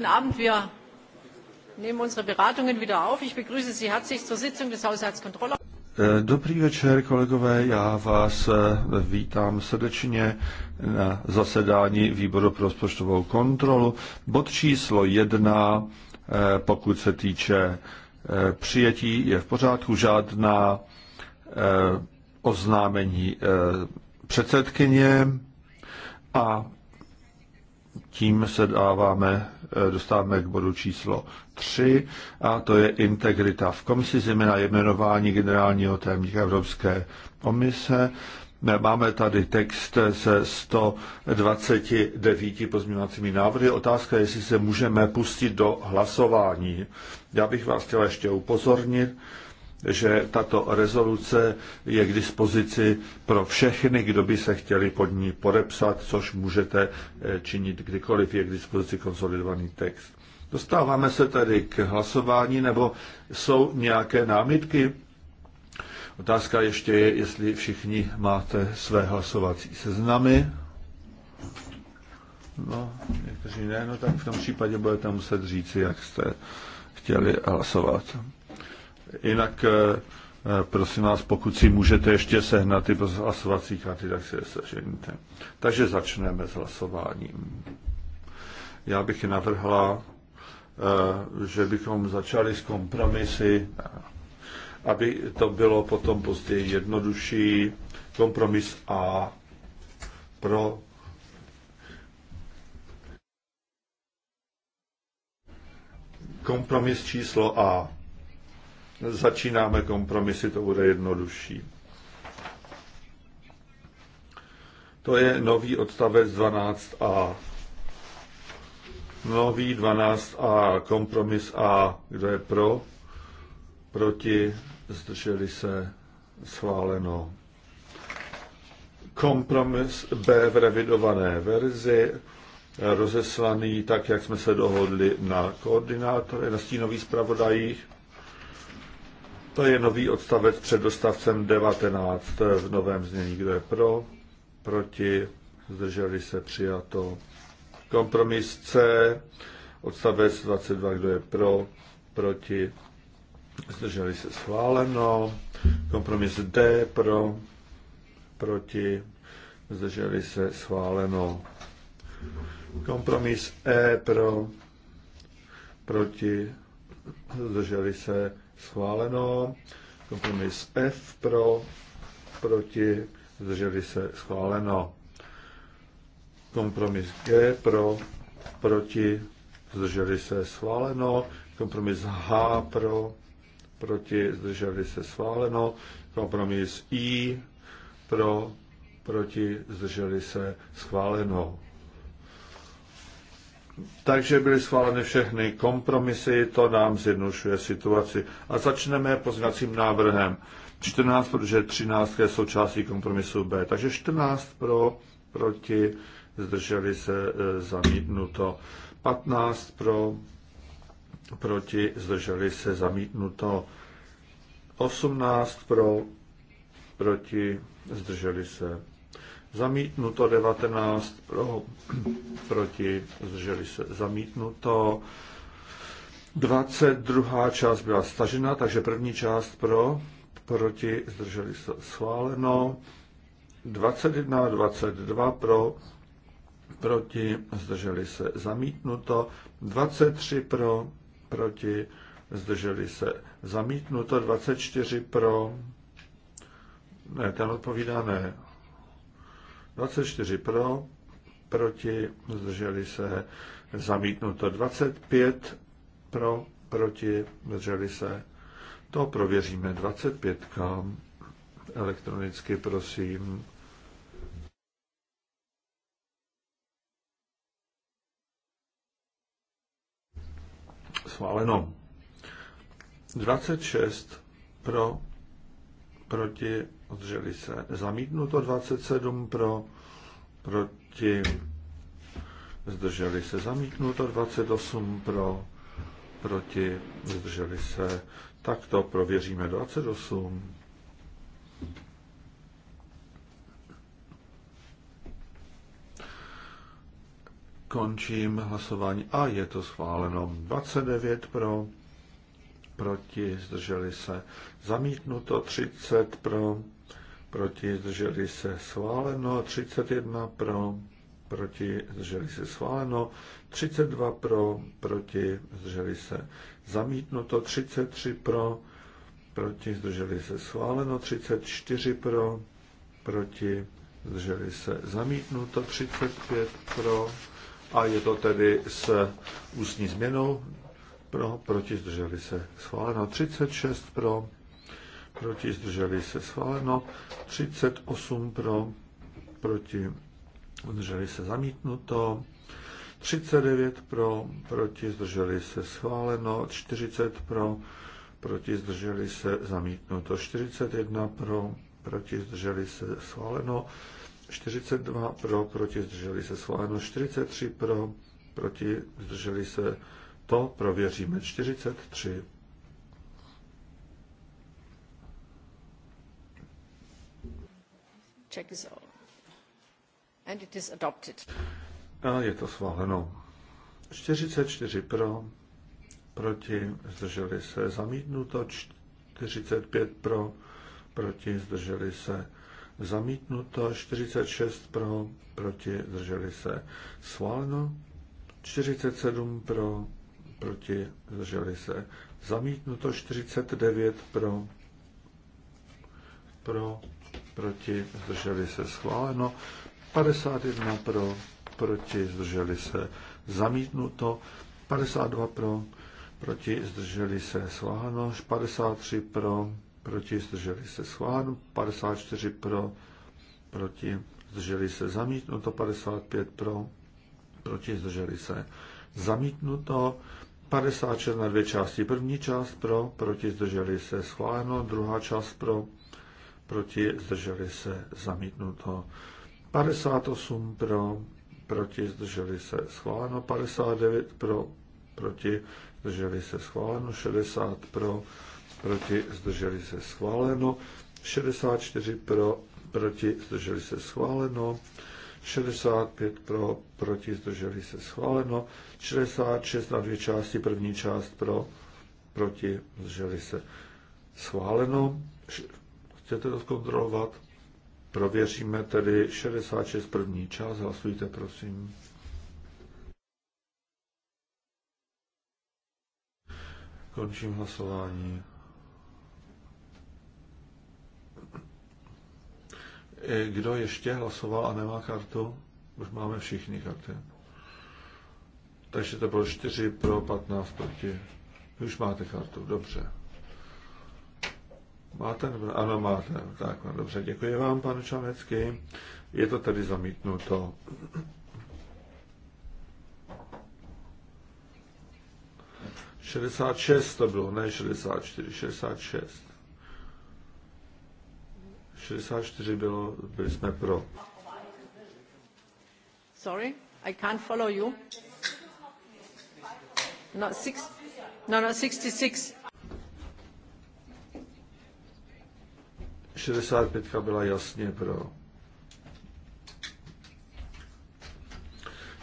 Guten Abend. Wir nehmen unsere Beratungen wieder auf. Ich begrüße Sie herzlich zur Sitzung des Haushaltskontrollausschusses. Eh, dobrý večer, kolegové. Já vás eh, vítám srdečně na zasedání výboru pro rozpočtovou kontrolu. Bod číslo jedna, eh, pokud se týče přijetí, je v pořádku žádná oznámení předsedkyně a tím se dáváme Eh, dostáváme k bodu číslo 3 a to je integrita v komisi, zejména jmenování generálního tajemníka Evropské komise. Eh, máme tady text se 129 pozměňovacími návrhy. Otázka je, jestli se můžeme pustit do hlasování. Já bych vás chtěl ještě upozornit, že tato rezoluce je k dispozici pro všechny, kdo by se chtěli pod ní podepsat, což můžete eh, činit kdykoliv je k dispozici konsolidovaný text. Dostáváme se tedy k hlasování, nebo jsou nějaké námitky? Otázka ještě je, jestli všichni máte své hlasovací seznamy. No, někteří ne, no tak v tom případě budete muset říci, jak jste chtěli hlasovat. Jinak eh, eh, prosím vás, pokud si můžete ještě sehnat ty hlasovací karty, tak si je seženíte. Takže začneme s hlasováním. Já bych navrhla, eh, že bychom začali s kompromisy, aby to bylo potom později jednodušší. Kompromis A pro kompromis číslo A začínáme kompromisy, to bude jednodušší. To je nový odstavec 12a. Nový 12a, kompromis A. Kdo je pro? Proti? Zdrželi se? Schváleno. Kompromis B v revidované verzi, rozeslaný tak, jak jsme se dohodli na koordinátory, na stínových zpravodajích. To je nový odstavec před dostavcem 19 v novém znění. Kdo je pro? Proti? Zdrželi se přijato. Kompromis C, odstavec 22, kdo je pro? Proti? Zdrželi se schváleno. Kompromis D pro? Proti? Zdrželi se schváleno. Kompromis E pro? Proti? Zdrželi se schváleno. Kompromis F pro, proti, zdrželi se, schváleno. Kompromis G pro, proti, zdrželi se, schváleno. Kompromis H pro, proti, zdrželi se, schváleno. Kompromis I pro, proti, zdrželi se, schváleno. Takže byly schváleny všechny kompromisy, to nám zjednodušuje situaci. A začneme pozvacím návrhem 14, protože 13 je součástí kompromisu B. Takže 14 e, pro, proti, zdrželi se zamítnuto. 15 pro, proti, zdrželi se zamítnuto. 18 pro, proti, zdrželi se Zamítnuto 19 pro, proti, zdrželi se. Zamítnuto 22. část byla stažena, takže první část pro, proti, zdrželi se. Schváleno 21 22 pro, proti, zdrželi se. Zamítnuto 23 pro, proti, zdrželi se. Zamítnuto 24 pro, ne, ten odpovídá ne. 24 pro, proti, zdrželi se, zamítnuto 25 pro, proti, zdrželi se. To prověříme 25 kam elektronicky, prosím. Schváleno. 26 pro, proti, odřeli se. Zamítnuto 27 pro, proti, zdrželi se. Zamítnuto 28 pro, proti, zdrželi se. Tak to prověříme 28. Končím hlasování a je to schváleno. 29 pro, proti, zdrželi se. Zamítnuto 30 pro, proti zdrželi se schváleno, 31 pro, proti zdrželi se schváleno, 32 pro, proti zdrželi se zamítnuto, 33 pro, proti zdrželi se schváleno, 34 pro, proti zdrželi se zamítnuto, 35 pro a je to tedy s ústní změnou pro, proti zdrželi se schváleno, 36 pro, proti, zdrželi se schváleno, 38 pro, proti, zdrželi se zamítnuto, 39 pro, proti, zdrželi se schváleno, 40 pro, proti, zdrželi se zamítnuto, 41 pro, proti, zdrželi se schváleno, 42 pro, proti, zdrželi se schváleno, 43 pro, proti, zdrželi se to, prověříme, 43 Check is all. And it is adopted. A je to schváleno. 44 pro, proti, zdrželi se, zamítnuto, 45 pro, proti, zdrželi se, zamítnuto, 46 pro, proti, zdrželi se, schváleno, 47 pro, proti, zdrželi se, zamítnuto, 49 pro, pro, proti, zdrželi se schváleno, 51 pro, proti, zdrželi se zamítnuto, 52 pro, proti, zdrželi se schváleno, 53 pro, proti, zdrželi se schváleno, 54 pro, proti, zdrželi se zamítnuto, 55 pro, proti, zdrželi se zamítnuto, 56 na dvě části. První část pro, proti zdrželi se schváleno, druhá část pro, proti, zdrželi se, zamítnuto. 58 pro, proti, zdrželi se, schváleno. 59 pro, proti, zdrželi se, schváleno. 60 pro, proti, zdrželi se, schváleno. 64 pro, proti, zdrželi se, schváleno. 65 pro, proti, zdrželi se, schváleno. 66 na dvě části, první část pro, proti, zdrželi se, schváleno Chcete to zkontrolovat? Prověříme tedy 66 první čas. Hlasujte, prosím. Končím hlasování. E, kdo ještě hlasoval a nemá kartu? Už máme všichni karty. Takže to bylo 4 pro 15 proti. Už máte kartu, dobře. Máte? Ano, máte. Tak, no, dobře, děkuji vám, pane Čanecký. Je to tedy zamítnuto. Šedesát šest to bylo, ne šedesát čtyři, šedesát šest. Šedesát čtyři bylo, byli jsme pro. Sorry, I can't follow you. No, six, no, no, sixty-six. 65 byla jasně pro.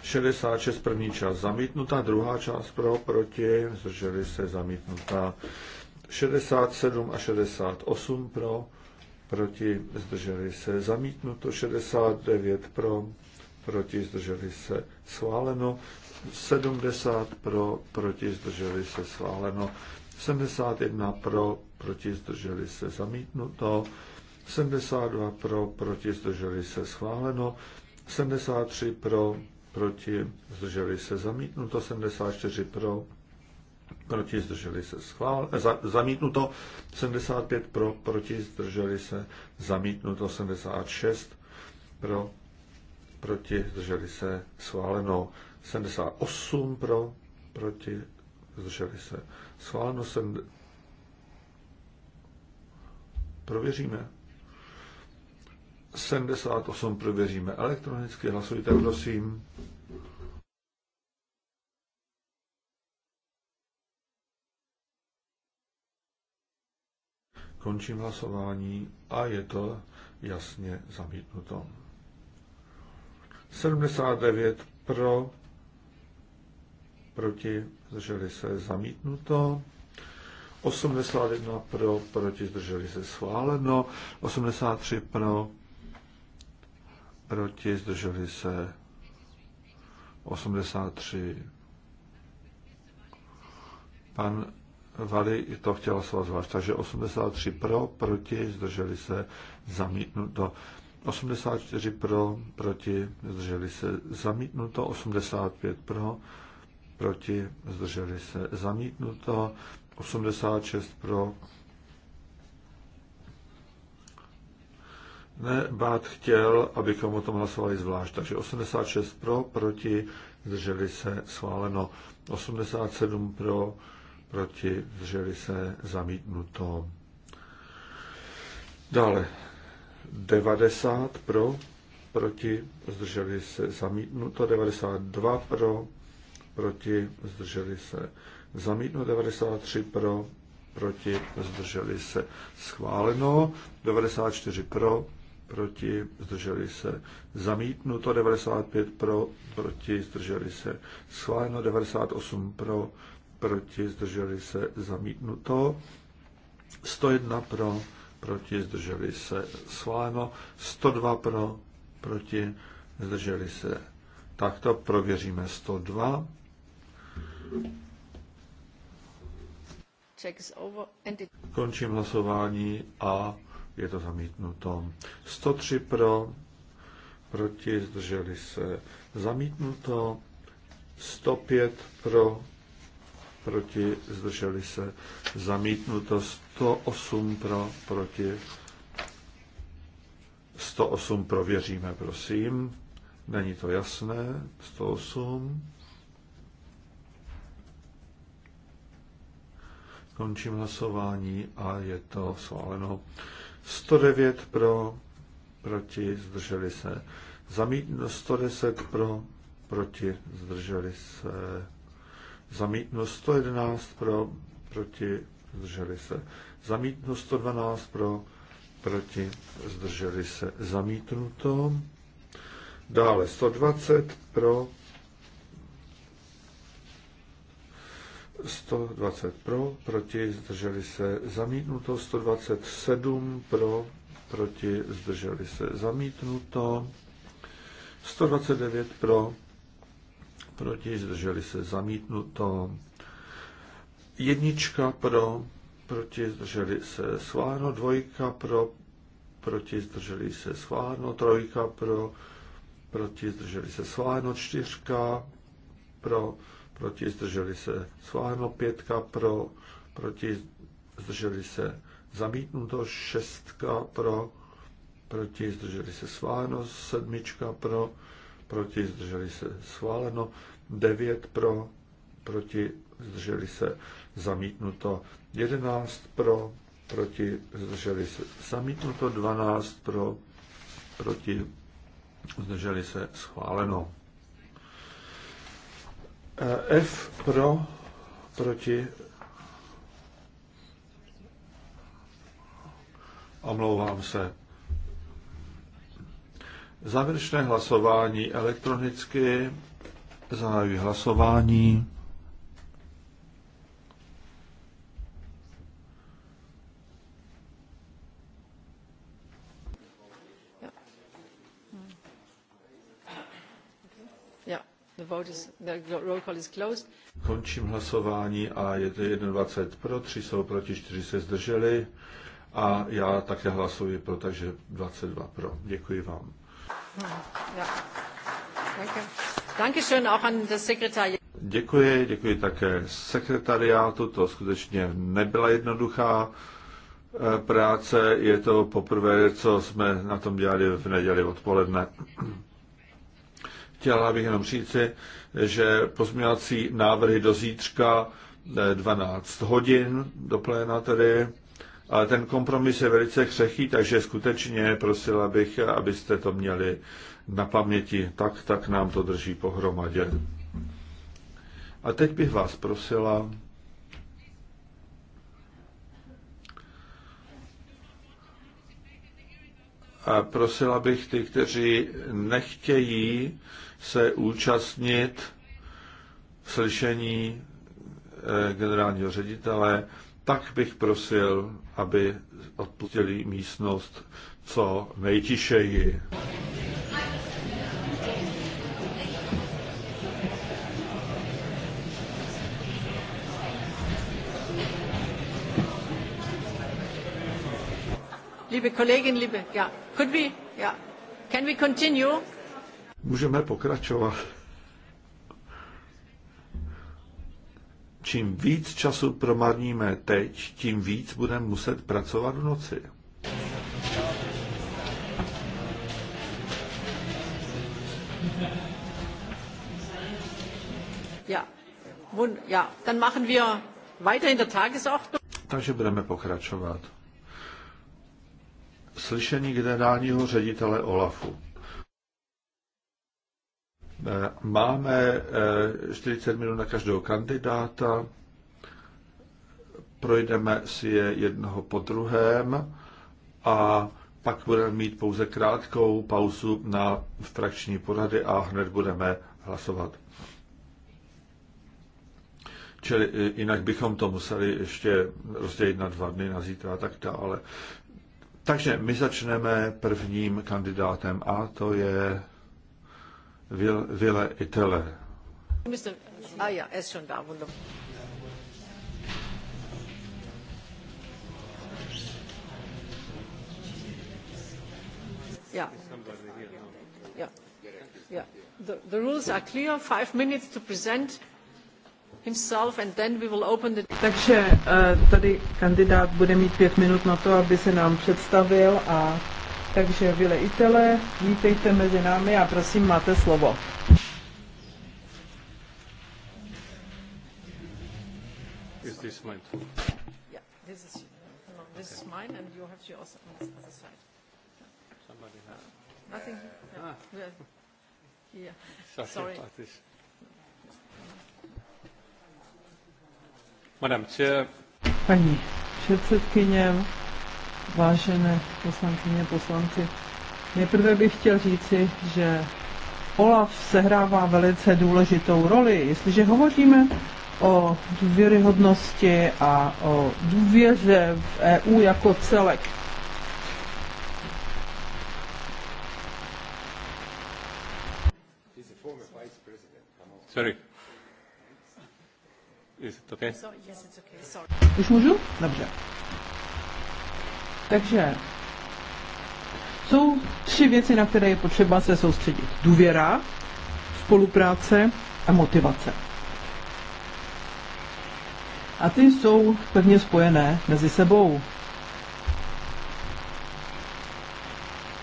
66 první část zamítnutá, druhá část pro, proti, zdrželi se zamítnutá. 67 a 68 pro, proti, zdrželi se zamítnuto. 69 pro, proti, zdrželi se schváleno. 70 pro, proti, zdrželi se schváleno. 71 pro, proti, zdrželi se zamítnuto. 72 pro, proti, zdrželi se schváleno, 73 pro, proti, zdrželi se zamítnuto, 74 pro, proti, zdrželi se schvál, eh, za, zamítnuto, 75 pro, proti, zdrželi se zamítnuto, 76 pro, proti, zdrželi se schváleno, 78 pro, proti, zdrželi se schváleno, 7, prověříme. 78 prověříme elektronicky. Hlasujte, prosím. Končím hlasování a je to jasně zamítnuto. 79 pro, proti, zdrželi se zamítnuto. 81 pro, proti, zdrželi se schváleno. 83 pro, proti, zdrželi se 83. Pan Vali to chtěl hlasovat zvlášť, takže 83 pro, proti, zdrželi se zamítnuto. 84 pro, proti, zdrželi se zamítnuto. 85 pro, proti, zdrželi se zamítnuto. 86 pro, Ne, Bát chtěl, abychom o tom hlasovali zvlášť. Takže 86 pro, proti, zdrželi se, schváleno. 87 pro, proti, zdrželi se, zamítnuto. Dále 90 pro, proti, zdrželi se, zamítnuto. 92 pro, proti, zdrželi se, zamítnuto. 93 pro, proti, zdrželi se, schváleno. 94 pro, proti, zdrželi se. Zamítnuto 95 pro, proti, zdrželi se. Schváleno 98 pro, proti, zdrželi se. Zamítnuto 101 pro, proti, zdrželi se. Schváleno 102 pro, proti, zdrželi se. Takto prověříme 102. Končím hlasování a je to zamítnuto. 103 pro, proti, zdrželi se, zamítnuto. 105 pro, proti, zdrželi se, zamítnuto. 108 pro, proti, 108 prověříme, prosím. Není to jasné. 108. Končím hlasování a je to schváleno. 109 pro, proti, zdrželi se. Zamítnu 110 pro, proti, zdrželi se. Zamítnu 111 pro, proti, zdrželi se. Zamítnu 112 pro, proti, zdrželi se. Zamítnuto. Dále 120 pro, 120 pro, proti, zdrželi se zamítnuto, 127 pro, proti, zdrželi se zamítnuto, 129 pro, proti, zdrželi se zamítnuto, jednička pro, proti, zdrželi se schváleno, dvojka pro, proti, zdrželi se schváleno, trojka pro, proti, zdrželi se schváleno, čtyřka pro, proti zdrželi se Sváhno pětka pro, proti zdrželi se zamítnuto, šestka pro, proti zdrželi se Sváhno sedmička pro, proti zdrželi se sváleno devět pro, proti zdrželi se zamítnuto, jedenáct pro, proti zdrželi se zamítnuto, dvanáct pro, proti zdrželi se schváleno. Eh, F pro, proti. Omlouvám se. Závěrečné hlasování elektronicky. Zahajuji hlasování. Končím hlasování a je to 21 pro, 3 jsou proti, 4 se zdrželi a já také hlasuji pro, takže 22 pro. Děkuji vám. Děkuji, děkuji také sekretariátu, to skutečně nebyla jednoduchá eh, práce, je to poprvé, co jsme na tom dělali v neděli odpoledne chtěla bych jenom říci, že pozměňovací návrhy do zítřka 12 eh, hodin, do pléna tedy, ale ten kompromis je velice křehký, takže skutečně prosila bych, abyste to měli na paměti. Tak, tak nám to drží pohromadě. A teď bych vás prosila, A prosila bych ty, kteří nechtějí se účastnit slyšení eh, generálního ředitele, tak bych prosil, aby odpustili místnost co nejtišeji. Liebe Kollegin, liebe, ja, could we, ja, can we continue? Můžeme pokračovat. Čím víc času promarníme teď, tím víc budeme muset pracovat v noci. Ja, ja, dann machen wir weiter in der Tagesordnung. Takže budeme pokračovat. Slyšení generálního ředitele Olafu. Eh, máme 40 eh, minut na každého kandidáta, projdeme si je jednoho po druhém a pak budeme mít pouze krátkou pauzu na frakční porady a hned budeme hlasovat. Čili eh, jinak bychom to museli ještě rozdělit na dva dny, na zítra a tak dále. Takže my začneme prvním kandidátem a to je takže tady kandidát bude mít pět minut na to, aby se nám představil a takže Vile Itele, vítejte mezi námi a prosím, máte slovo. Is mine Yeah, this is, this is mine and you have on the other side. Somebody has. Nothing. Ah. Yeah. Sorry, Paní předsedkyně, vážené poslankyně, poslanci. Nejprve bych chtěl říci, že OLAF sehrává velice důležitou roli. Jestliže hovoříme o důvěryhodnosti a o důvěře v EU jako celek, Sorry. Is it okay? yes, it's okay. Sorry. Už můžu? Dobře. Takže jsou tři věci, na které je potřeba se soustředit. Důvěra, spolupráce a motivace. A ty jsou pevně spojené mezi sebou.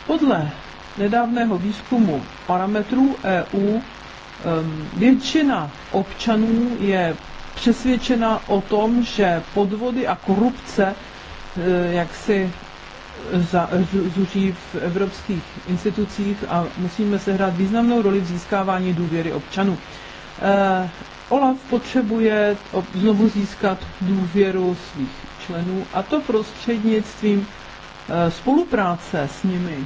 Podle nedávného výzkumu parametrů EU většina občanů je přesvědčena o tom, že podvody a korupce Eh, jaksi za, eh, zuří v evropských institucích a musíme sehrát významnou roli v získávání důvěry občanů. E, OLAF potřebuje znovu získat důvěru svých členů a to prostřednictvím e, spolupráce s nimi. E,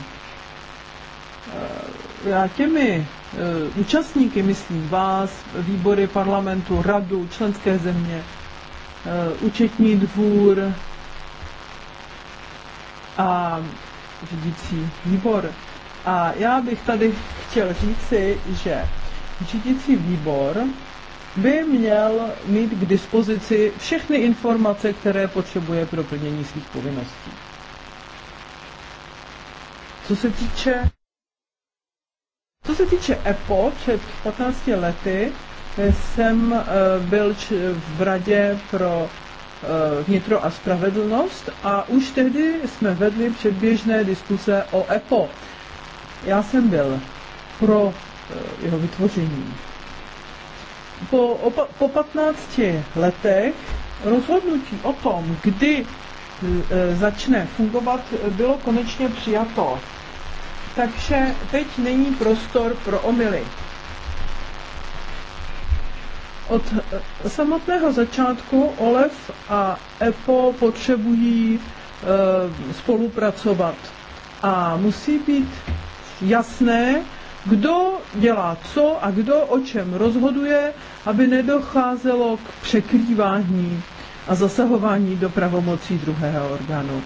já těmi účastníky myslím vás, výbory parlamentu, radu, členské země, účetní dvůr, a řídící výbor. A já bych tady chtěl říci, že řídící výbor by měl mít k dispozici všechny informace, které potřebuje pro plnění svých povinností. Co se týče co se týče EPO, před 15 lety eh, jsem eh, byl v radě pro Eh, vnitro a spravedlnost a už tehdy jsme vedli předběžné diskuse o EPO. Já jsem byl pro eh, jeho vytvoření. Po, opa- po 15 letech rozhodnutí o tom, kdy eh, začne fungovat, bylo konečně přijato. Takže teď není prostor pro omily. Od samotného začátku OLEF a EPO potřebují eh, spolupracovat a musí být jasné, kdo dělá co a kdo o čem rozhoduje, aby nedocházelo k překrývání a zasahování do pravomocí druhého orgánu.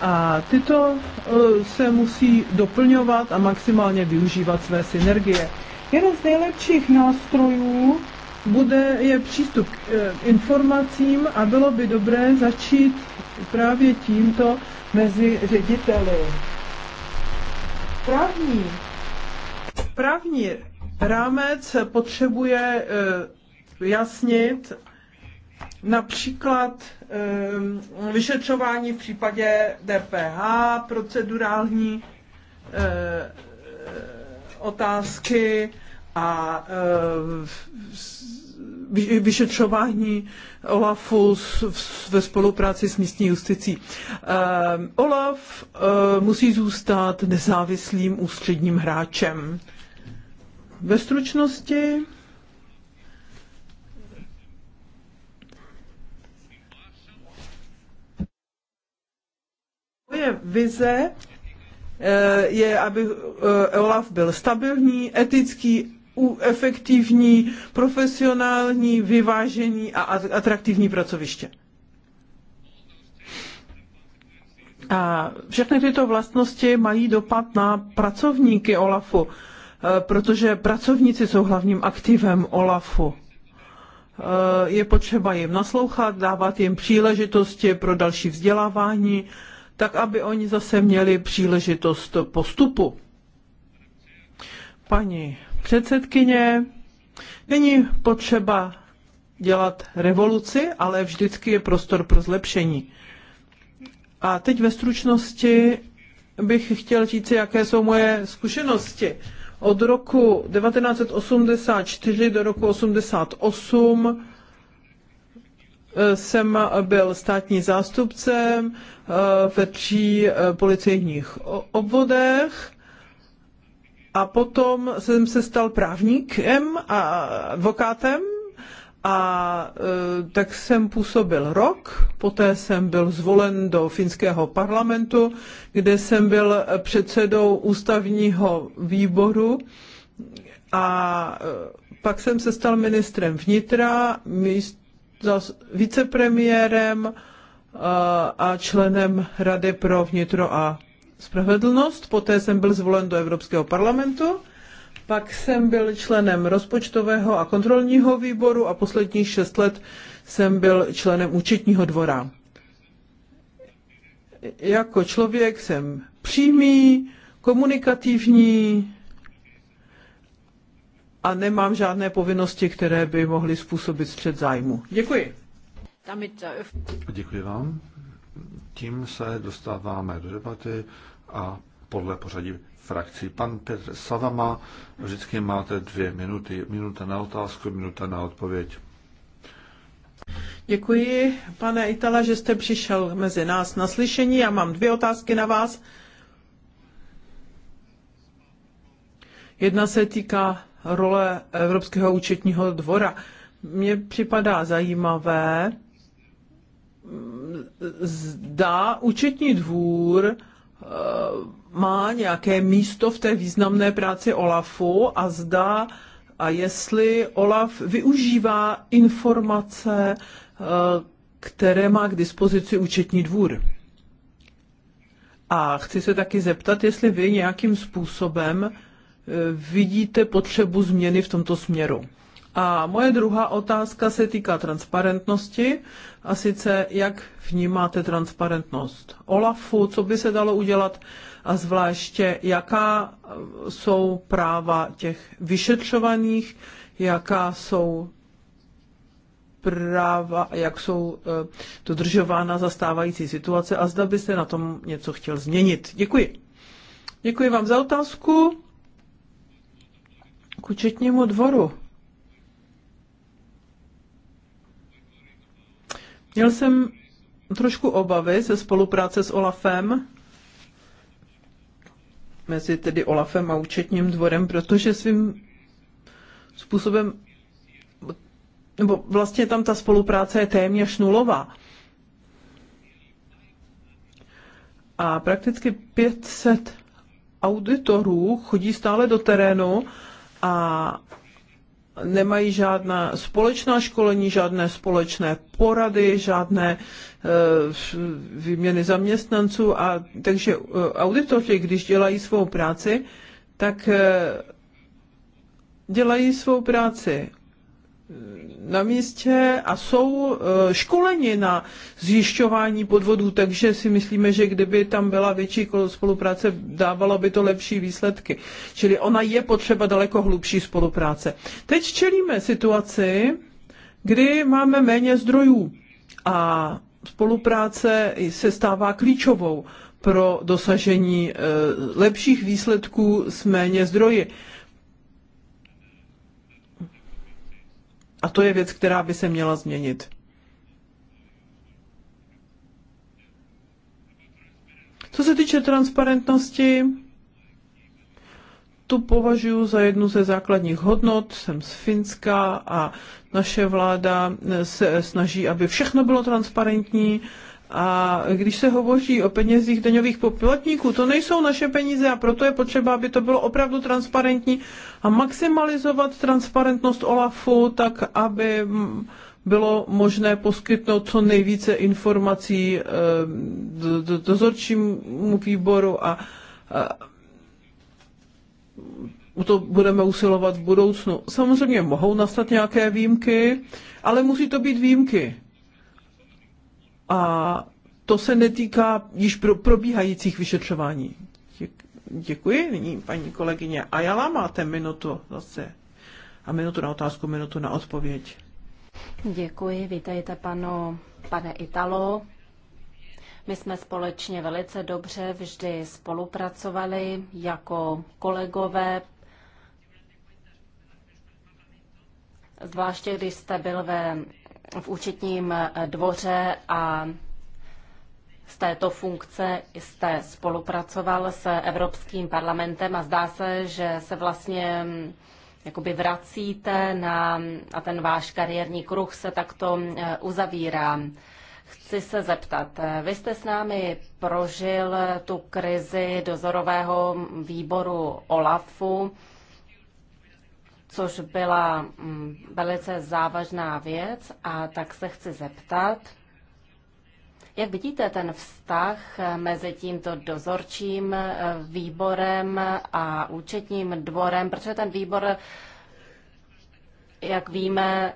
A tyto eh, se musí doplňovat a maximálně využívat své synergie. Jeden z nejlepších nástrojů bude, je přístup k eh, informacím a bylo by dobré začít právě tímto mezi řediteli. Právní, právní rámec potřebuje eh, jasnit například eh, vyšetřování v případě DPH, procedurální otázky, a e, vyšetřování OLAFu ve spolupráci s místní justicí. E, OLAF e, musí zůstat nezávislým ústředním hráčem. Ve stručnosti moje vize je, aby Olaf byl stabilní, etický efektivní, profesionální, vyvážení a atraktivní pracoviště. A všechny tyto vlastnosti mají dopad na pracovníky OLAFu, eh, protože pracovníci jsou hlavním aktivem OLAFu eh, je potřeba jim naslouchat, dávat jim příležitosti pro další vzdělávání, tak aby oni zase měli příležitost postupu. Paní předsedkyně. Není potřeba dělat revoluci, ale vždycky je prostor pro zlepšení. A teď ve stručnosti bych chtěl říct, jaké jsou moje zkušenosti. Od roku 1984 do roku 88 eh, jsem byl státní zástupcem eh, ve tří eh, policejních obvodech a potom jsem se stal právníkem a advokátem a e, tak jsem působil rok, poté jsem byl zvolen do finského parlamentu, kde jsem byl předsedou ústavního výboru a e, pak jsem se stal ministrem vnitra, míst, zas, vicepremiérem e, a členem Rady pro vnitro a spravedlnost, poté jsem byl zvolen do Evropského parlamentu, pak jsem byl členem rozpočtového a kontrolního výboru a posledních šest let jsem byl členem účetního dvora. Jako člověk jsem přímý, komunikativní a nemám žádné povinnosti, které by mohly způsobit střed zájmu. Děkuji. Äh, Děkuji vám tím se dostáváme do debaty a podle pořadí frakcí. Pan Petr Savama, vždycky máte dvě minuty. Minuta na otázku, minuta na odpověď. Děkuji, pane Itala, že jste přišel mezi nás na slyšení. Já mám dvě otázky na vás. Jedna se týká role Evropského účetního dvora. Mně připadá zajímavé, zda účetní dvůr eh, má nějaké místo v té významné práci OLAFu a zda a jestli OLAF využívá informace, eh, které má k dispozici účetní dvůr. A chci se taky zeptat, jestli vy nějakým způsobem eh, vidíte potřebu změny v tomto směru. A moje druhá otázka se týká transparentnosti a sice jak vnímáte transparentnost OLAFu, co by se dalo udělat a zvláště jaká jsou práva těch vyšetřovaných, jaká jsou práva, jak jsou e, dodržována zastávající situace a zda byste na tom něco chtěl změnit. Děkuji. Děkuji vám za otázku. K účetnímu dvoru. Měl jsem trošku obavy ze spolupráce s Olafem, mezi tedy Olafem a účetním dvorem, protože svým způsobem, nebo vlastně tam ta spolupráce je téměř nulová. A prakticky 500 auditorů chodí stále do terénu a nemají žádná společná školení, žádné společné porady, žádné eh, výměny zaměstnanců a takže eh, auditoři, když dělají svou práci, tak eh, dělají svou práci na místě a jsou eh, školeni na zjišťování podvodů, takže si myslíme, že kdyby tam byla větší spolupráce, dávalo by to lepší výsledky. Čili ona je potřeba daleko hlubší spolupráce. Teď čelíme situaci, kdy máme méně zdrojů a spolupráce se stává klíčovou pro dosažení eh, lepších výsledků s méně zdroji. A to je věc, která by se měla změnit. Co se týče transparentnosti, tu považuji za jednu ze základních hodnot. Jsem z Finska a naše vláda se snaží, aby všechno bylo transparentní a když se hovoří o penězích daňových poplatníků, to nejsou naše peníze a proto je potřeba, aby to bylo opravdu transparentní a maximalizovat transparentnost OLAFu tak, aby bylo možné poskytnout co nejvíce informací eh, dozorčímu výboru a, to budeme usilovat v budoucnu. Samozřejmě mohou nastat nějaké výjimky, ale musí to být výjimky a to se netýká již pro probíhajících vyšetřování. Děkuji. Nyní paní kolegyně Ajala, máte minutu zase. A minutu na otázku, minutu na odpověď. Děkuji, vítejte panu, pane Italo. My jsme společně velice dobře vždy spolupracovali jako kolegové, zvláště když jste byl ve v účetním eh, dvoře a z této funkce jste spolupracoval s Evropským parlamentem a zdá se, že se vlastně mm, jakoby vracíte na, a ten váš kariérní kruh se takto eh, uzavírá. Chci se zeptat, eh, vy jste s námi prožil tu krizi dozorového výboru OLAFu, což byla mm, velice závažná věc a tak se chci zeptat, jak vidíte ten vztah mezi tímto dozorčím eh, výborem a účetním dvorem, protože ten výbor, jak víme,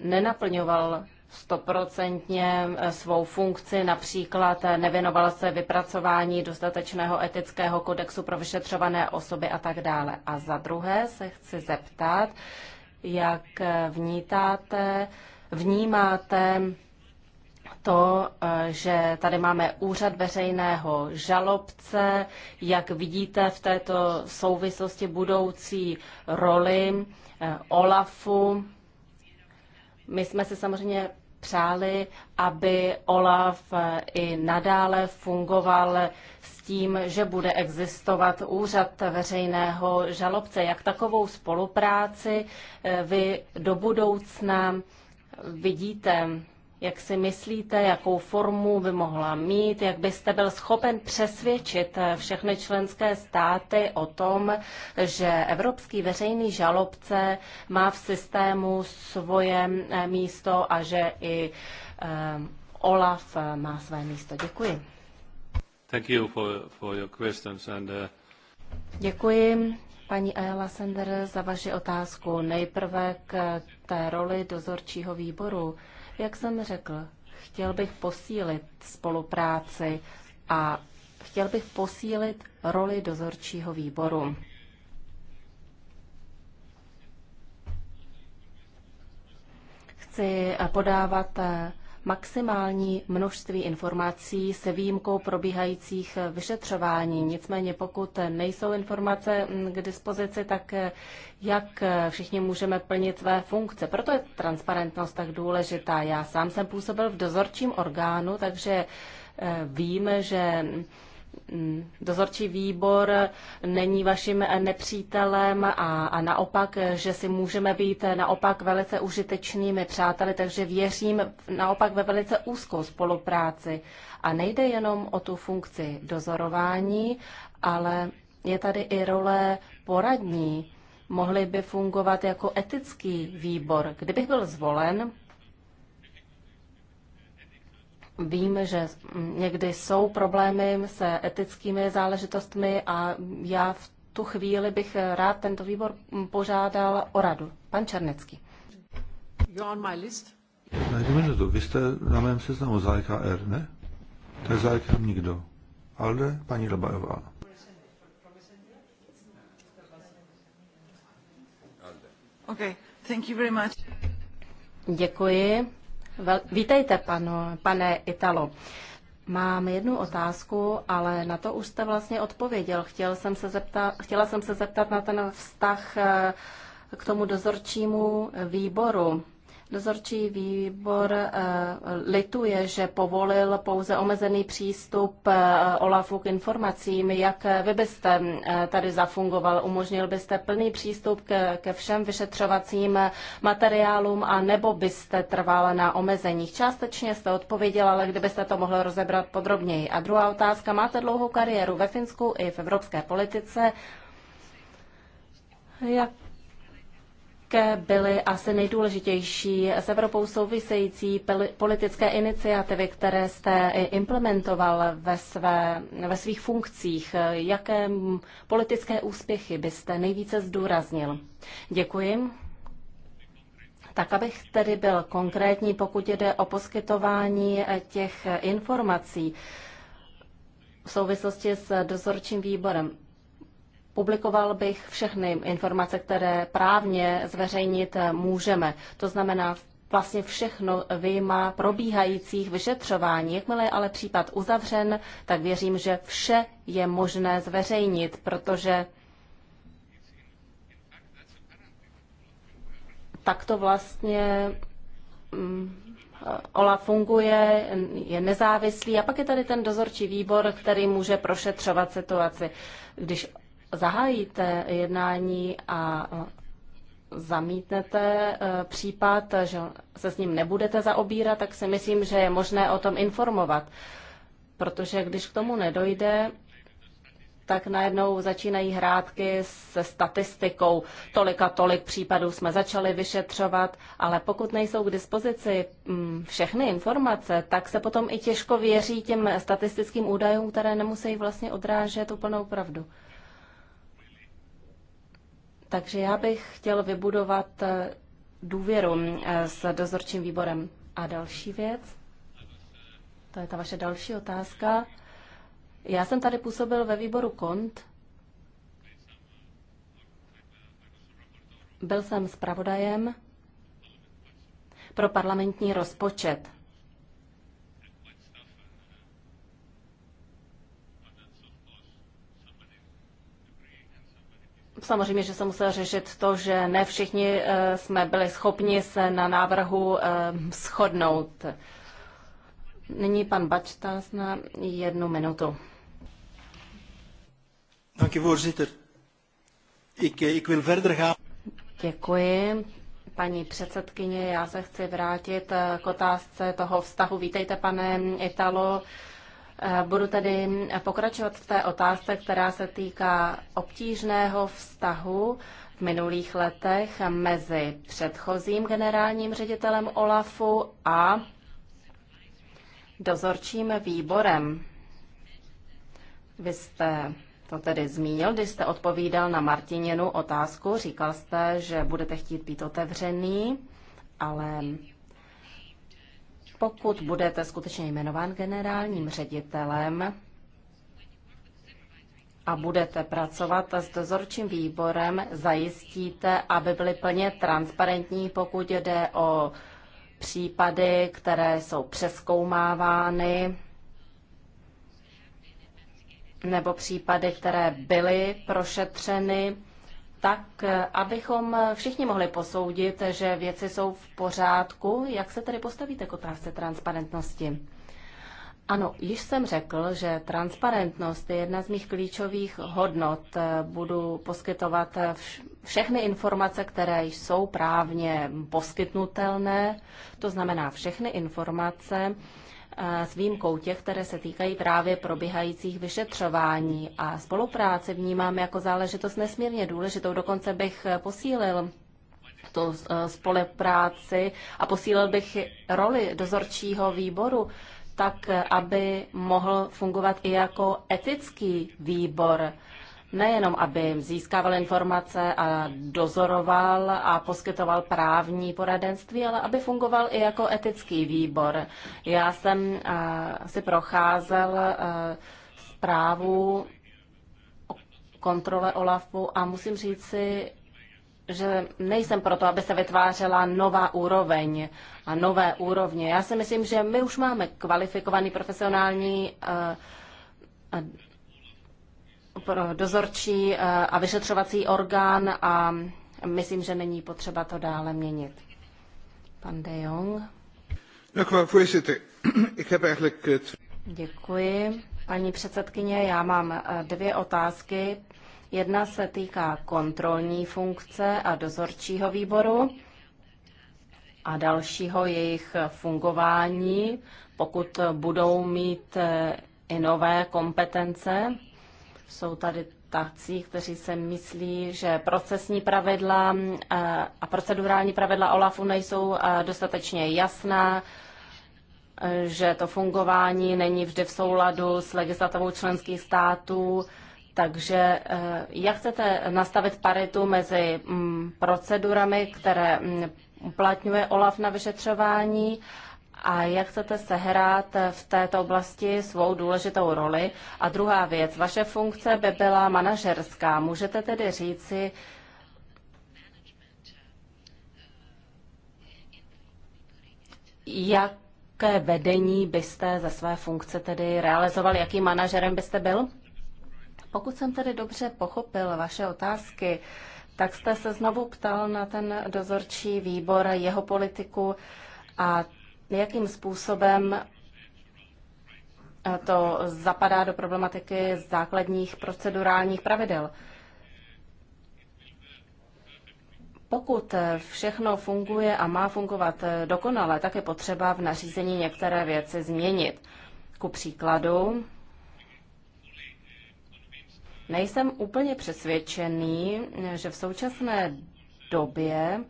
nenaplňoval stoprocentně eh, svou funkci, například eh, nevěnovala se vypracování dostatečného etického kodexu pro vyšetřované osoby a tak dále. A za druhé se chci zeptat, jak eh, vnítáte, vnímáte to, že tady máme úřad veřejného žalobce, jak vidíte v této souvislosti budoucí roli OLAFu, my jsme se samozřejmě přáli, aby OLAF eh, i nadále fungoval s tím, že bude existovat úřad veřejného žalobce. Jak takovou spolupráci eh, vy do budoucna vidíte? jak si myslíte, jakou formu by mohla mít, jak byste byl schopen přesvědčit všechny členské státy o tom, že evropský veřejný žalobce má v systému svoje eh, místo a že i eh, Olaf eh, má své místo. Děkuji. Thank you for, for your questions and, uh... Děkuji, paní Ayala Sender, za vaši otázku. Nejprve k té roli dozorčího výboru. Jak jsem řekl, chtěl bych posílit spolupráci a chtěl bych posílit roli dozorčího výboru. Chci podávat maximální množství informací se výjimkou probíhajících vyšetřování. Nicméně pokud nejsou informace mm, k dispozici, tak eh, jak eh, všichni můžeme plnit své funkce. Proto je transparentnost tak důležitá. Já sám jsem působil v dozorčím orgánu, takže eh, vím, že mm, Mm, dozorčí výbor není vaším nepřítelem a, a naopak, že si můžeme být naopak velice užitečnými přáteli, takže věřím naopak ve velice úzkou spolupráci. A nejde jenom o tu funkci dozorování, ale je tady i role poradní. Mohli by fungovat jako etický výbor. Kdybych byl zvolen, Vím, že někdy jsou problémy se etickými záležitostmi a já v tu chvíli bych rád tento výbor požádal o radu. Pan Černecký. You're on my list. Najdu minutu. Vy jste na mém seznamu za EKR, ne? je za EKR nikdo. Alde, paní Lobajová. Okay. Thank you very much. Děkuji. Vel, vítejte, pan, pane Italo. Mám jednu otázku, ale na to už jste vlastně odpověděl. Chtěl jsem se zeptat, chtěla jsem se zeptat na ten vztah eh, k tomu dozorčímu eh, výboru. Dozorčí výbor eh, lituje, že povolil pouze omezený přístup eh, OLAFu k informacím. Jak eh, vy byste tady zafungoval? Umožnil byste plný přístup ke všem vyšetřovacím materiálům a nebo byste trval na omezeních? Částečně jste odpověděl, ale kdybyste to mohl rozebrat podrobněji. A druhá otázka. Máte dlouhou kariéru ve Finsku i v evropské politice. Jak také byly asi nejdůležitější s Evropou související politické iniciativy, které jste implementoval ve, své, ve svých funkcích? Jaké politické úspěchy byste nejvíce zdůraznil? Děkuji. Tak abych tedy byl konkrétní, pokud jde o poskytování těch informací v souvislosti s dozorčím výborem publikoval bych všechny informace, které právně zveřejnit můžeme. To znamená vlastně všechno vyjma probíhajících vyšetřování. Jakmile je ale případ uzavřen, tak věřím, že vše je možné zveřejnit, protože tak to vlastně mm, OLA funguje, je nezávislý a pak je tady ten dozorčí výbor, který může prošetřovat situaci. Když zahájíte jednání a zamítnete eh, případ, že se s ním nebudete zaobírat, tak si myslím, že je možné o tom informovat. Protože když k tomu nedojde, tak najednou začínají hrátky se statistikou. Tolik a tolik případů jsme začali vyšetřovat, ale pokud nejsou k dispozici mm, všechny informace, tak se potom i těžko věří těm statistickým údajům, které nemusí vlastně odrážet úplnou pravdu. Takže já bych chtěl vybudovat eh, důvěru eh, s dozorčím výborem. A další věc, to je ta vaše další otázka. Já jsem tady působil ve výboru KONT. Byl jsem zpravodajem pro parlamentní rozpočet. Samozřejmě, že se musel řešit to, že ne všichni eh, jsme byli schopni se na návrhu eh, shodnout. Nyní pan Bačtás na jednu minutu. Eh, Děkuji. Paní předsedkyně, já se chci vrátit k otázce toho vztahu. Vítejte, pane Italo. Budu tedy pokračovat v té otázce, která se týká obtížného vztahu v minulých letech mezi předchozím generálním ředitelem OLAFu a dozorčím výborem. Vy jste to tedy zmínil, když jste odpovídal na Martininu otázku. Říkal jste, že budete chtít být otevřený, ale pokud budete skutečně jmenován generálním ředitelem a budete pracovat s dozorčím výborem, zajistíte, aby byly plně transparentní, pokud jde o případy, které jsou přeskoumávány nebo případy, které byly prošetřeny tak, eh, abychom všichni mohli posoudit, že věci jsou v pořádku. Jak se tedy postavíte k otázce transparentnosti? Ano, již jsem řekl, že transparentnost je jedna z mých klíčových hodnot. Eh, budu poskytovat eh, všechny informace, které jsou právně poskytnutelné, to znamená všechny informace, s výjimkou těch, které se týkají právě probíhajících vyšetřování. A spolupráce vnímám jako záležitost nesmírně důležitou, dokonce bych posílil tu eh, spolupráci a posílil bych roli dozorčího výboru, tak eh, aby mohl fungovat i jako etický výbor nejenom, aby získával informace a dozoroval a poskytoval právní poradenství, ale aby fungoval i jako etický výbor. Já jsem si procházel zprávu o kontrole OLAFu a musím si, že nejsem proto, aby se vytvářela nová úroveň a nové úrovně. Já si myslím, že my už máme kvalifikovaný profesionální uh, dozorčí eh, a vyšetřovací orgán a myslím, že není potřeba to dále měnit. Pan De Jong. Eh, Děkuji. Paní předsedkyně, já mám eh, dvě otázky. Jedna se týká kontrolní funkce a dozorčího výboru a dalšího jejich fungování, pokud budou mít i nové kompetence jsou tady tací, kteří se myslí, že procesní pravidla eh, a procedurální pravidla OLAFu nejsou eh, dostatečně jasná, eh, že to fungování není vždy v souladu s legislativou členských států. Takže jak chcete nastavit paritu mezi mm, procedurami, které mm, uplatňuje OLAF na vyšetřování, a jak chcete sehrát v této oblasti svou důležitou roli? A druhá věc, vaše funkce by byla manažerská. Můžete tedy říci, jaké vedení byste ze své funkce tedy realizoval, jakým manažerem byste byl? Pokud jsem tedy dobře pochopil vaše otázky, tak jste se znovu ptal na ten dozorčí výbor, jeho politiku a jakým způsobem eh, to zapadá do problematiky základních procedurálních pravidel. Pokud eh, všechno funguje a má fungovat eh, dokonale, tak je potřeba v nařízení některé věci změnit. Ku příkladu, nejsem úplně přesvědčený, že v současné době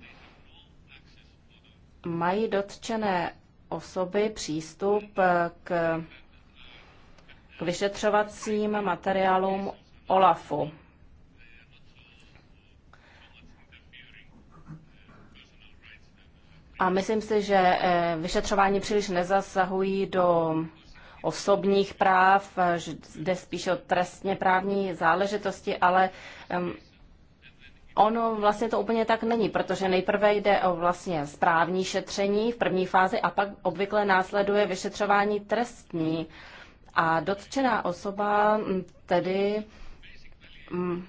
mají dotčené osoby přístup k, k vyšetřovacím materiálům OLAFu. A myslím si, že eh, vyšetřování příliš nezasahují do osobních práv, eh, jde spíš o trestně právní záležitosti, ale Ono vlastně to úplně tak není, protože nejprve jde o vlastně správní šetření v první fázi a pak obvykle následuje vyšetřování trestní. A dotčená osoba mm, tedy mm,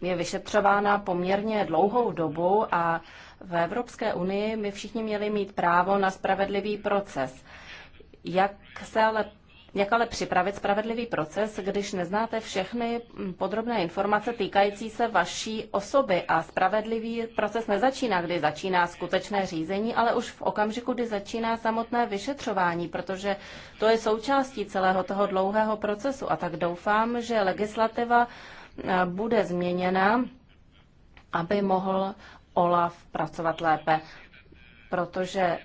je vyšetřována poměrně dlouhou dobu a v Evropské unii by všichni měli mít právo na spravedlivý proces. Jak se ale jak ale připravit spravedlivý proces, když neznáte všechny podrobné informace týkající se vaší osoby a spravedlivý proces nezačíná, kdy začíná skutečné řízení, ale už v okamžiku, kdy začíná samotné vyšetřování, protože to je součástí celého toho dlouhého procesu. A tak doufám, že legislativa eh, bude změněna, aby mohl OLAF pracovat lépe, protože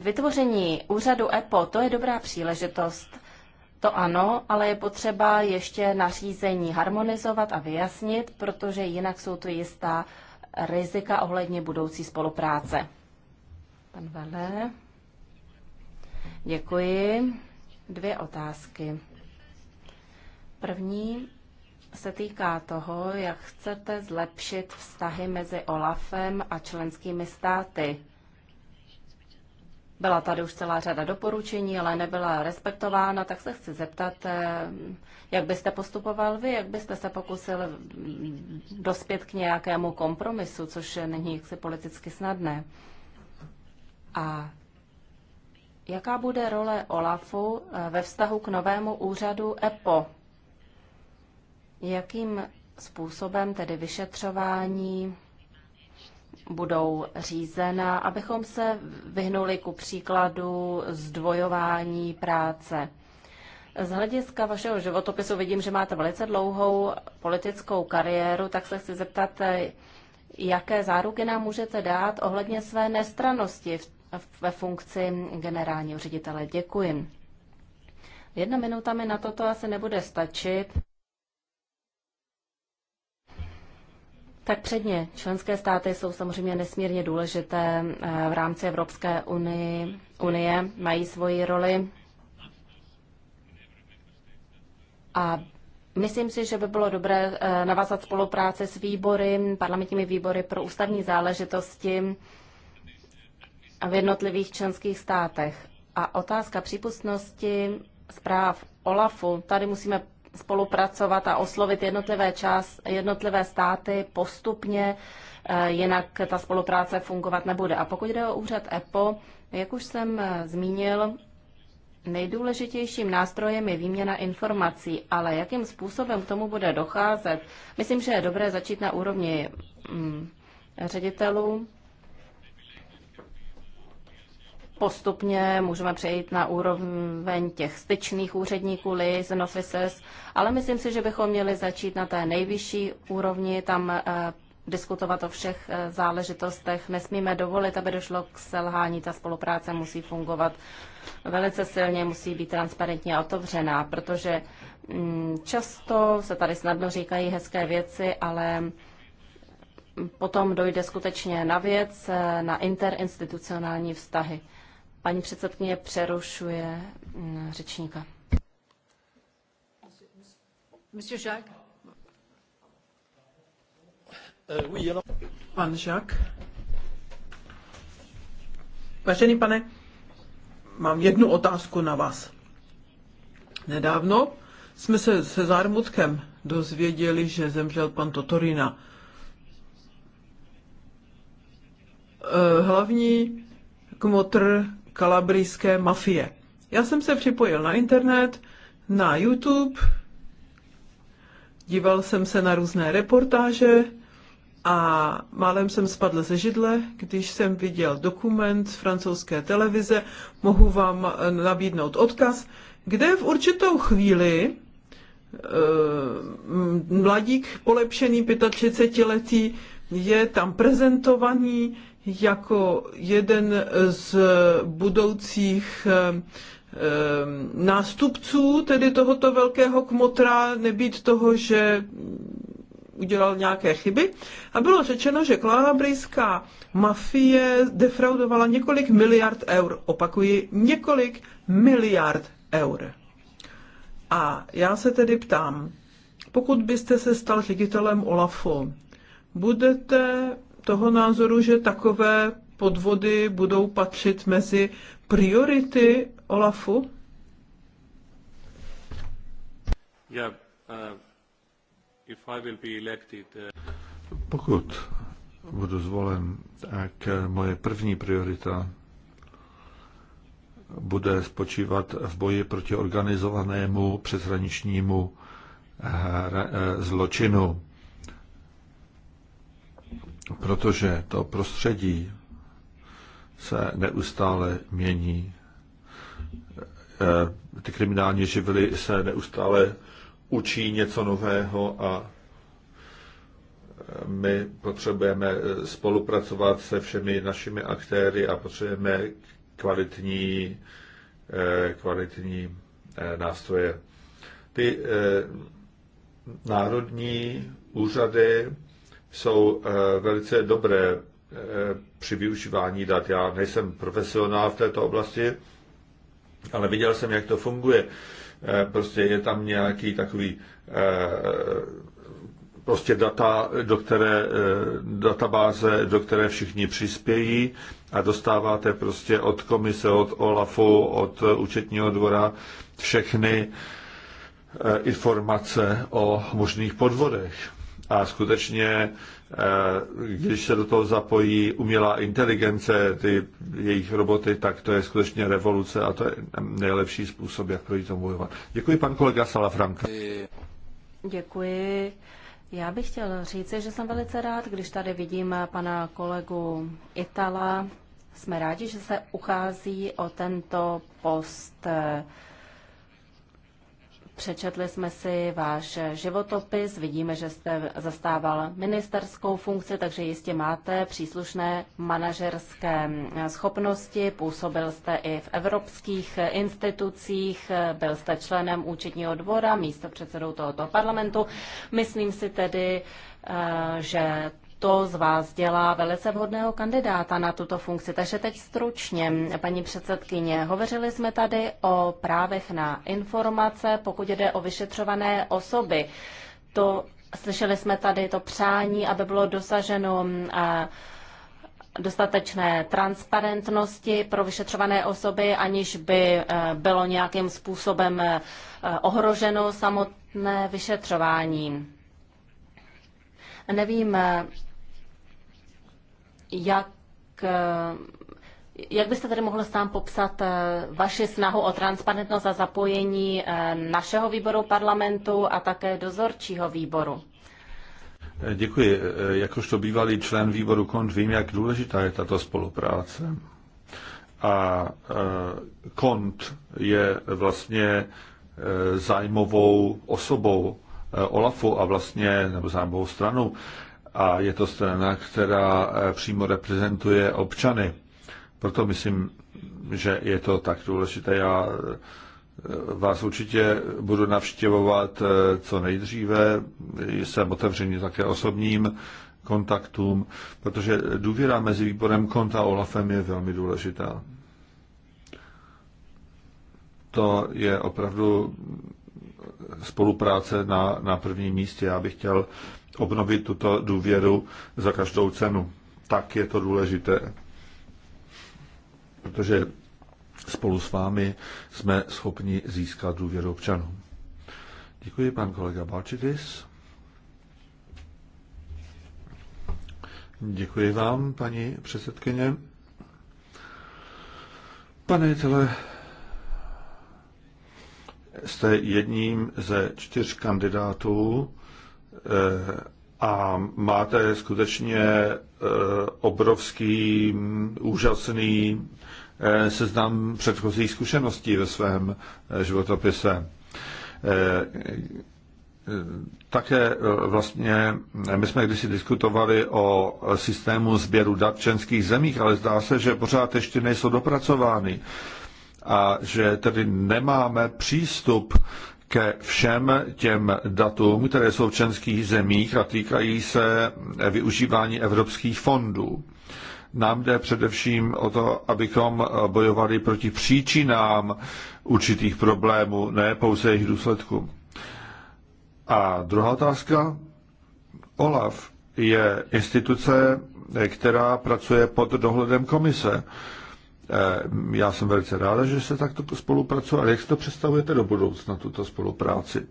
Vytvoření úřadu EPO, to je dobrá příležitost. To ano, ale je potřeba ještě nařízení harmonizovat a vyjasnit, protože jinak jsou to jistá rizika ohledně budoucí spolupráce. Pan Vele, Děkuji. Dvě otázky. První se týká toho, jak chcete zlepšit vztahy mezi OLAFem a členskými státy. Byla tady už celá řada doporučení, ale nebyla respektována, tak se chci zeptat, eh, jak byste postupoval vy, jak byste se pokusil dospět k nějakému kompromisu, což není jaksi politicky snadné. A jaká bude role OLAFu eh, ve vztahu k novému úřadu EPO? Jakým způsobem tedy vyšetřování budou řízena, abychom se vyhnuli ku příkladu zdvojování práce. Z hlediska vašeho životopisu vidím, že máte velice dlouhou politickou kariéru, tak se chci zeptat, jaké záruky nám můžete dát ohledně své nestranosti ve funkci generálního ředitele. Děkuji. Jedna minuta mi na toto asi nebude stačit. tak předně členské státy jsou samozřejmě nesmírně důležité eh, v rámci Evropské unii, unie, mají svoji roli. A myslím si, že by bylo dobré eh, navázat spolupráce s výbory, parlamentními výbory pro ústavní záležitosti v jednotlivých členských státech. A otázka přípustnosti zpráv OLAFu, tady musíme spolupracovat a oslovit jednotlivé, čas, jednotlivé státy postupně, eh, jinak ta spolupráce fungovat nebude. A pokud jde o úřad EPO, jak už jsem eh, zmínil, Nejdůležitějším nástrojem je výměna informací, ale jakým způsobem k tomu bude docházet? Myslím, že je dobré začít na úrovni mm, ředitelů postupně můžeme přejít na úroveň těch styčných úředníků, liaison officers, ale myslím si, že bychom měli začít na té nejvyšší úrovni, tam eh, diskutovat o všech eh, záležitostech. Nesmíme dovolit, aby došlo k selhání. Ta spolupráce musí fungovat velice silně, musí být transparentně a otevřená, protože mm, často se tady snadno říkají hezké věci, ale mm, potom dojde skutečně na věc, eh, na interinstitucionální vztahy. Paní předsedkyně přerušuje mm, řečníka. Monsieur Jacques. Eh, pan Jacques. Vážený pane, mám jednu otázku na vás. Nedávno jsme se se zármutkem dozvěděli, že zemřel pan Totorina. Eh, hlavní kmotr kalabrijské mafie. Já jsem se připojil na internet, na YouTube, díval jsem se na různé reportáže a málem jsem spadl ze židle, když jsem viděl dokument z francouzské televize, mohu vám eh, nabídnout odkaz, kde v určitou chvíli eh, mladík polepšený 35 letý je tam prezentovaný jako jeden z budoucích eh, eh, nástupců tedy tohoto velkého kmotra, nebýt toho, že udělal nějaké chyby. A bylo řečeno, že kalabrijská mafie defraudovala několik miliard eur. Opakuji, několik miliard eur. A já se tedy ptám, pokud byste se stal ředitelem OLAFu, budete toho názoru, že takové podvody budou patřit mezi priority OLAFu? Yeah, uh, if I will be elected, uh... Pokud budu zvolen, tak eh, moje první priorita bude spočívat v boji proti organizovanému přeshraničnímu eh, eh, zločinu protože to prostředí se neustále mění. Eh, ty kriminální živly se neustále učí něco nového a eh, my potřebujeme eh, spolupracovat se všemi našimi aktéry a potřebujeme kvalitní, kvalitní nástroje. Ty národní úřady jsou eh, velice dobré eh, při využívání dat. Já nejsem profesionál v této oblasti, ale viděl jsem, jak to funguje. Eh, prostě je tam nějaký takový prostě data, do které, databáze, do které všichni přispějí a dostáváte prostě od komise, od OLAFu, od účetního dvora všechny informace o možných podvodech. A skutečně, eh, když se do toho zapojí umělá inteligence, ty jejich roboty, tak to je skutečně revoluce a to je nejlepší způsob, jak proti tomu bojovat. Děkuji, pan kolega Salafranka. Děkuji. Já bych chtěl říct, že jsem velice rád, když tady vidím pana kolegu Itala. Jsme rádi, že se uchází o tento post Přečetli jsme si váš životopis, vidíme, že jste zastával ministerskou funkci, takže jistě máte příslušné manažerské schopnosti. Působil jste i v evropských institucích, byl jste členem účetního dvora, místo předsedou tohoto parlamentu. Myslím si tedy, eh, že to z vás dělá velice vhodného kandidáta na tuto funkci. Takže teď stručně, paní předsedkyně, hovořili jsme tady o právech na informace, pokud jde o vyšetřované osoby. To slyšeli jsme tady to přání, aby bylo dosaženo dostatečné transparentnosti pro vyšetřované osoby, aniž by e, bylo nějakým způsobem e, ohroženo samotné vyšetřování. Nevím, jak, eh, jak byste tady mohl sám popsat eh, vaši snahu o transparentnost a zapojení eh, našeho výboru parlamentu a také dozorčího výboru? Děkuji. Jakožto bývalý člen výboru KONT vím, jak důležitá je tato spolupráce. A KONT je vlastně zájmovou osobou OLAFu a vlastně, nebo zájmovou stranou a je to strana, která eh, přímo reprezentuje občany. Proto myslím, že je to tak důležité. Já eh, vás určitě budu navštěvovat eh, co nejdříve. Jsem otevřený také osobním kontaktům, protože důvěra mezi výborem konta a Olafem je velmi důležitá. To je opravdu spolupráce na, na prvním místě. Já bych chtěl obnovit tuto důvěru za každou cenu. Tak je to důležité. Protože spolu s vámi jsme schopni získat důvěru občanů. Děkuji, pan kolega Balčitis. Děkuji vám, paní předsedkyně. Pane tele, jste jedním ze čtyř kandidátů Eh, a máte skutečně eh, obrovský, mm, úžasný eh, seznam předchozích zkušeností ve svém životopise. Také vlastně, my jsme kdysi diskutovali o systému sběru dat v členských zemích, ale zdá se, že pořád ještě nejsou dopracovány a že tedy nemáme přístup ke všem těm datům, které jsou v členských zemích a týkají se využívání evropských fondů. Nám jde především o to, abychom bojovali proti příčinám určitých problémů, ne pouze jejich důsledkům. A druhá otázka. OLAF je instituce, která pracuje pod dohledem komise. Eh, já jsem velice ráda, že se takto spolupracuje, ale jak si to představujete do budoucna, tuto spolupráci?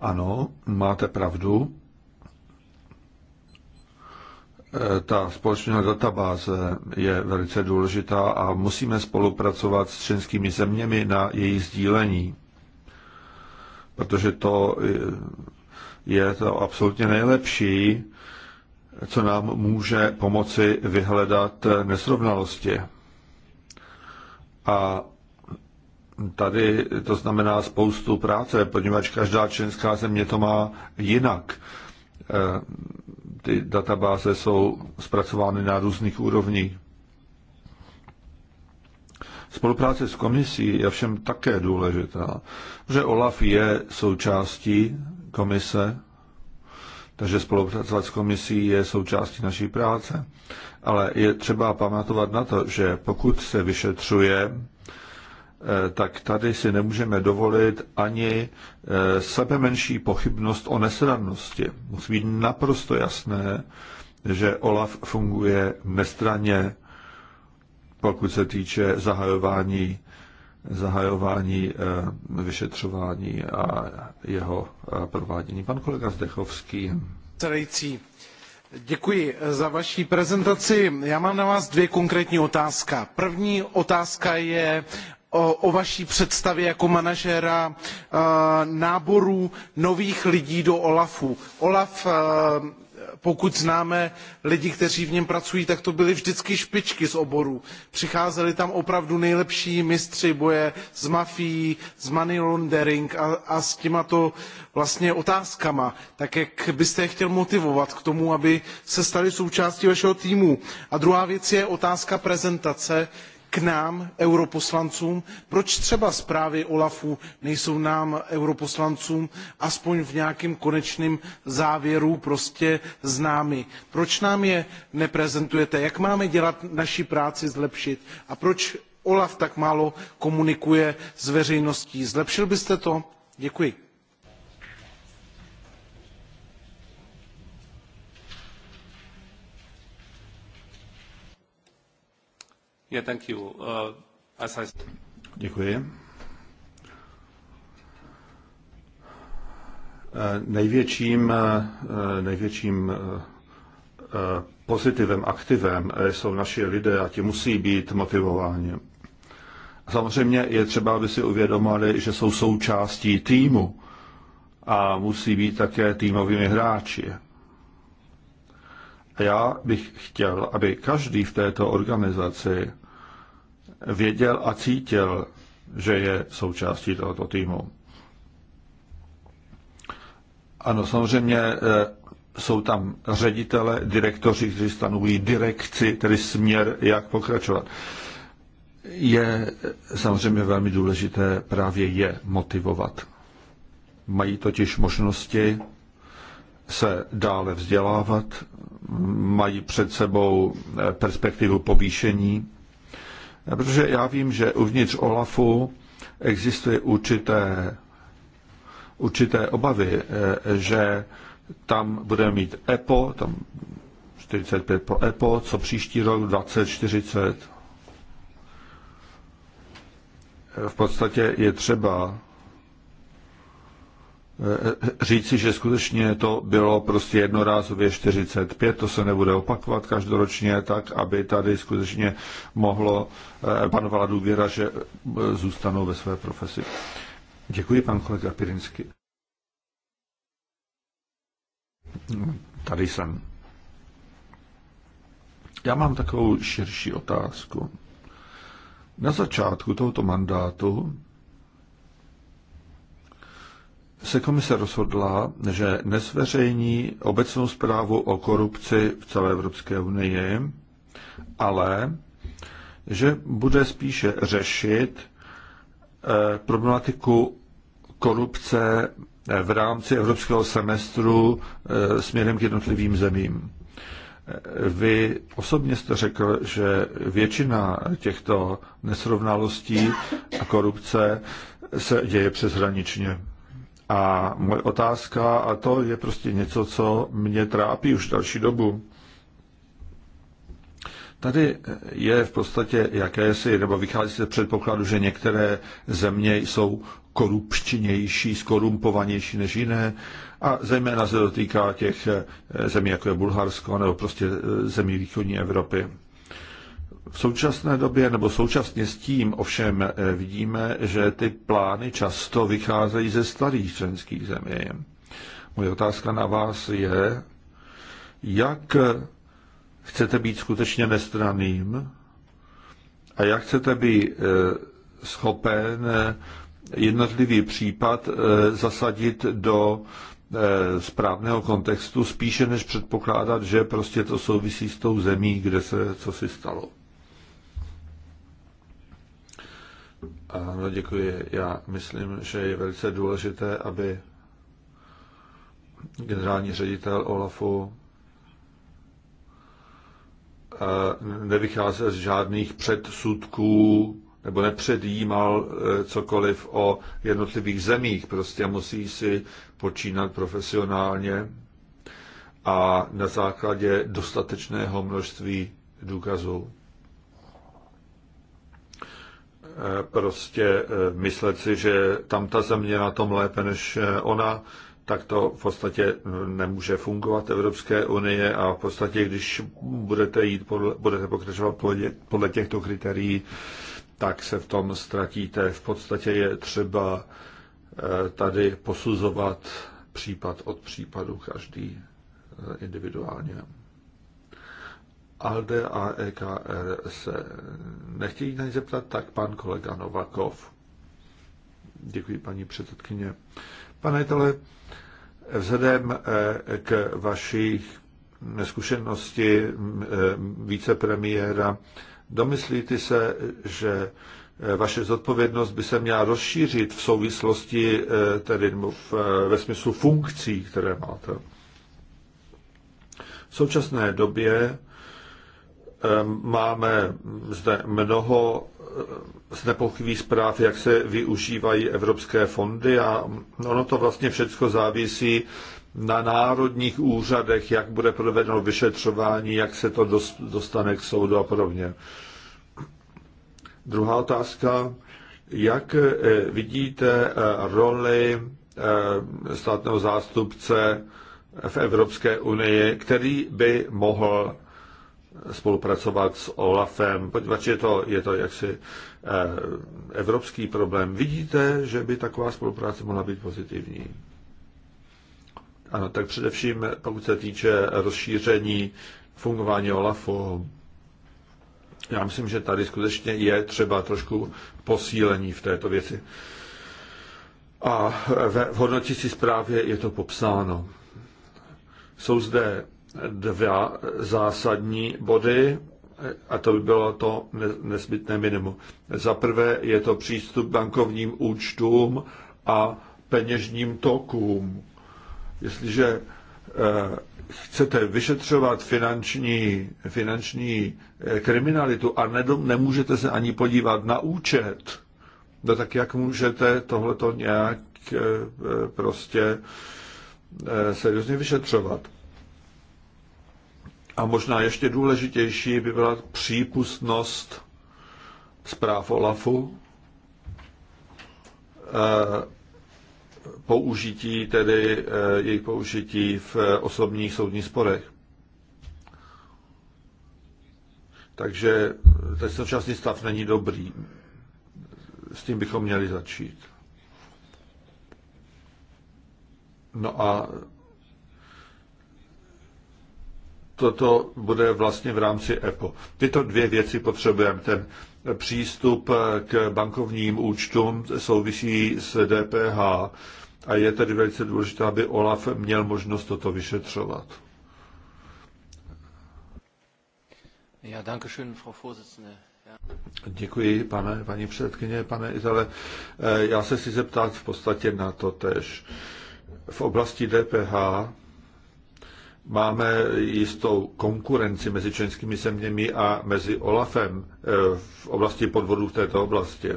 Ano, máte pravdu. Eh, ta společná databáze je velice důležitá a musíme spolupracovat s členskými zeměmi na její sdílení, protože to eh, je to absolutně nejlepší, co nám může pomoci vyhledat nesrovnalosti. A tady to znamená spoustu práce, poněvadž každá členská země to má jinak. E, ty databáze jsou zpracovány na různých úrovních. Spolupráce s komisí je všem také důležitá, že OLAF je součástí komise takže spolupracovat s komisí je součástí naší práce. Ale je třeba pamatovat na to, že pokud se vyšetřuje, eh, tak tady si nemůžeme dovolit ani eh, sebe menší pochybnost o nesrannosti. Musí být naprosto jasné, že OLAF funguje nestraně, pokud se týče zahajování zahajování eh, vyšetřování a jeho eh, provádění. Pan kolega Zdechovský. Předající, děkuji eh, za vaši prezentaci. Já mám na vás dvě konkrétní otázky. První otázka je o, o vaší představě jako manažera náboru nových lidí do OLAFu. OLAF pokud známe lidi, kteří v něm pracují, tak to byly vždycky špičky z oborů. Přicházeli tam opravdu nejlepší mistři boje s mafií, s money laundering a, a s těmato vlastně otázkama. Tak jak byste je chtěl motivovat k tomu, aby se stali součástí vašeho týmu? A druhá věc je otázka prezentace k nám, europoslancům, proč třeba zprávy OLAFu nejsou nám, europoslancům, aspoň v nějakém konečném závěru prostě známy. Proč nám je neprezentujete? Jak máme dělat naši práci zlepšit? A proč olaf tak málo komunikuje s veřejností? Zlepšil byste to? Děkuji. Yeah, thank you. Uh, as I... Děkuji. Eh, největším, eh, eh, největším pozitivem, aktivem jsou naši lidé a ti musí být motivováni. Samozřejmě je třeba, aby si uvědomili, že jsou součástí týmu a musí být také týmovými hráči. A já bych chtěl, aby každý v této organizaci věděl a cítil, že je součástí tohoto týmu. Ano, samozřejmě eh, jsou tam ředitele, direktoři, kteří stanovují direkci, tedy směr, jak pokračovat. Je eh, samozřejmě velmi důležité právě je motivovat. Mají totiž možnosti se dále vzdělávat, mají před sebou eh, perspektivu povýšení Eh, protože já vím, že uvnitř OLAFu existuje určité, určité obavy, eh, že tam budeme mít EPO, tam 45 pro EPO, co příští rok 2040. Eh, v podstatě je třeba Eh, říci, že skutečně to bylo prostě jednorázově 45, to se nebude opakovat každoročně, tak aby tady skutečně mohlo eh, panovala důvěra, že eh, zůstanou ve své profesi. Děkuji, pan kolega Pirinsky. Tady jsem. Já mám takovou širší otázku. Na začátku tohoto mandátu se komise rozhodla, že nesveřejní obecnou zprávu o korupci v celé Evropské unii, ale že bude spíše řešit eh, problematiku korupce eh, v rámci evropského semestru eh, směrem k jednotlivým zemím. Vy osobně jste řekl, že většina těchto nesrovnalostí a korupce se děje přeshraničně. A moje otázka, a to je prostě něco, co mě trápí už další dobu. Tady je v podstatě jakési, nebo vychází se předpokladu, že některé země jsou korupčnější, skorumpovanější než jiné a zejména se dotýká těch eh, zemí, jako je Bulharsko nebo prostě eh, zemí východní Evropy. V současné době nebo současně s tím ovšem eh, vidíme, že ty plány často vycházejí ze starých členských zemí. Moje otázka na vás je, jak eh, chcete být skutečně nestraným a jak chcete být eh, schopen jednotlivý případ zasadit do správného kontextu, spíše než předpokládat, že prostě to souvisí s tou zemí, kde se co si stalo. Ano, děkuji. Já myslím, že je velice důležité, aby generální ředitel Olafu eh, nevycházel z žádných předsudků nebo nepředjímal eh, cokoliv o jednotlivých zemích. Prostě musí si počínat profesionálně a na základě dostatečného množství důkazů prostě eh, myslet si, že tam ta země na tom lépe než eh, ona, tak to v podstatě eh, nemůže fungovat Evropské unie a v podstatě, když budete, jít podle, budete pokračovat podle, podle těchto kritérií, tak se v tom ztratíte. V podstatě je třeba tady posuzovat případ od případu každý individuálně. ALDE a EKR se nechtějí na ně zeptat, tak pan kolega Novakov. Děkuji, paní předsedkyně. Pane Tele, vzhledem eh, k vašich neskušenosti mm, eh, vicepremiéra, domyslíte se, že eh, vaše zodpovědnost by se měla rozšířit v souvislosti, tedy v, ve smyslu funkcí, které máte. V současné době Ehm, máme zde mnoho ehm, znepochybí zpráv, jak se využívají evropské fondy a ono to vlastně všechno závisí na národních úřadech, jak bude provedeno vyšetřování, jak se to dostane k soudu a podobně. Druhá otázka. Jak eh, vidíte eh, roli eh, státného zástupce v Evropské unii, který by mohl spolupracovat s OLAFem, poněvadž je to, je to jaksi eh, evropský problém. Vidíte, že by taková spolupráce mohla být pozitivní? Ano, tak především pokud se týče rozšíření fungování OLAFu, já myslím, že tady skutečně je třeba trošku posílení v této věci. A v hodnotící zprávě je to popsáno. Jsou zde dva zásadní body, a to by bylo to nezbytné minimum. Za prvé je to přístup bankovním účtům a peněžním tokům. Jestliže eh, chcete vyšetřovat finanční, finanční eh, kriminalitu a nemůžete se ani podívat na účet, no tak jak můžete tohleto nějak eh, prostě seriózně vyšetřovat? A možná ještě důležitější by byla přípustnost zpráv OLAFu, eh, použití, tedy eh, jejich použití v eh, osobních soudních sporech. Takže ten současný stav není dobrý. S tím bychom měli začít. No a toto bude vlastně v rámci EPO. Tyto dvě věci potřebujeme. Ten přístup k bankovním účtům souvisí s DPH a je tedy velice důležité, aby OLAF měl možnost toto vyšetřovat. Ja, danke schön, Frau Vorsitzende. Děkuji, pane, paní předsedkyně, pane Izale. Eh, já se si zeptat v podstatě na to tež. V oblasti DPH máme jistou konkurenci mezi členskými zeměmi a mezi OLAFem eh, v oblasti podvodů v této oblasti.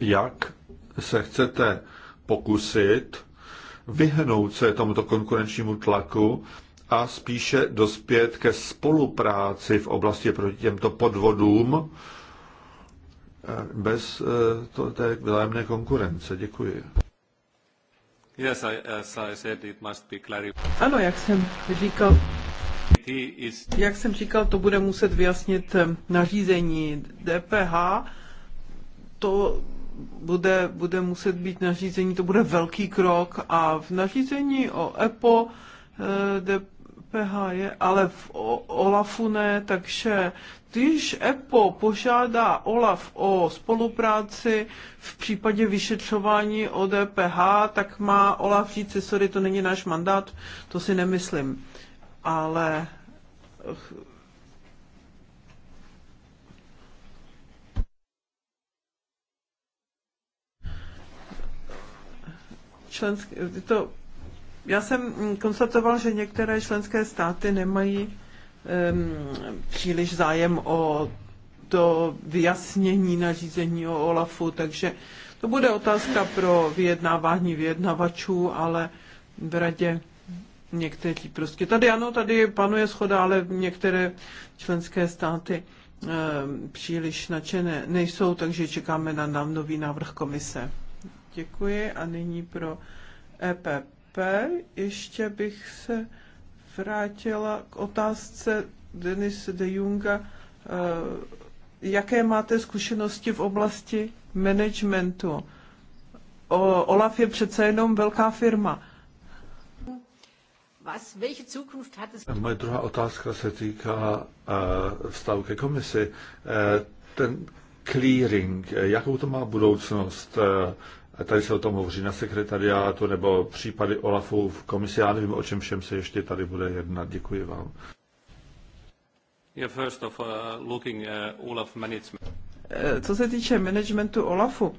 Jak se chcete pokusit vyhnout se tomuto konkurenčnímu tlaku a spíše dospět ke spolupráci v oblasti proti těmto podvodům eh, bez eh, té vzájemné konkurence. Děkuji. Yes, I, as I said, it must be ano, jak jsem říkal, jak jsem říkal, to bude muset vyjasnit eh, nařízení DPH. To bude, bude muset být nařízení, to bude velký krok a v nařízení o EPO DPH eh, je, ale v o, OLAFu ne, takže když EPO požádá OLAF o spolupráci v případě vyšetřování o DPH, tak má OLAF říct, sorry, to není náš mandát, to si nemyslím. Ale členské, to, já jsem konstatoval, že některé členské státy nemají Ehm, příliš zájem o to vyjasnění nařízení o OLAFu, takže to bude otázka pro vyjednávání vyjednavačů, ale v radě někteří prostě. Tady ano, tady panuje schoda, ale některé členské státy e, příliš nadšené nejsou, takže čekáme na nám nový návrh komise. Děkuji a nyní pro EPP. Ještě bych se vrátila k otázce Denise de Junga. Eh, jaké máte zkušenosti v oblasti managementu? O, Olaf je přece jenom velká firma. Moje druhá otázka se týká eh, vztahu ke komisi. Eh, ten clearing, jakou to má budoucnost? tady se o tom hovoří na sekretariátu, nebo případy OLAFu v komisi. Já nevím, o čem všem se ještě tady bude jednat. Děkuji vám. Uh, uh, eh, co se týče managementu OLAFu,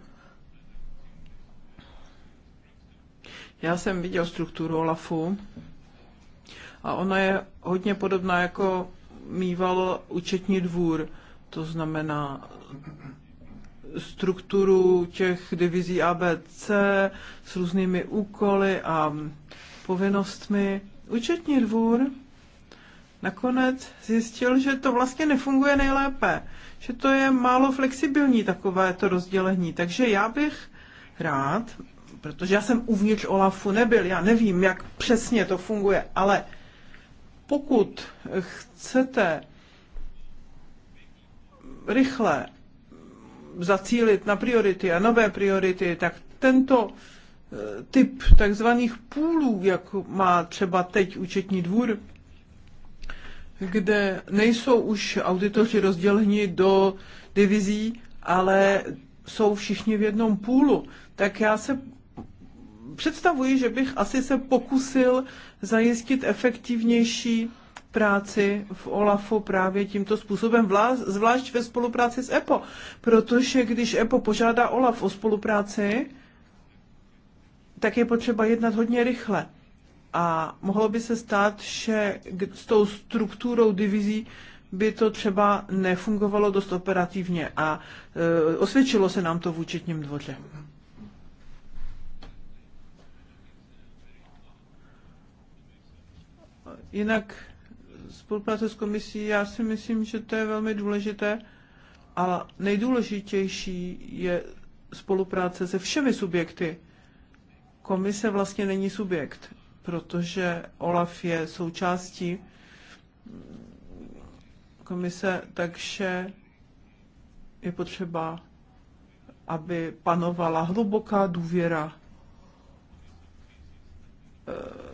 já jsem viděl strukturu OLAFu a ona je hodně podobná jako mýval účetní dvůr. To znamená strukturu těch divizí ABC s různými úkoly a povinnostmi. Účetní dvůr nakonec zjistil, že to vlastně nefunguje nejlépe, že to je málo flexibilní takové to rozdělení. Takže já bych rád, protože já jsem uvnitř OLAFu nebyl, já nevím, jak přesně to funguje, ale pokud chcete rychle zacílit na priority a nové priority, tak tento eh, typ takzvaných půlů, jak má třeba teď účetní dvůr, kde nejsou už auditoři rozděleni do divizí, ale jsou všichni v jednom půlu, tak já se představuji, že bych asi se pokusil zajistit efektivnější práci v OLAFu právě tímto způsobem, zvlášť ve spolupráci s EPO. Protože když EPO požádá OLAF o spolupráci, tak je potřeba jednat hodně rychle. A mohlo by se stát, že s tou strukturou divizí by to třeba nefungovalo dost operativně a e, osvědčilo se nám to v účetním dvoře. Jinak spolupráce s komisí, já si myslím, že to je velmi důležité. A nejdůležitější je spolupráce se všemi subjekty. Komise vlastně není subjekt, protože OLAF je součástí komise, takže je potřeba, aby panovala hluboká důvěra eh,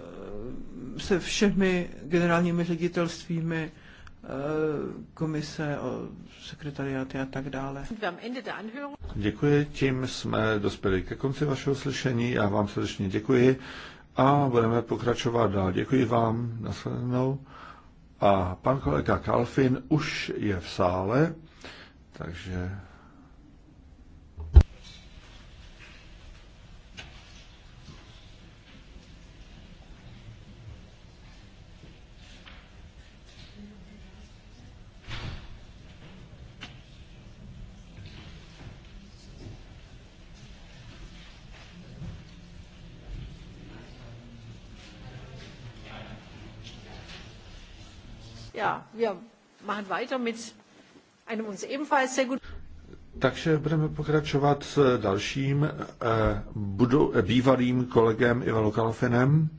se všemi generálními ředitelstvími eh, komise, o sekretariáty a tak dále. Děkuji, tím jsme dospěli ke konci vašeho slyšení. Já vám srdečně děkuji a budeme pokračovat dál. Děkuji vám, nasledanou. A pan kolega Kalfin už je v sále, takže Takže budeme pokračovat s dalším eh, budu, eh, bývalým kolegem Ivalo Kalfinem.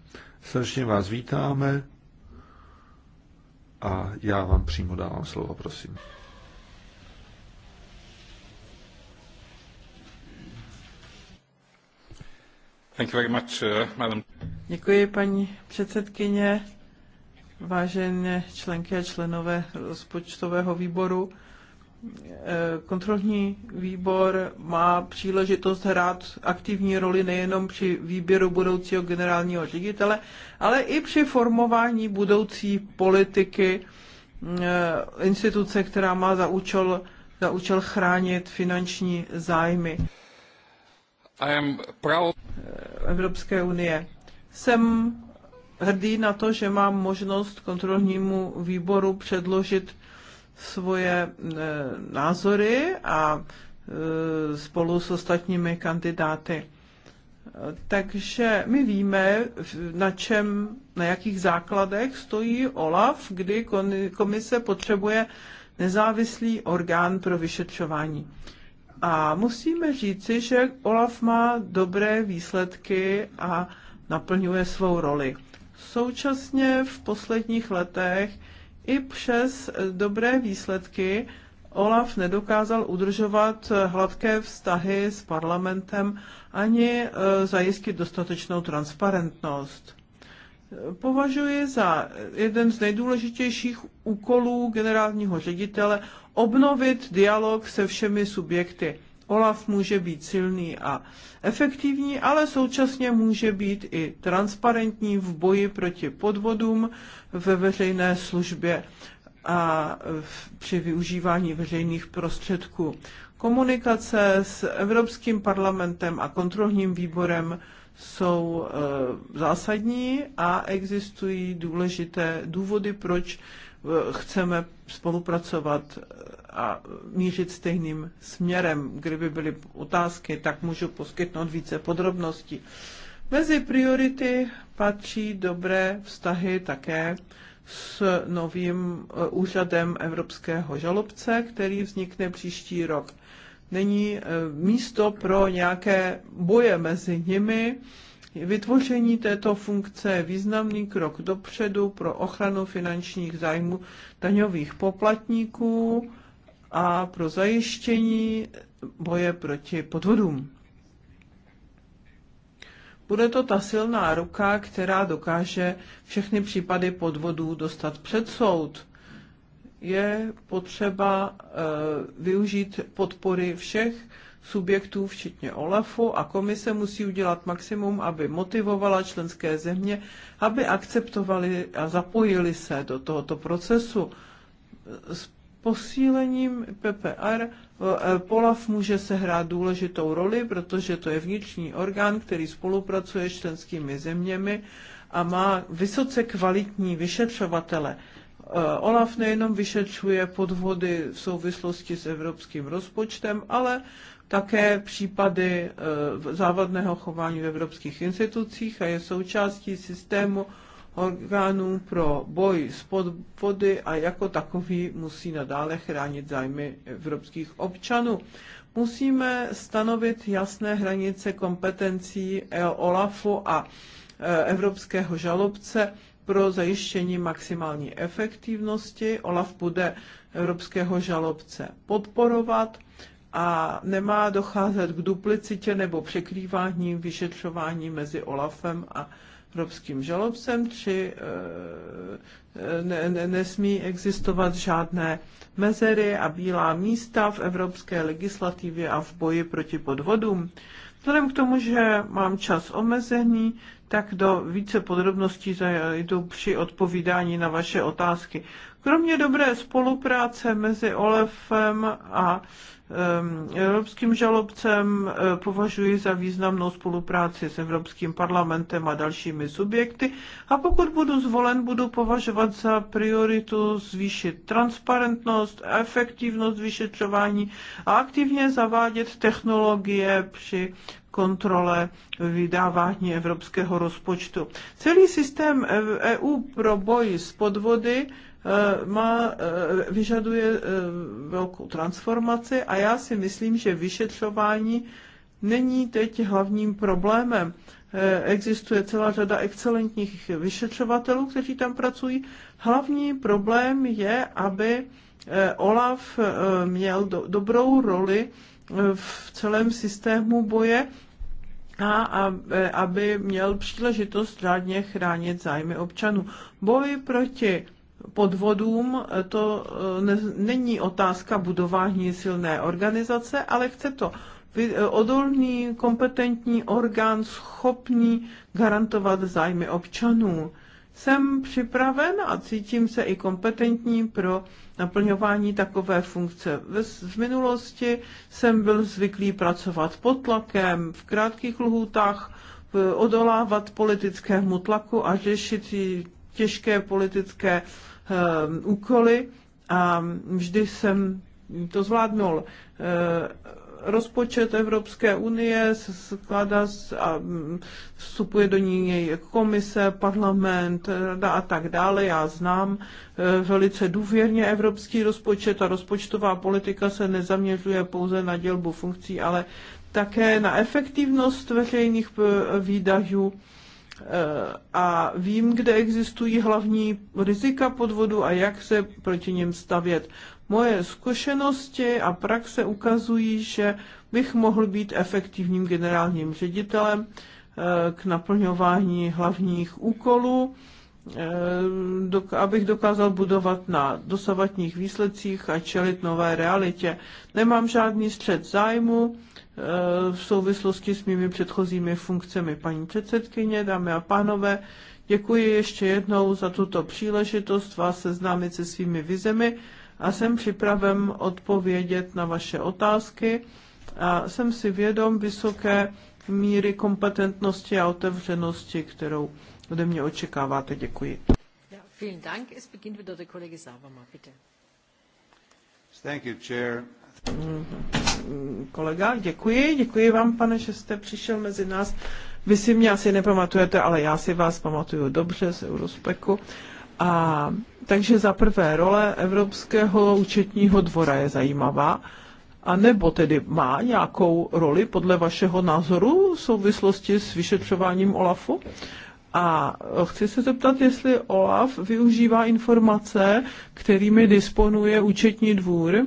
Srdečně vás vítáme a já vám přímo dávám slovo, prosím. Eh, madam. Děkuji, paní předsedkyně vážené členky a členové rozpočtového výboru. Eh, kontrolní výbor má příležitost hrát aktivní roli nejenom při výběru budoucího generálního ředitele, ale i při formování budoucí politiky eh, instituce, která má za účel, za účel chránit finanční zájmy eh, Evropské unie. Jsem hrdý na to, že mám možnost kontrolnímu výboru předložit svoje e, názory a e, spolu s ostatními kandidáty. Takže my víme, na čem, na jakých základech stojí OLAF, kdy komise potřebuje nezávislý orgán pro vyšetřování. A musíme říci, že OLAF má dobré výsledky a naplňuje svou roli. Současně v posledních letech i přes dobré výsledky Olaf nedokázal udržovat hladké vztahy s parlamentem ani e, zajistit dostatečnou transparentnost. Považuji za jeden z nejdůležitějších úkolů generálního ředitele obnovit dialog se všemi subjekty. OLAF může být silný a efektivní, ale současně může být i transparentní v boji proti podvodům ve veřejné službě a při využívání veřejných prostředků. Komunikace s Evropským parlamentem a kontrolním výborem jsou eh, zásadní a existují důležité důvody, proč eh, chceme spolupracovat eh, a mířit stejným směrem. Kdyby byly otázky, tak můžu poskytnout více podrobností. Mezi priority patří dobré vztahy také s novým eh, úřadem evropského žalobce, který vznikne příští rok. Není eh, místo pro nějaké boje mezi nimi. Vytvoření této funkce je významný krok dopředu pro ochranu finančních zájmů daňových poplatníků a pro zajištění boje proti podvodům. Bude to ta silná ruka, která dokáže všechny případy podvodů dostat před soud. Je potřeba e, využít podpory všech subjektů, včetně OLAFu, a komise musí udělat maximum, aby motivovala členské země, aby akceptovali a zapojili se do tohoto procesu posílením PPR POLAV eh, může sehrát důležitou roli, protože to je vnitřní orgán, který spolupracuje s členskými zeměmi a má vysoce kvalitní vyšetřovatele. Eh, OLAF nejenom vyšetřuje podvody v souvislosti s evropským rozpočtem, ale také případy eh, závadného chování v evropských institucích a je součástí systému orgánů pro boj s podvody a jako takový musí nadále chránit zájmy evropských občanů. Musíme stanovit jasné hranice kompetencí OLAFu a e, evropského žalobce pro zajištění maximální efektivnosti. OLAF bude evropského žalobce podporovat a nemá docházet k duplicitě nebo překrývání vyšetřování mezi OLAFem a evropským žalobcem, či eh, eh, ne, ne, nesmí existovat žádné mezery a bílá místa v evropské legislativě a v boji proti podvodům. Vzhledem k tomu, že mám čas omezený, tak do více podrobností zajdu při odpovídání na vaše otázky. Kromě dobré spolupráce mezi OLEFem a Ehm, evropským žalobcem eh, považuji za významnou spolupráci s Evropským parlamentem a dalšími subjekty a pokud budu zvolen, budu považovat za prioritu zvýšit transparentnost, efektivnost vyšetřování a aktivně zavádět technologie při kontrole vydávání evropského rozpočtu. Celý systém e- EU pro boj s podvody Eh, má, eh, vyžaduje eh, velkou transformaci a já si myslím, že vyšetřování není teď hlavním problémem. Existuje celá řada excelentních vyšetřovatelů, kteří tam pracují. Hlavní problém je, aby OLAF měl do, dobrou roli v celém systému boje a aby měl příležitost řádně chránit zájmy občanů. Boj proti podvodům, to eh, ne, není otázka budování silné organizace, ale chce to eh, odolný, kompetentní orgán, schopný garantovat zájmy občanů. Jsem připraven a cítím se i kompetentní pro naplňování takové funkce. V minulosti jsem byl zvyklý pracovat pod tlakem, v krátkých lhůtách, eh, odolávat politickému tlaku a řešit těžké politické eh, úkoly a vždy jsem to zvládnul. Eh, rozpočet Evropské unie se skládá a vstupuje do ní komise, parlament rada a tak dále. Já znám eh, velice důvěrně evropský rozpočet a rozpočtová politika se nezaměřuje pouze na dělbu funkcí, ale také na efektivnost veřejných výdajů Eh, a vím, kde existují hlavní rizika podvodu a jak se proti něm stavět. Moje zkušenosti a praxe ukazují, že bych mohl být efektivním generálním ředitelem eh, k naplňování hlavních úkolů, eh, abych dokázal budovat na dosavatních výsledcích a čelit nové realitě. Nemám žádný střed zájmu, v souvislosti s mými předchozími funkcemi. Paní předsedkyně, dámy a pánové, děkuji ještě jednou za tuto příležitost vás seznámit se svými vizemi a jsem připraven odpovědět na vaše otázky. A jsem si vědom vysoké míry kompetentnosti a otevřenosti, kterou ode mě očekáváte. Děkuji. vielen Dank. Es beginnt wieder der Kollege bitte. Thank you, Chair. Mm-hmm. kolega, děkuji, děkuji vám, pane, že jste přišel mezi nás. Vy si mě asi nepamatujete, ale já si vás pamatuju dobře z Eurospeku. A takže za prvé role Evropského účetního dvora je zajímavá, a nebo tedy má nějakou roli podle vašeho názoru v souvislosti s vyšetřováním OLAFu? A chci se zeptat, jestli OLAF využívá informace, kterými disponuje účetní dvůr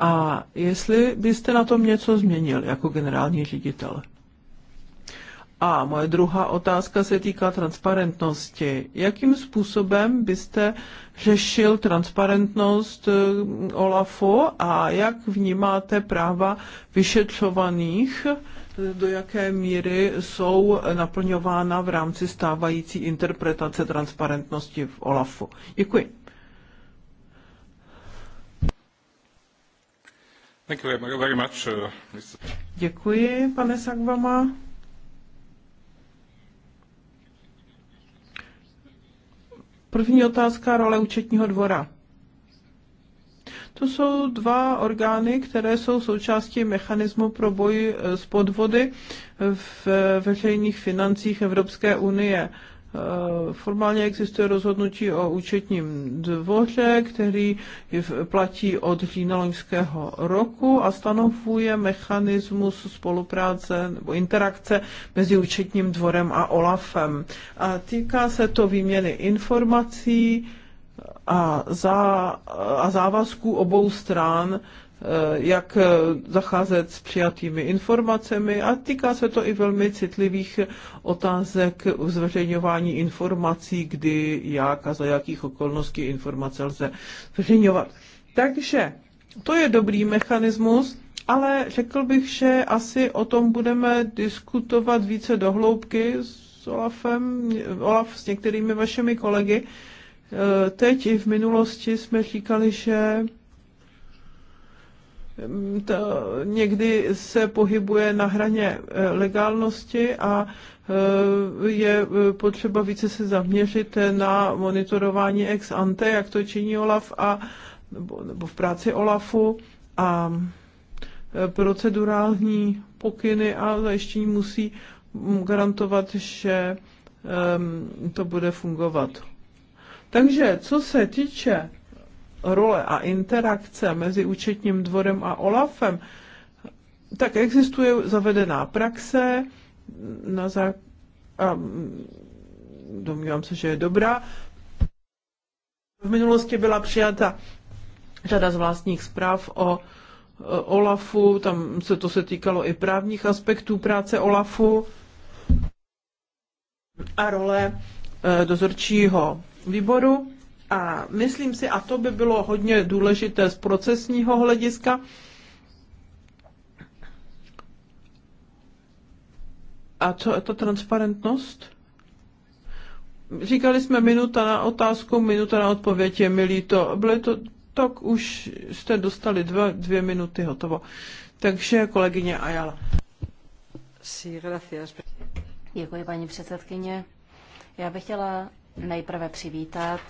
a jestli byste na tom něco změnil jako generální ředitel? A moje druhá otázka se týká transparentnosti. Jakým způsobem byste řešil transparentnost eh, OLAFu a jak vnímáte práva vyšetřovaných, eh, do jaké míry jsou naplňována v rámci stávající interpretace transparentnosti v OLAFu? Děkuji. Uh, Děkuji, pane Sagvama. První otázka role účetního dvora. To jsou dva orgány, které jsou součástí mechanismu pro boj eh, s podvody v veřejných financích Evropské unie. Eh, formálně existuje rozhodnutí o účetním dvoře, který platí od října loňského roku a stanovuje mechanismus spolupráce nebo interakce mezi účetním dvorem a OLAFem. A týká se to výměny informací a, zá, a závazků obou stran Eh, jak eh, zacházet s přijatými informacemi a týká se to i velmi citlivých otázek zveřejňování informací, kdy, jak a za jakých okolností informace lze zveřejňovat. Takže to je dobrý mechanismus, ale řekl bych, že asi o tom budeme diskutovat více dohloubky s Olafem, Olaf s některými vašimi kolegy. Eh, teď i v minulosti jsme říkali, že to někdy se pohybuje na hraně eh, legálnosti a eh, je eh, potřeba více se zaměřit na monitorování ex ante, jak to činí OLAF a, nebo, nebo v práci OLAFu a procedurální pokyny a zajištění musí garantovat, že to bude fungovat. Takže co se týče role a interakce mezi účetním dvorem a OLAFem, tak existuje zavedená praxe na zá... a mm, domnívám se, že je dobrá. V minulosti byla přijata řada z vlastních zpráv o OLAFu, tam se to se týkalo i právních aspektů práce OLAFu a role e, dozorčího výboru. A myslím si, a to by bylo hodně důležité z procesního hlediska, a co je ta transparentnost? Říkali jsme minuta na otázku, minuta na odpověď, je milý to. Bylo to, tak už jste dostali dva, dvě minuty, hotovo. Takže kolegyně Ayala. Děkuji, paní předsedkyně. Já bych chtěla nejprve přivítat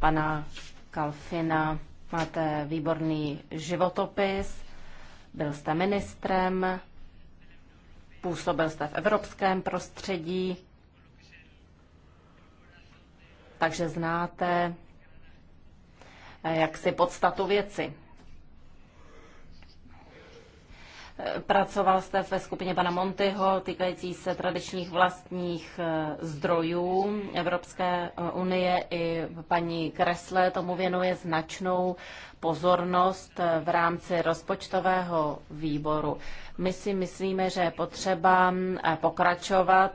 pana Kalfina. Máte výborný životopis, byl jste ministrem, působil jste v evropském prostředí, takže znáte eh, jak si podstatu věci. Pracoval jste ve skupině pana Montyho týkající se tradičních vlastních eh, zdrojů Evropské eh, unie. I paní Kresle tomu věnuje značnou pozornost eh, v rámci rozpočtového výboru. My si myslíme, že je potřeba pokračovat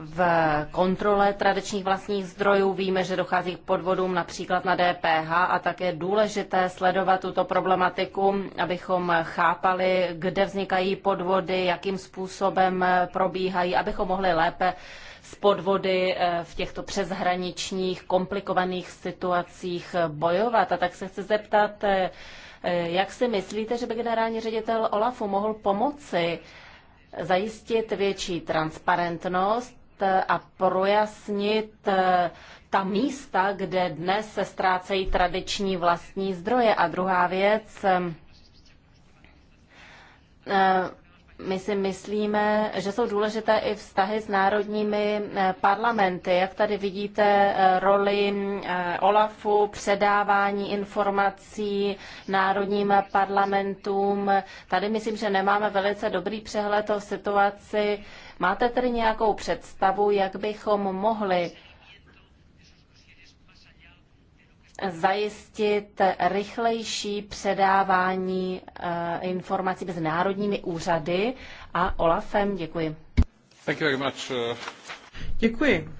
v kontrole tradičních vlastních zdrojů. Víme, že dochází k podvodům například na DPH a tak je důležité sledovat tuto problematiku, abychom chápali, kde vznikají podvody, jakým způsobem probíhají, abychom mohli lépe s podvody eh, v těchto přeshraničních komplikovaných situacích bojovat. A tak se chci zeptat, eh, eh, jak si myslíte, že by generální ředitel Olafu mohl pomoci zajistit větší transparentnost a projasnit eh, ta místa, kde dnes se ztrácejí tradiční vlastní zdroje. A druhá věc, eh, my si myslíme, že jsou důležité i vztahy s národními eh, parlamenty. Jak tady vidíte roli OLAFu, předávání informací národním parlamentům. Tady myslím, že nemáme velice dobrý přehled o situaci Máte tedy nějakou představu, jak bychom mohli zajistit rychlejší předávání eh, informací mezi národními úřady a OLAFem? Děkuji. Thank you very much. Eh. Děkuji.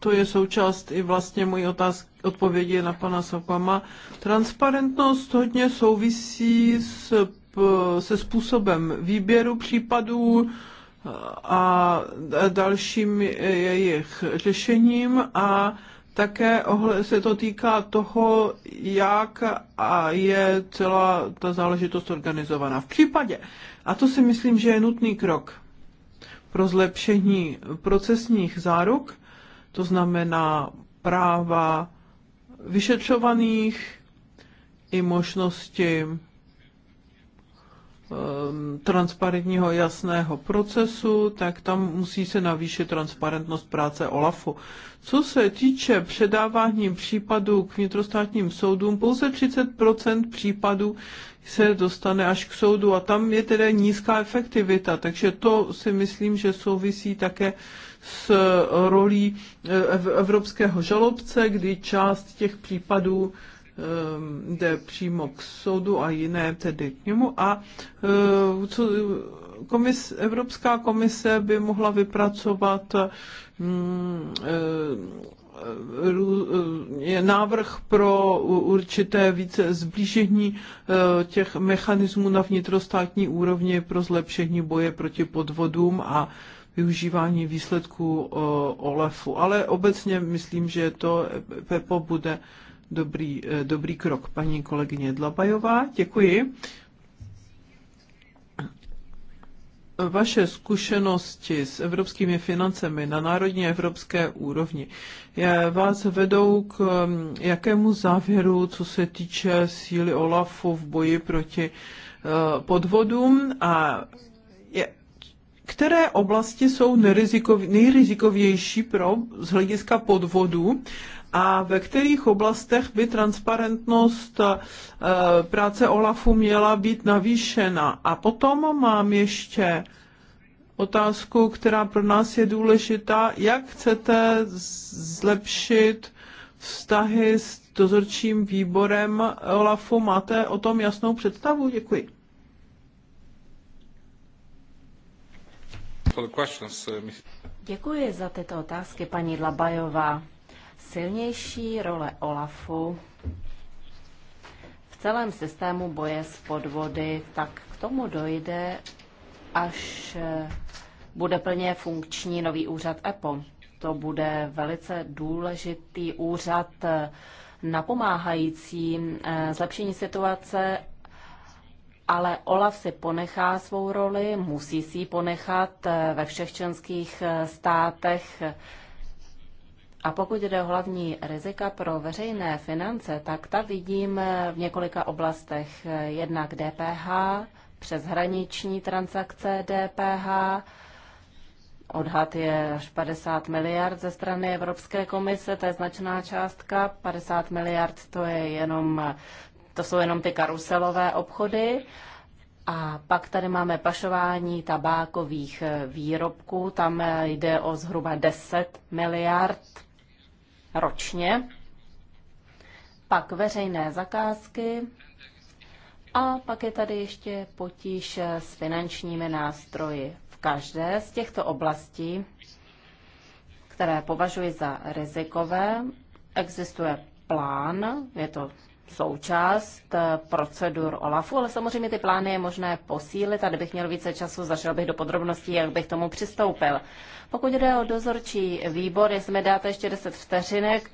to je součást i vlastně mojí otázky, odpovědi na pana Sokama. Transparentnost hodně souvisí s Eh, se způsobem výběru případů eh, a dalším jejich řešením a také se to týká toho, jak a je celá ta záležitost organizovaná v případě. A to si myslím, že je nutný krok pro zlepšení procesních záruk, to znamená práva vyšetřovaných i možnosti Um, transparentního jasného procesu, tak tam musí se navýšit transparentnost práce OLAFu. Co se týče předávání případů k vnitrostátním soudům, pouze 30 případů se dostane až k soudu a tam je tedy nízká efektivita, takže to si myslím, že souvisí také s rolí eh, evropského žalobce, kdy část těch případů Ehm, jde přímo k soudu a jiné tedy k němu. A ehm, co, komis, Evropská komise by mohla vypracovat mm, ehm, je návrh pro určité více zblížení těch mechanismů na vnitrostátní úrovni pro zlepšení boje proti podvodům a využívání výsledků olefu, Ale obecně myslím, že to PEPO bude dobrý, eh, dobrý krok. Paní kolegyně Dlabajová, děkuji. Vaše zkušenosti s evropskými financemi na národní evropské úrovni je, vás vedou k mm, jakému závěru, co se týče síly OLAFu v boji proti eh, podvodům a je, které oblasti jsou nejrizikovější pro z hlediska podvodu a ve kterých oblastech by transparentnost eh, práce OLAFu měla být navýšena. A potom mám ještě otázku, která pro nás je důležitá. Jak chcete zlepšit vztahy s dozorčím výborem OLAFu? Máte o tom jasnou představu? Děkuji. Uh, Děkuji za tyto otázky, paní Labajová silnější role OLAFu v celém systému boje s podvody, tak k tomu dojde, až eh, bude plně funkční nový úřad EPO. To bude velice důležitý úřad eh, napomáhající eh, zlepšení situace ale Olaf si ponechá svou roli, musí si ji ponechat ve všech členských státech. A pokud jde o hlavní rizika pro veřejné finance, tak ta vidím v několika oblastech. Jednak DPH, přeshraniční transakce DPH, Odhad je až 50 miliard ze strany Evropské komise, to je značná částka. 50 miliard to, je jenom, to jsou jenom ty karuselové obchody. A pak tady máme pašování tabákových výrobků, tam jde o zhruba 10 miliard ročně, pak veřejné zakázky a pak je tady ještě potíž s finančními nástroji. V každé z těchto oblastí, které považuji za rizikové, existuje plán, je to součást eh, procedur OLAFu, ale samozřejmě ty plány je možné posílit. Tady bych měl více času, zašel bych do podrobností, jak bych tomu přistoupil. Pokud jde o dozorčí výbor, jestli mi dáte ještě 10 vteřinek,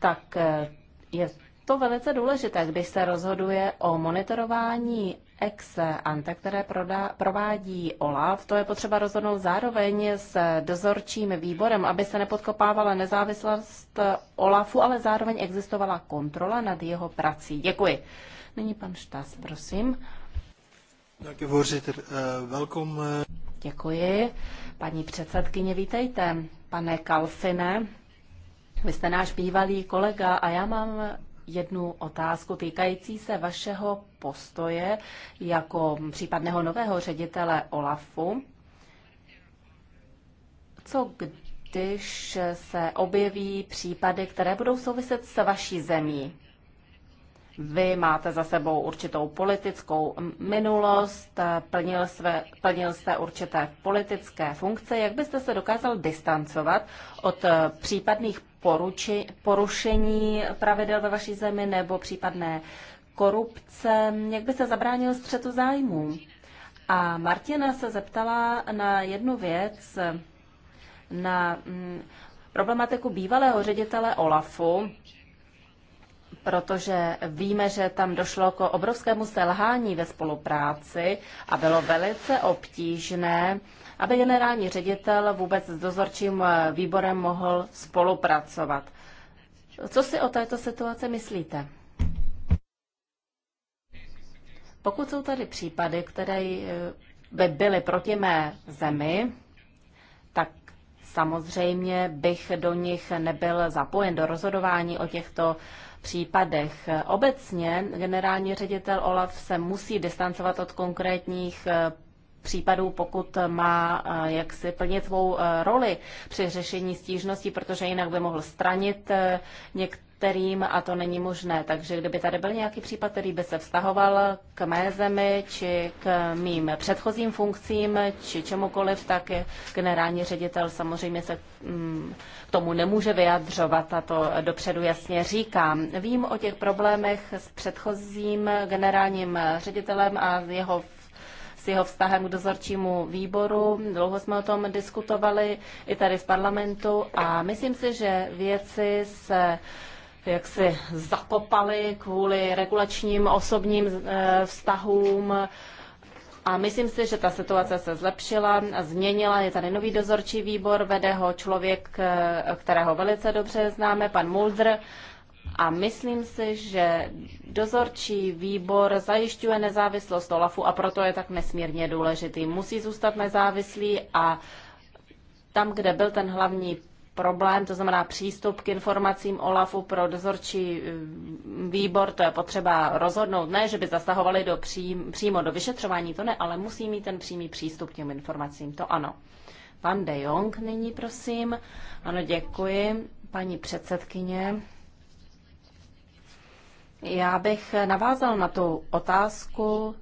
tak eh, je to velice důležité, když se rozhoduje o monitorování ex ante, které prodá, provádí OLAF, to je potřeba rozhodnout zároveň s dozorčím výborem, aby se nepodkopávala nezávislost OLAFu, ale zároveň existovala kontrola nad jeho prací. Děkuji. Nyní pan Štas, prosím. Eh, eh. Děkuji. Paní předsedkyně, vítejte. Pane Kalfine, vy jste náš bývalý kolega a já mám jednu otázku týkající se vašeho postoje jako případného nového ředitele OLAFu. Co když se objeví případy, které budou souviset s vaší zemí? Vy máte za sebou určitou politickou minulost, plnil, své, plnil jste určité politické funkce. Jak byste se dokázal distancovat od eh, případných poruči, porušení pravidel ve vaší zemi nebo případné korupce? Jak byste zabránil střetu zájmů? A Martina se zeptala na jednu věc, na mm, problematiku bývalého ředitele OLAFu, protože víme, že tam došlo k obrovskému selhání ve spolupráci a bylo velice obtížné, aby generální ředitel vůbec s dozorčím výborem mohl spolupracovat. Co si o této situaci myslíte? Pokud jsou tady případy, které by byly proti mé zemi, tak samozřejmě bych do nich nebyl zapojen do rozhodování o těchto uh, případech. Obecně generální ředitel OLAF se musí distancovat od konkrétních eh, případů, pokud má eh, jak si plnit svou eh, roli při řešení stížnosti, protože jinak by mohl stranit některé kterým a to není možné. Takže kdyby tady byl nějaký případ, který by se vztahoval k mé zemi či k mým předchozím funkcím či čemukoliv, tak generální ředitel samozřejmě se mm, k tomu nemůže vyjadřovat a to dopředu jasně říkám. Vím o těch problémech s předchozím generálním ředitelem a jeho s jeho vztahem k dozorčímu výboru. Dlouho jsme o tom diskutovali i tady v parlamentu a myslím si, že věci se jak se zakopali kvůli regulačním osobním eh, vztahům. A myslím si, že ta situace se zlepšila a změnila. Je tady nový dozorčí výbor, vede ho člověk, eh, kterého velice dobře známe, pan Muldr. A myslím si, že dozorčí výbor zajišťuje nezávislost Olafu a proto je tak nesmírně důležitý. Musí zůstat nezávislý a tam, kde byl ten hlavní problém, to znamená přístup k informacím OLAFu pro dozorčí mm, výbor, to je potřeba rozhodnout. Ne, že by zasahovali do přím, přímo do vyšetřování, to ne, ale musí mít ten přímý přístup k těm informacím, to ano. Pan De Jong nyní, prosím. Ano, děkuji, paní předsedkyně. Já bych navázal na tu otázku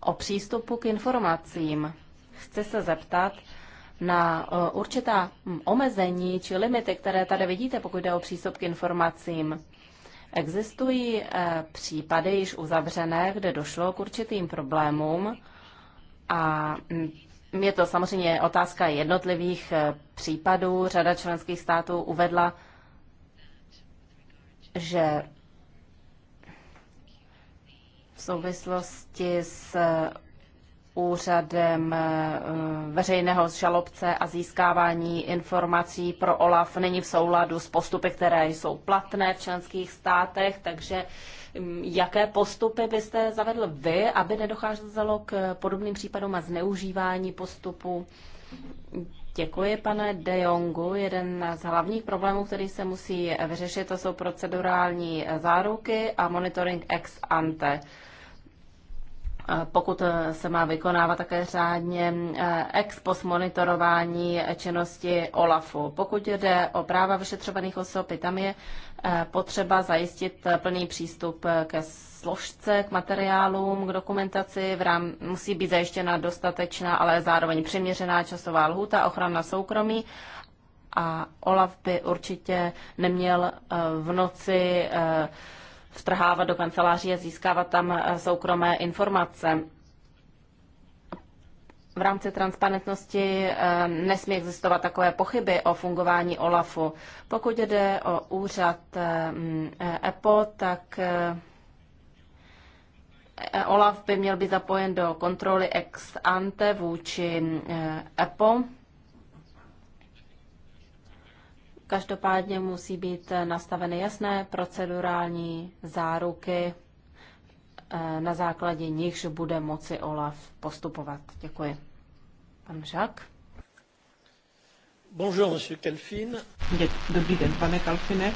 o přístupu k informacím. Chci se zeptat, na eh, určitá omezení či limity, které tady vidíte, pokud jde o přístup k informacím. Existují eh, případy již uzavřené, kde došlo k určitým problémům a mm, je to samozřejmě otázka jednotlivých eh, případů. Řada členských států uvedla, že v souvislosti s úřadem eh, veřejného žalobce a získávání informací pro OLAF není v souladu s postupy, které jsou platné v členských státech, takže mm, jaké postupy byste zavedl vy, aby nedocházelo k eh, podobným případům a zneužívání postupu? Děkuji, pane De Jongu. Jeden z hlavních problémů, který se musí vyřešit, to jsou procedurální eh, záruky a monitoring ex ante pokud eh, se má vykonávat také řádně eh, ex post monitorování činnosti OLAFu. Pokud jde o práva vyšetřovaných osob, tam je eh, potřeba zajistit plný přístup ke složce, k materiálům, k dokumentaci. V rám, musí být zajištěna dostatečná, ale zároveň přiměřená časová lhůta, ochrana soukromí a OLAF by určitě neměl v noci vtrhávat do kanceláří a získávat tam eh, soukromé informace. V rámci transparentnosti eh, nesmí existovat takové pochyby o fungování OLAFu. Pokud jde o úřad EPO, eh, mm, e tak OLAF by měl být zapojen do kontroly ex ante vůči EPO. E Každopádně musí být nastaveny jasné procedurální záruky, eh, na základě nichž bude moci OLAF postupovat. Děkuji. Pan Žak. Bonjour, monsieur Kalfin. Dobrý den, pane Kalfine.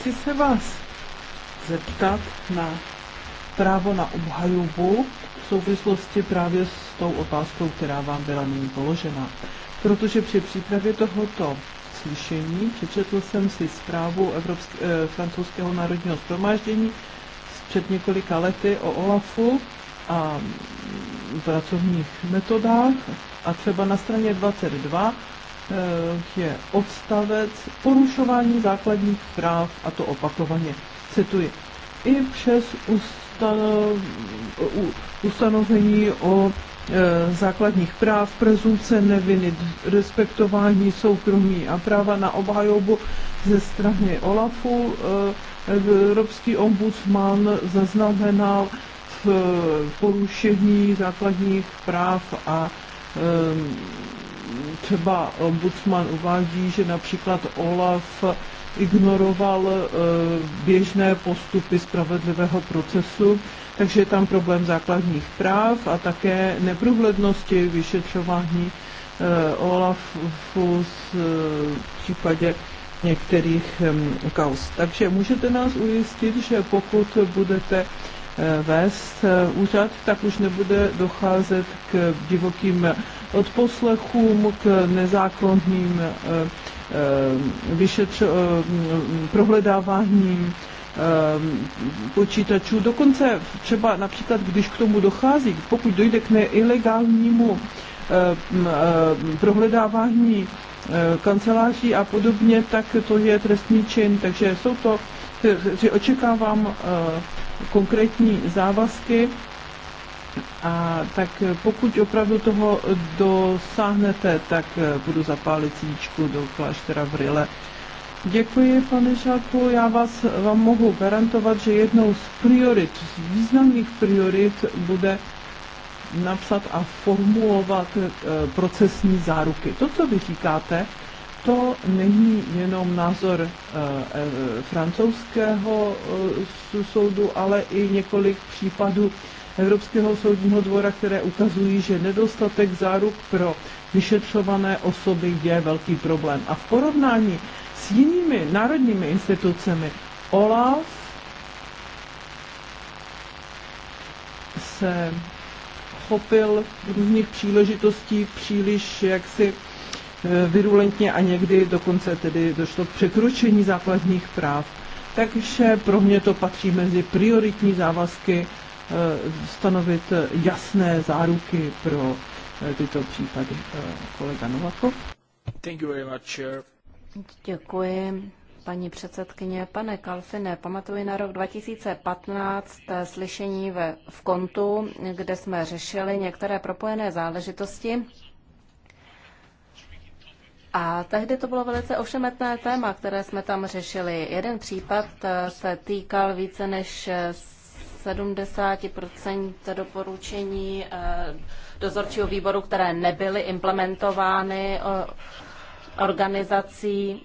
Chci se vás zeptat na právo na obhajobu v souvislosti právě s tou otázkou, která vám byla nyní položena. Protože při přípravě tohoto slyšení. Přečetl jsem si zprávu Evropské, eh, francouzského národního shromáždění před několika lety o OLAFu a pracovních metodách. A třeba na straně 22 eh, je odstavec porušování základních práv, a to opakovaně. Cituji. I přes ustano, ustanovení o Eh, základních práv, prezumce neviny, respektování soukromí a práva na obhajobu ze strany OLAFu. Eh, Evropský ombudsman zaznamenal eh, porušení základních práv a třeba ombudsman uvádí, že například OLAF ignoroval běžné postupy spravedlivého procesu takže je tam problém základních práv a také neprůhlednosti vyšetřování eh, OLAFu eh, v případě některých kaus. Takže můžete nás ujistit, že pokud budete eh, vést úřad, tak už nebude docházet k divokým odposlechům, k nezákonným vyšetř- prohledáváním Ehm, počítačů. Dokonce třeba například, když k tomu dochází, pokud dojde k neilegálnímu ehm, ehm, prohledávání kanceláří a podobně, tak to je trestný čin. Takže jsou to, že očekávám konkrétní závazky a tak pokud opravdu toho dosáhnete, tak budu zapálit cíčku do kláštera v Rile Děkuji, pane Žáku. Já vás vám mohu garantovat, že jednou z priorit, z významných priorit bude napsat a formulovat eh, procesní záruky. To, co vy říkáte, to není jenom názor eh, eh, francouzského soudu, ale i několik případů Evropského soudního dvora, které ukazují, že nedostatek záruk pro vyšetřované osoby je velký problém. A v porovnání s jinými národními institucemi. OLAF se chopil různých příležitostí příliš jaksi eh, virulentně a někdy dokonce tedy došlo k překročení základních práv. Takže pro mě to patří mezi prioritní závazky eh, stanovit jasné záruky pro eh, tyto případy. Kolega Novakov. Thank you very much, sir. Děkuji. Paní předsedkyně, pane Kalfine, pamatuji na rok 2015 eh, slyšení ve, v kontu, kde jsme řešili některé propojené záležitosti. A tehdy to bylo velice ošemetné téma, které jsme tam řešili. Jeden případ eh, se týkal více než 70% eh, doporučení dozorčího výboru, které nebyly implementovány organizací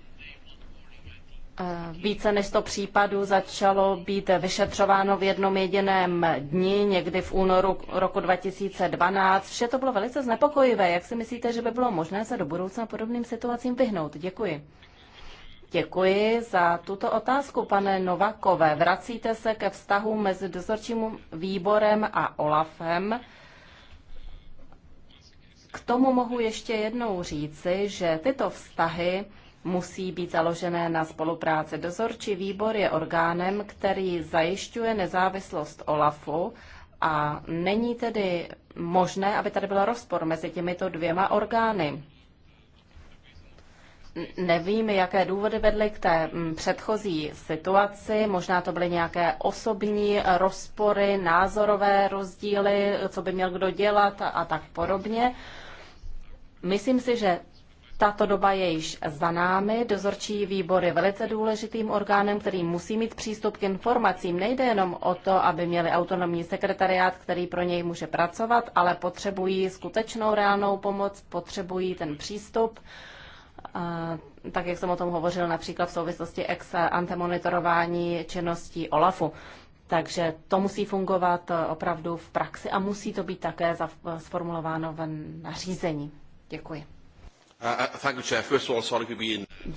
eh, více než 100 případů začalo být vyšetřováno v jednom jediném dni, někdy v únoru roku 2012. Vše to bylo velice znepokojivé. Jak si myslíte, že by bylo možné se do budoucna podobným situacím vyhnout? Děkuji. Děkuji za tuto otázku, pane Novakové. Vracíte se ke vztahu mezi dozorčím výborem a OLAFem. K tomu mohu ještě jednou říci, že tyto vztahy musí být založené na spolupráci. Dozorčí výbor je orgánem, který zajišťuje nezávislost OLAFu a není tedy možné, aby tady byl rozpor mezi těmito dvěma orgány. Nevím, jaké důvody vedly k té předchozí situaci. Možná to byly nějaké osobní rozpory, názorové rozdíly, co by měl kdo dělat a, a tak podobně. Myslím si, že tato doba je již za námi. Dozorčí výbor je velice důležitým orgánem, který musí mít přístup k informacím. Nejde jenom o to, aby měli autonomní sekretariát, který pro něj může pracovat, ale potřebují skutečnou reálnou pomoc, potřebují ten přístup. Tak, jak jsem o tom hovořil například v souvislosti ex antemonitorování činností OLAFu. Takže to musí fungovat opravdu v praxi a musí to být také sformulováno v nařízení. Děkuji. Uh, uh,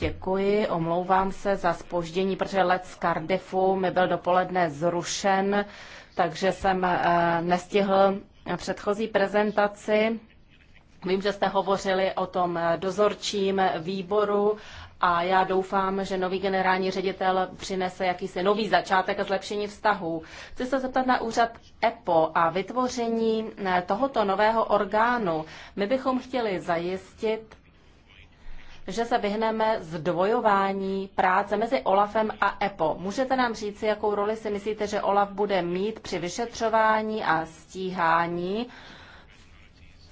Děkuji, omlouvám se za spoždění, protože let z Cardiffu mi byl dopoledne zrušen, takže jsem uh, nestihl předchozí prezentaci. Vím, že jste hovořili o tom dozorčím výboru a já doufám, že nový generální ředitel přinese jakýsi nový začátek a zlepšení vztahů. Chci se zeptat na úřad EPO a vytvoření eh, tohoto nového orgánu. My bychom chtěli zajistit, že se vyhneme zdvojování práce mezi OLAFem a EPO. Můžete nám říci, jakou roli si myslíte, že OLAF bude mít při vyšetřování a stíhání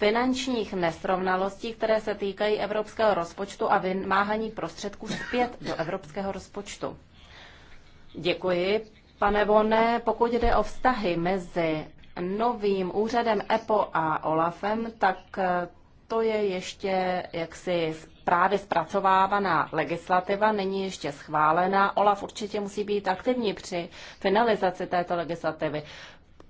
finančních nesrovnalostí, které se týkají evropského rozpočtu a vymáhaní prostředků zpět do evropského rozpočtu. Děkuji. Pane Vone, pokud jde o vztahy mezi novým úřadem EPO a OLAFem, tak eh, to je ještě jaksi právě zpracovávaná legislativa, není ještě schválená. OLAF určitě musí být aktivní při finalizaci této legislativy.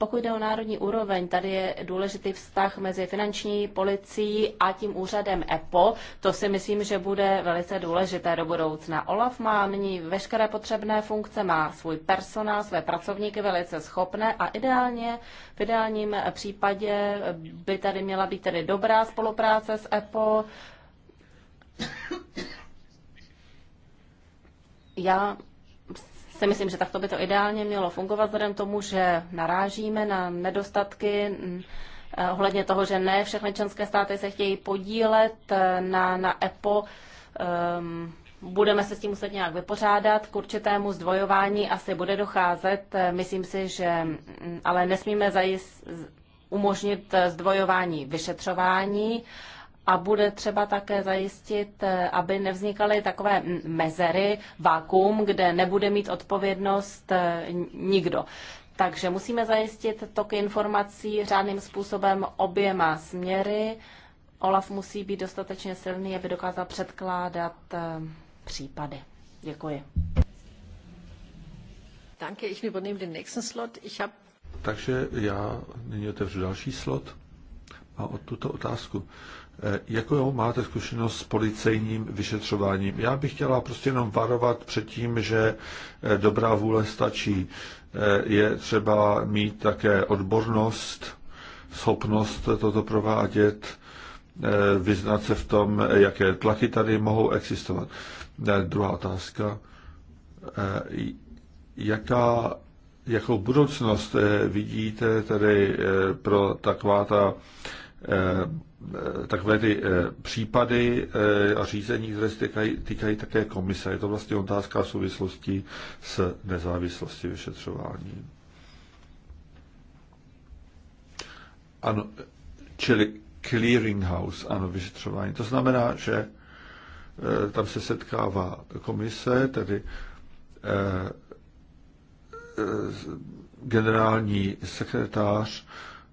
Pokud jde o národní úroveň, tady je důležitý vztah mezi finanční policií a tím úřadem EPO. To si myslím, že bude velice důležité do budoucna. OLAF má nyní veškeré potřebné funkce, má svůj personál, své pracovníky velice schopné a ideálně, v ideálním případě by tady měla být tedy dobrá spolupráce s EPO. Já si myslím, že takto by to ideálně mělo fungovat, vzhledem tomu, že narážíme na nedostatky mm, eh, ohledně toho, že ne všechny členské státy se chtějí podílet eh, na, na EPO. Um, ehm, budeme se s tím muset nějak vypořádat. K určitému zdvojování asi bude docházet. Eh, myslím si, že mm, ale nesmíme zajist, umožnit zdvojování vyšetřování a bude třeba také zajistit, eh, aby nevznikaly takové mezery, vákum, kde nebude mít odpovědnost eh, nikdo. Takže musíme zajistit tok informací řádným způsobem oběma směry. Olaf musí být dostatečně silný, aby dokázal předkládat eh, případy. Děkuji. Danke, ich übernehme den nächsten slot. Ich hab... Takže já nyní otevřu další slot a od tuto otázku. Eh, jakou máte zkušenost s policejním vyšetřováním? Já bych chtěla prostě jenom varovat před tím, že eh, dobrá vůle stačí. Eh, je třeba mít také odbornost, schopnost toto provádět, vyznat se v tom, jaké tlaky tady mohou existovat. Druhá otázka. Jaká, jakou budoucnost vidíte tedy pro taková ta Eh, takové ty eh, případy eh, a řízení, které se týkají, týkají také komise. Je to vlastně otázka v souvislosti s nezávislostí vyšetřování. Ano, čili clearinghouse, ano, vyšetřování. To znamená, že tam se setkává komise, tedy generální sekretář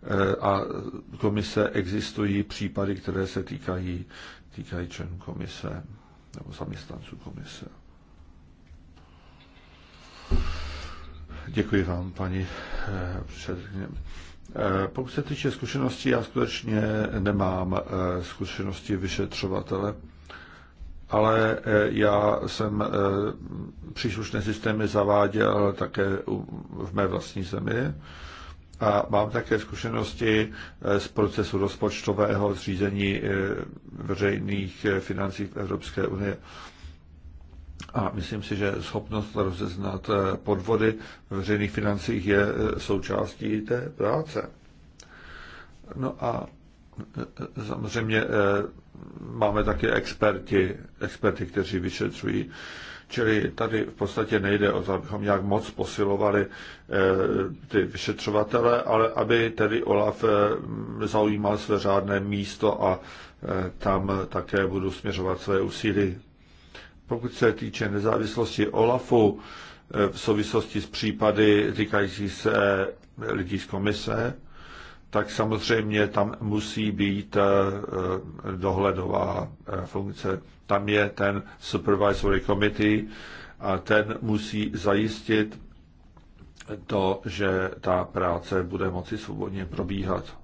Eh, a komise existují případy, které se týkají, týkají člen komise nebo zaměstnanců komise. Děkuji vám, paní eh, předsedkyně. Eh, pokud se týče zkušeností, já skutečně nemám zkušenosti vyšetřovatele, ale já jsem příslušné systémy zaváděl také v mé vlastní zemi a mám také zkušenosti eh, z procesu rozpočtového zřízení eh, veřejných eh, financí v Evropské unie. A myslím si, že schopnost rozeznat podvody v veřejných financích je součástí té práce. No a samozřejmě máme také experti, experti, kteří vyšetřují Čili tady v podstatě nejde o to, abychom nějak moc posilovali eh, ty vyšetřovatele, ale aby tedy Olaf eh, zaujímal své řádné místo a eh, tam také budu směřovat své úsilí. Pokud se týče nezávislosti Olafu v souvislosti s případy týkající se lidí z komise, tak samozřejmě tam musí být eh, eh, dohledová eh, funkce. Tam je ten supervisory committee a ten musí zajistit to, že ta práce bude moci svobodně probíhat.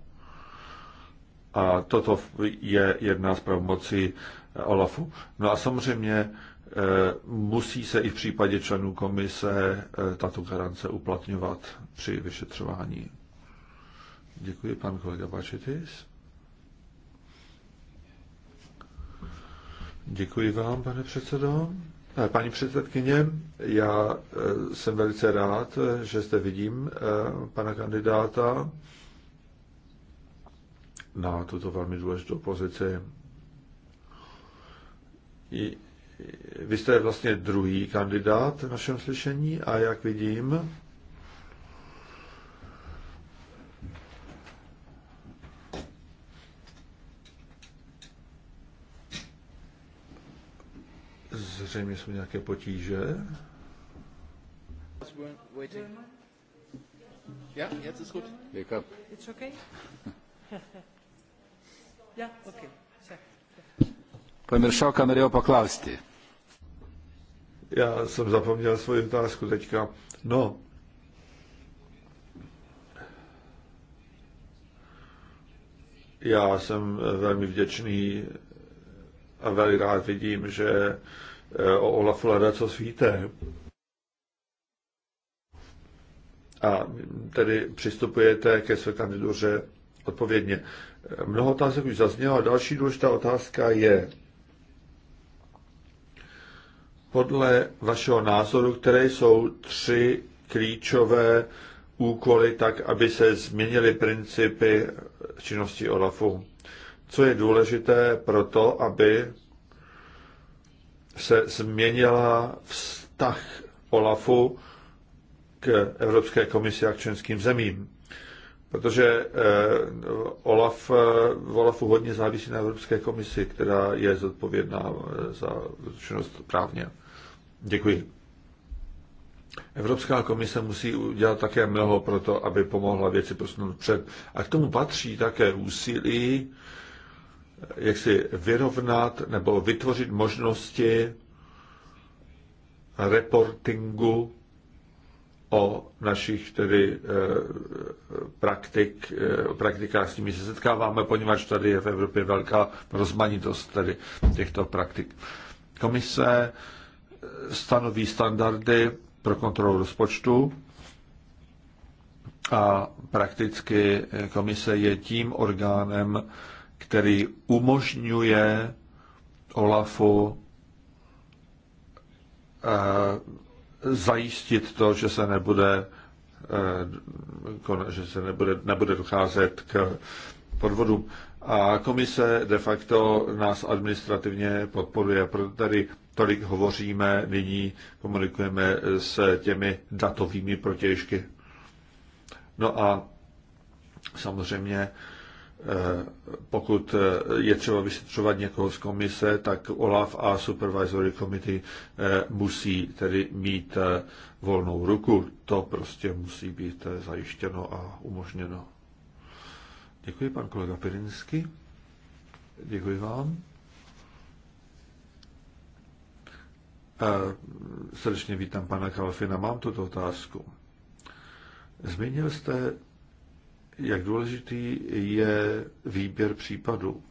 A toto je jedna z pravomocí OLAFu. No a samozřejmě musí se i v případě členů komise tato garance uplatňovat při vyšetřování. Děkuji, pan kolega Bačetis. Děkuji vám, pane předsedo. Eh, paní předsedkyně, já eh, jsem velice rád, eh, že zde vidím pana kandidáta na tuto velmi důležitou pozici. Vy jste vlastně druhý kandidát v našem slyšení a jak vidím, Zřejmě jsou nějaké potíže. Já, jetzt ist gut. okay? okay. Já jsem zapomněl svoji otázku teďka. No, já jsem velmi vděčný a velmi rád vidím, že Eh, o Olafu Lada, co svíte. A tedy přistupujete ke své kandidoře odpovědně. Mnoho otázek už zaznělo. Další důležitá otázka je, podle vašeho názoru, které jsou tři klíčové úkoly, tak aby se změnily principy činnosti OLAFu. Co je důležité pro to, aby se změnila vztah OLAFu k Evropské komisi a k členským zemím. Protože eh, OLAF, v eh, OLAFu hodně závisí na Evropské komisi, která je zodpovědná eh, za činnost právně. Děkuji. Evropská komise musí udělat také mnoho pro to, aby pomohla věci posunout před. A k tomu patří také úsilí jak si vyrovnat nebo vytvořit možnosti reportingu o našich tedy eh, praktik, eh, praktikách s nimi se setkáváme, poněvadž tady je v Evropě velká rozmanitost tedy těchto praktik. Komise eh, stanoví standardy pro kontrolu rozpočtu a prakticky komise je tím orgánem, který umožňuje Olafu eh, zajistit to, že se nebude, eh, že se nebude, nebude docházet k podvodu, A komise de facto nás administrativně podporuje, proto tady tolik hovoříme, nyní komunikujeme s těmi datovými protěžky. No a samozřejmě Eh, pokud eh, je třeba vyšetřovat někoho z komise, tak OLAF a Supervisory Committee eh, musí tedy mít volnou ruku. To prostě musí být zajištěno a umožněno. Děkuji, pan kolega Pirinsky. Děkuji vám. Srdečně vítám pana Kalfina. Mám tuto otázku. Zmínil jste jak důležitý je výběr případů.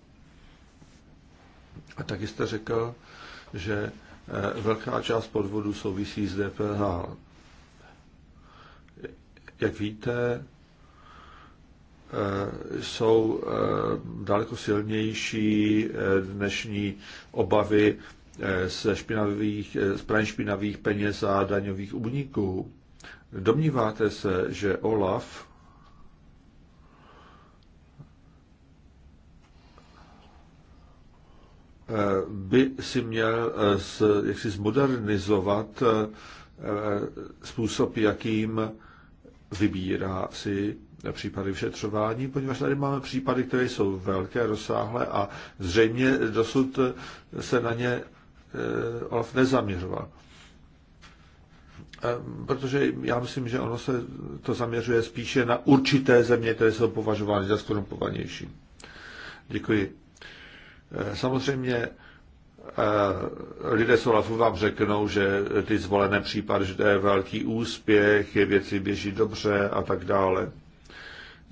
A taky jste řekl, že eh, velká část podvodů souvisí s DPH. Jak víte, eh, jsou eh, daleko silnější dnešní obavy ze špinavých, z praní špinavých peněz a daňových úniků. Domníváte se, že OLAF Eh, by si měl z, eh, jak si zmodernizovat eh, způsob, jakým vybírá si případy vyšetřování, poněvadž tady máme případy, které jsou velké, rozsáhlé a zřejmě dosud se na ně Olaf nezaměřoval. Protože já myslím, že ono se to zaměřuje spíše na určité země, které jsou považovány za skorumpovanější. Děkuji. Eh, samozřejmě eh, lidé z OLAFu vám řeknou, že ty zvolené případy, že to je velký úspěch, je věci běží dobře a tak dále.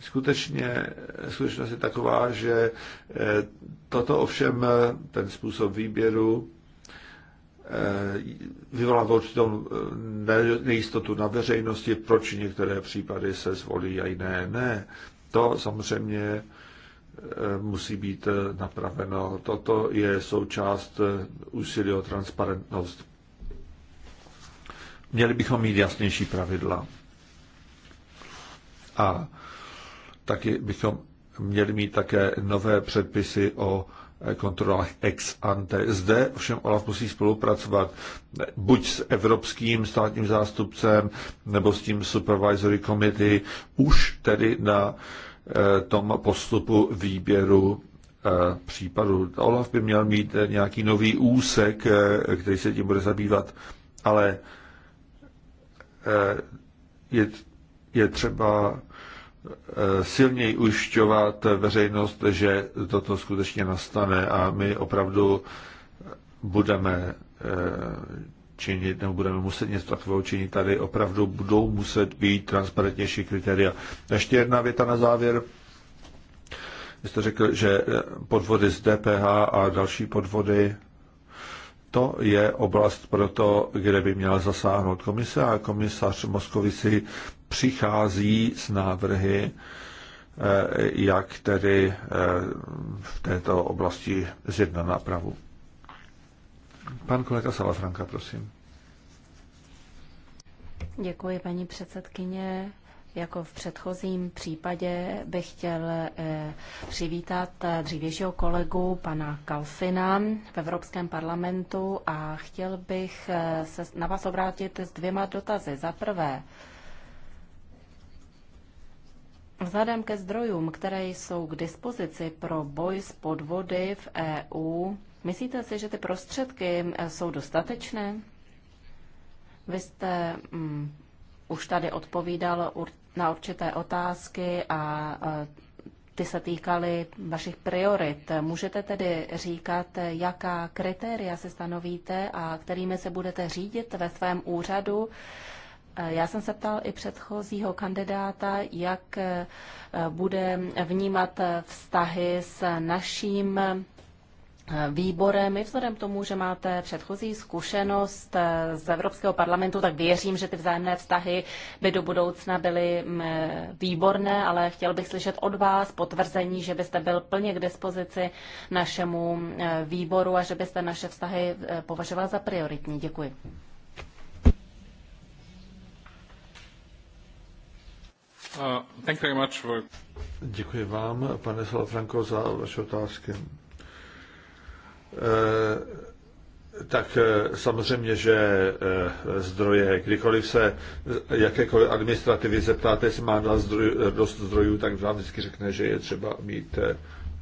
Skutečně, skutečnost je taková, že eh, toto ovšem, ten způsob výběru, vyvolává určitou nejistotu na veřejnosti, proč některé případy se zvolí a jiné ne. To samozřejmě musí být napraveno. Toto je součást úsilí o transparentnost. Měli bychom mít jasnější pravidla. A taky bychom měli mít také nové předpisy o kontrolách ex ante. Zde všem OLAF musí spolupracovat buď s evropským státním zástupcem nebo s tím supervisory committee už tedy na uh, Eh, tom postupu výběru eh, případu. Olaf by měl mít eh, nějaký nový úsek, který se tím bude zabývat, ale je, je třeba silněji ujišťovat veřejnost, že toto skutečně nastane a my opravdu budeme činit, nebo budeme muset něco takového činit, tady opravdu budou muset být transparentnější kritéria. Ještě jedna věta na závěr. Vy jste řekl, že podvody z DPH a další podvody, to je oblast pro to, kde by měla zasáhnout komise a komisař Moskovici přichází s návrhy, eh, jak tedy eh, v této oblasti zjednat nápravu. Pan kolega Salafranka, prosím. Děkuji, paní předsedkyně. Jako v předchozím případě bych chtěl eh, přivítat eh, dřívějšího kolegu pana Kalfina v Evropském parlamentu a chtěl bych eh, se na vás obrátit s dvěma dotazy. Za prvé, vzhledem ke zdrojům, které jsou k dispozici pro boj s podvody v EU, Myslíte si, že ty prostředky eh, jsou dostatečné? Vy jste mm, už tady odpovídal na určité otázky a eh, ty se týkaly vašich priorit. Můžete tedy říkat, eh, jaká kritéria se stanovíte a kterými se budete řídit ve svém úřadu? Já jsem se ptal i předchozího kandidáta, jak bude vnímat vztahy s naším výborem. My vzhledem k tomu, že máte předchozí zkušenost eh, z Evropského parlamentu, tak věřím, že ty vzájemné vztahy by do budoucna byly mm, výborné, ale chtěl bych slyšet od vás potvrzení, že byste byl plně k dispozici našemu eh, výboru a že byste naše vztahy eh, považoval za prioritní. Děkuji. Uh, thank you very much Děkuji vám, pane Salafranko, za vaše otázky. Eh, tak eh, samozřejmě, že eh, zdroje, kdykoliv se jakékoliv administrativy zeptáte, jestli má dost zdrojů, tak vám vždycky řekne, že je třeba mít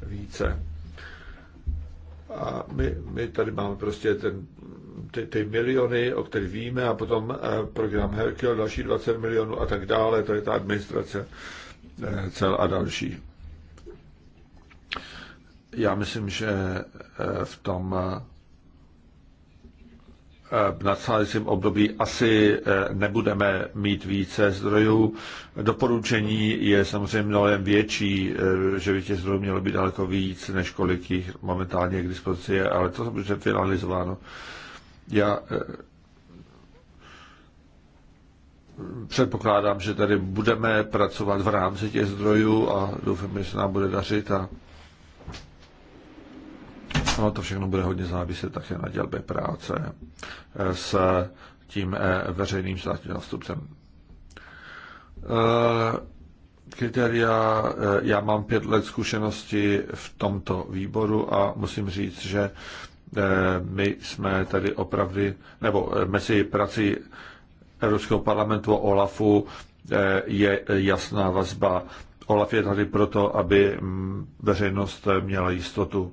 více. A my, my tady máme prostě ten, ty, ty miliony, o kterých víme, a potom program Herkel, další 20 milionů a tak dále, to je ta administrace cel a další. Já myslím, že eh, v tom eh, v nadcházejícím období asi eh, nebudeme mít více zdrojů. Doporučení je samozřejmě mnohem větší, že by těch zdrojů mělo být daleko víc, než kolik jich momentálně je k dispozici je, ale to samozřejmě finalizováno. Já předpokládám, že tady budeme pracovat v rámci těch zdrojů a doufám, že se nám bude dařit a Ono to všechno bude hodně záviset také na dělbě práce eh, s tím eh, veřejným státním zástupcem. Eh, kritéria, já mám pět let zkušenosti v tomto výboru a musím říct, že my jsme tady opravdu, nebo mezi prací Evropského parlamentu a OLAFu je jasná vazba. OLAF je tady proto, aby mm, veřejnost měla jistotu.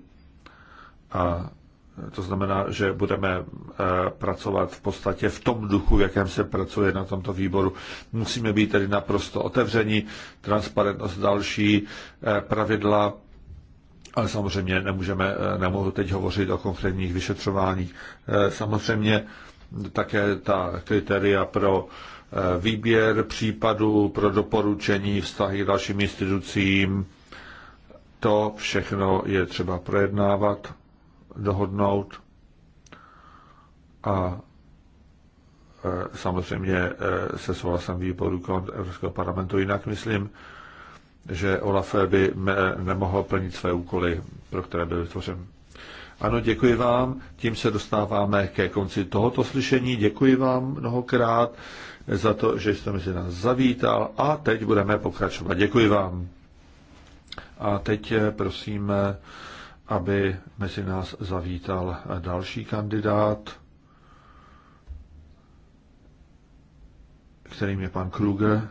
A to znamená, že budeme eh, pracovat v podstatě v tom duchu, v jakém se pracuje na tomto výboru. Musíme být tedy naprosto otevření, transparentnost další eh, pravidla, ale samozřejmě nemůžeme, eh, nemohu teď hovořit o konkrétních vyšetřováních. Samozřejmě také ta kritéria pro výběr případů, pro doporučení, vztahy k dalším institucím, to všechno je třeba projednávat dohodnout a e, samozřejmě e, se souhlasem výboru Evropského parlamentu. Jinak myslím, že Olaf by nemohl plnit své úkoly, pro které byl vytvořen. Ano, děkuji vám. Tím se dostáváme ke konci tohoto slyšení. Děkuji vám mnohokrát za to, že jste mezi nás zavítal a teď budeme pokračovat. Děkuji vám. A teď e, prosím aby mezi nás zavítal další kandidát, kterým je pan Kruger,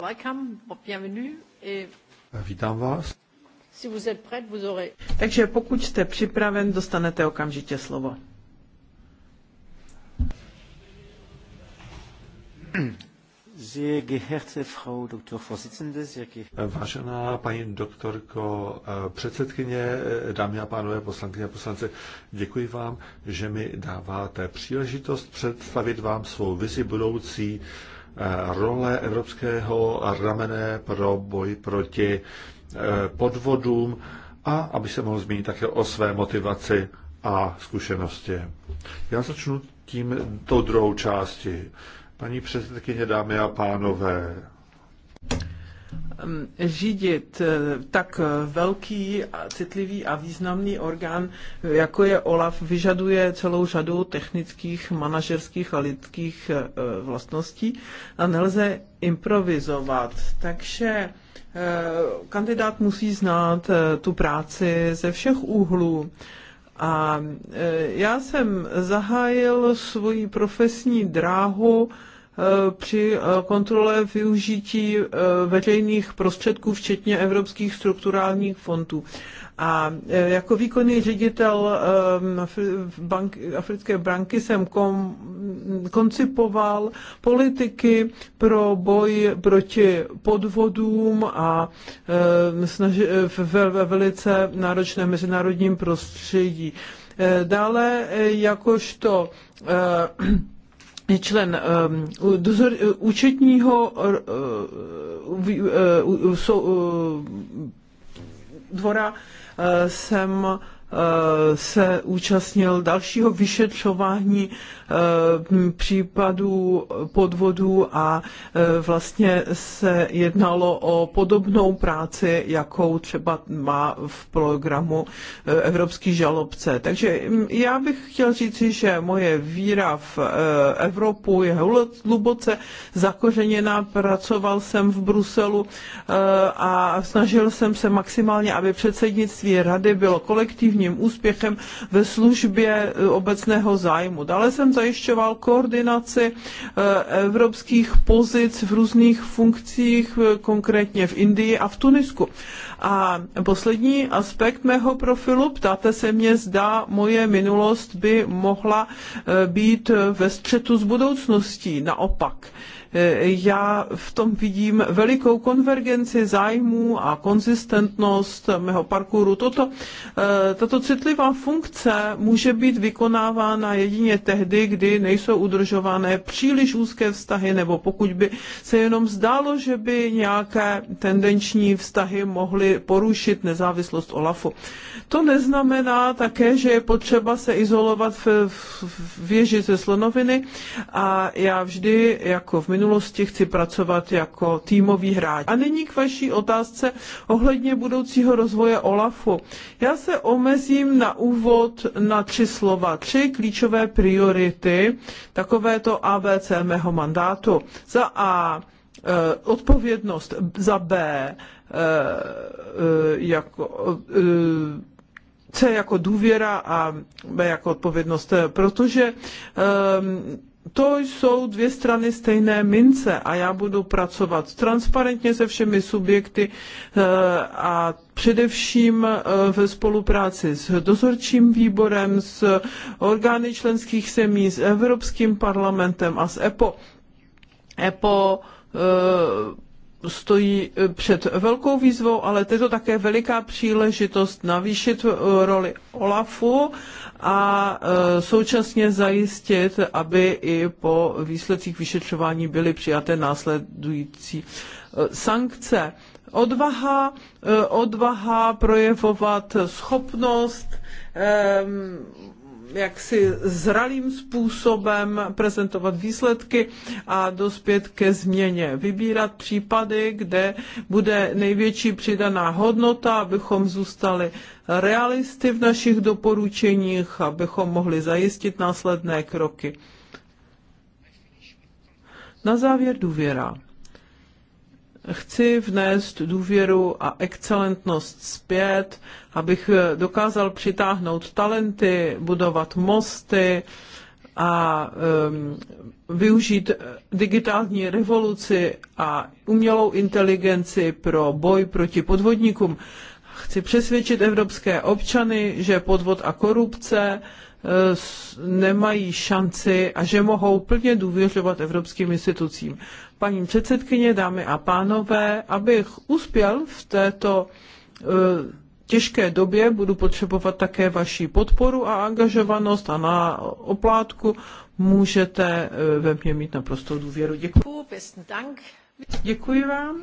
welcome, bienvenue et... Vítám vás. Si vous êtes vous aurez... Takže pokud jste připraven, dostanete okamžitě slovo. Vážená paní doktorko eh, předsedkyně, eh, dámy a pánové, poslankyně a poslanci, děkuji vám, že mi dáváte příležitost představit vám svou vizi budoucí uh, role Evropského ramene pro boj proti eh, podvodům a aby se mohl zmínit také o své motivaci a zkušenosti. Já začnu tím tou druhou části. Paní předsedkyně, dámy a pánové, Um, řídit eh, tak velký, citlivý a významný orgán, jako je OLAF, vyžaduje celou řadu technických, manažerských a lidských eh, vlastností a nelze improvizovat. Takže eh, kandidát musí znát tu práci ze všech úhlů. A já jsem zahájil svoji profesní dráhu Eh, při eh, kontrole využití eh, veřejných prostředků, včetně evropských strukturálních fondů. A jako výkonný ředitel Africké banky jsem koncipoval politiky pro boj proti podvodům a ve velice náročném mezinárodním prostředí. Dále, jakožto člen ehm, dozor, účetního dvora jsem se účastnil dalšího vyšetřování Eh, případů podvodů a eh, vlastně se jednalo o podobnou práci, jakou třeba má v programu eh, Evropský žalobce. Takže mm, já bych chtěl říci, že moje víra v Evropu je hluboce zakořeněná. Pracoval jsem v Bruselu a snažil jsem se maximálně, aby předsednictví rady bylo kolektivním úspěchem ve službě obecného zájmu. Dále jsem zajišťoval koordinaci eh, evropských pozic v různých funkcích, eh, konkrétně v Indii a v Tunisku. A poslední aspekt mého profilu, ptáte se mě, zda moje minulost by mohla eh, být ve střetu s budoucností. Naopak, já v tom vidím velikou konvergenci zájmů a konzistentnost mého parkouru. Toto, eh, tato citlivá funkce může být vykonávána jedině tehdy, kdy nejsou udržované příliš úzké vztahy, nebo pokud by se jenom zdálo, že by nějaké tendenční vztahy mohly porušit nezávislost OLAFu. To neznamená také, že je potřeba se izolovat v, v věži ze slonoviny a já vždy, jako v minulosti, minulosti, chci pracovat jako týmový hráč. A nyní k vaší otázce ohledně budoucího rozvoje OLAFu. Já se omezím na úvod na tři slova, tři klíčové priority takovéto ABC mého mandátu. Za A eh, odpovědnost, za B eh, eh, jako C jako důvěra a B jako odpovědnost, protože to jsou dvě strany stejné mince a já budu pracovat transparentně se všemi subjekty eh, a především eh, ve spolupráci s dozorčím výborem, s orgány členských zemí, s Evropským parlamentem a s EPO. EPO eh, stojí před velkou výzvou, ale je to také veliká příležitost navýšit roli OLAFu a e, současně zajistit, aby i po výsledcích vyšetřování byly přijaté následující e, sankce. Odvaha, e, odvaha projevovat schopnost jaksi zralým způsobem prezentovat výsledky a dospět ke změně. Vybírat případy, kde bude největší přidaná hodnota, abychom zůstali realisty v našich doporučeních, abychom mohli zajistit následné kroky. Na závěr důvěra. Chci vnést důvěru a excelentnost zpět, abych eh, dokázal přitáhnout talenty, budovat mosty a um, využít eh, digitální revoluci a umělou inteligenci pro boj proti podvodníkům. Chci přesvědčit evropské občany, že podvod a korupce eh, nemají šanci a že mohou plně důvěřovat evropským institucím paní předsedkyně, dámy a pánové, abych uspěl v této eh, těžké době budu potřebovat také vaši podporu a angažovanost a na oplátku můžete eh, ve mně mít naprostou důvěru. Děkuji. Děkuji vám.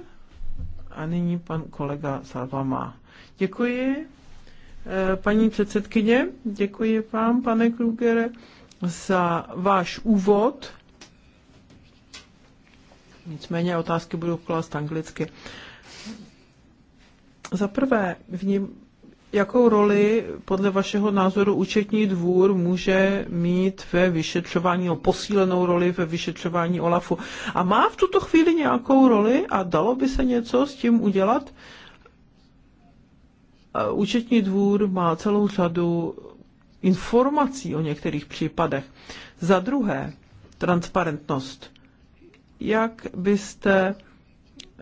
A nyní pan kolega Salva má. Děkuji. Eh, paní předsedkyně, děkuji vám, pane Krugere, za váš úvod Nicméně otázky budu klást anglicky. Za prvé, vním, jakou roli podle vašeho názoru účetní dvůr může mít ve vyšetřování, o posílenou roli ve vyšetřování OLAFu? A má v tuto chvíli nějakou roli a dalo by se něco s tím udělat? Účetní dvůr má celou řadu informací o některých případech. Za druhé, transparentnost jak byste eh,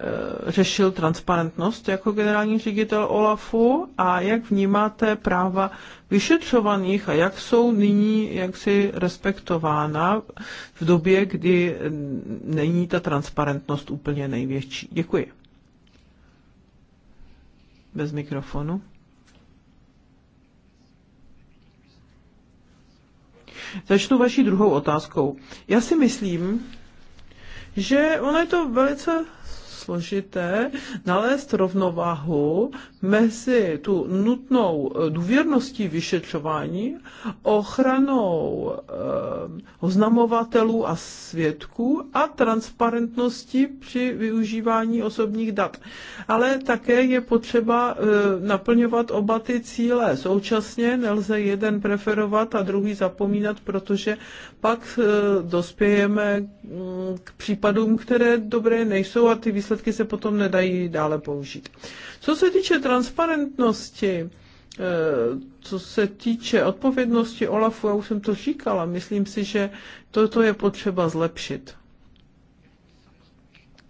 řešil transparentnost jako generální ředitel OLAFu a jak vnímáte práva vyšetřovaných a jak jsou nyní jaksi respektována v době, kdy není ta transparentnost úplně největší. Děkuji. Bez mikrofonu. Začnu vaší druhou otázkou. Já si myslím, že ono je to velice složité nalézt rovnováhu mezi tu nutnou eh, důvěrností vyšetřování, ochranou eh, oznamovatelů a svědků a transparentností při využívání osobních dat. Ale také je potřeba eh, naplňovat oba ty cíle. Současně nelze jeden preferovat a druhý zapomínat, protože pak eh, dospějeme mm, k případům, které dobré nejsou a ty výsledky výsledky se potom nedají dále použít. Co se týče transparentnosti, eh, co se týče odpovědnosti Olafu, já už jsem to říkala, myslím si, že toto je potřeba zlepšit.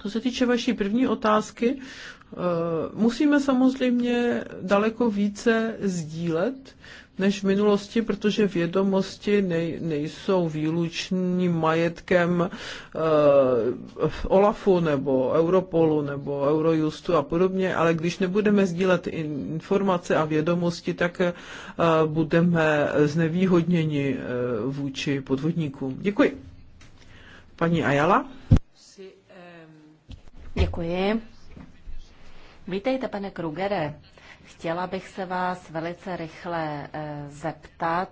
Co se týče vaší první otázky, eh, musíme samozřejmě daleko více sdílet než v minulosti, protože vědomosti nej, nejsou výlučným majetkem eh, OLAFu nebo Europolu nebo Eurojustu a podobně, ale když nebudeme sdílet informace a vědomosti, tak eh, budeme znevýhodněni eh, vůči podvodníkům. Děkuji. Paní Ajala. Ehm, děkuji. Vítejte, pane Krugere. Chtěla bych se vás velice rychle eh, zeptat,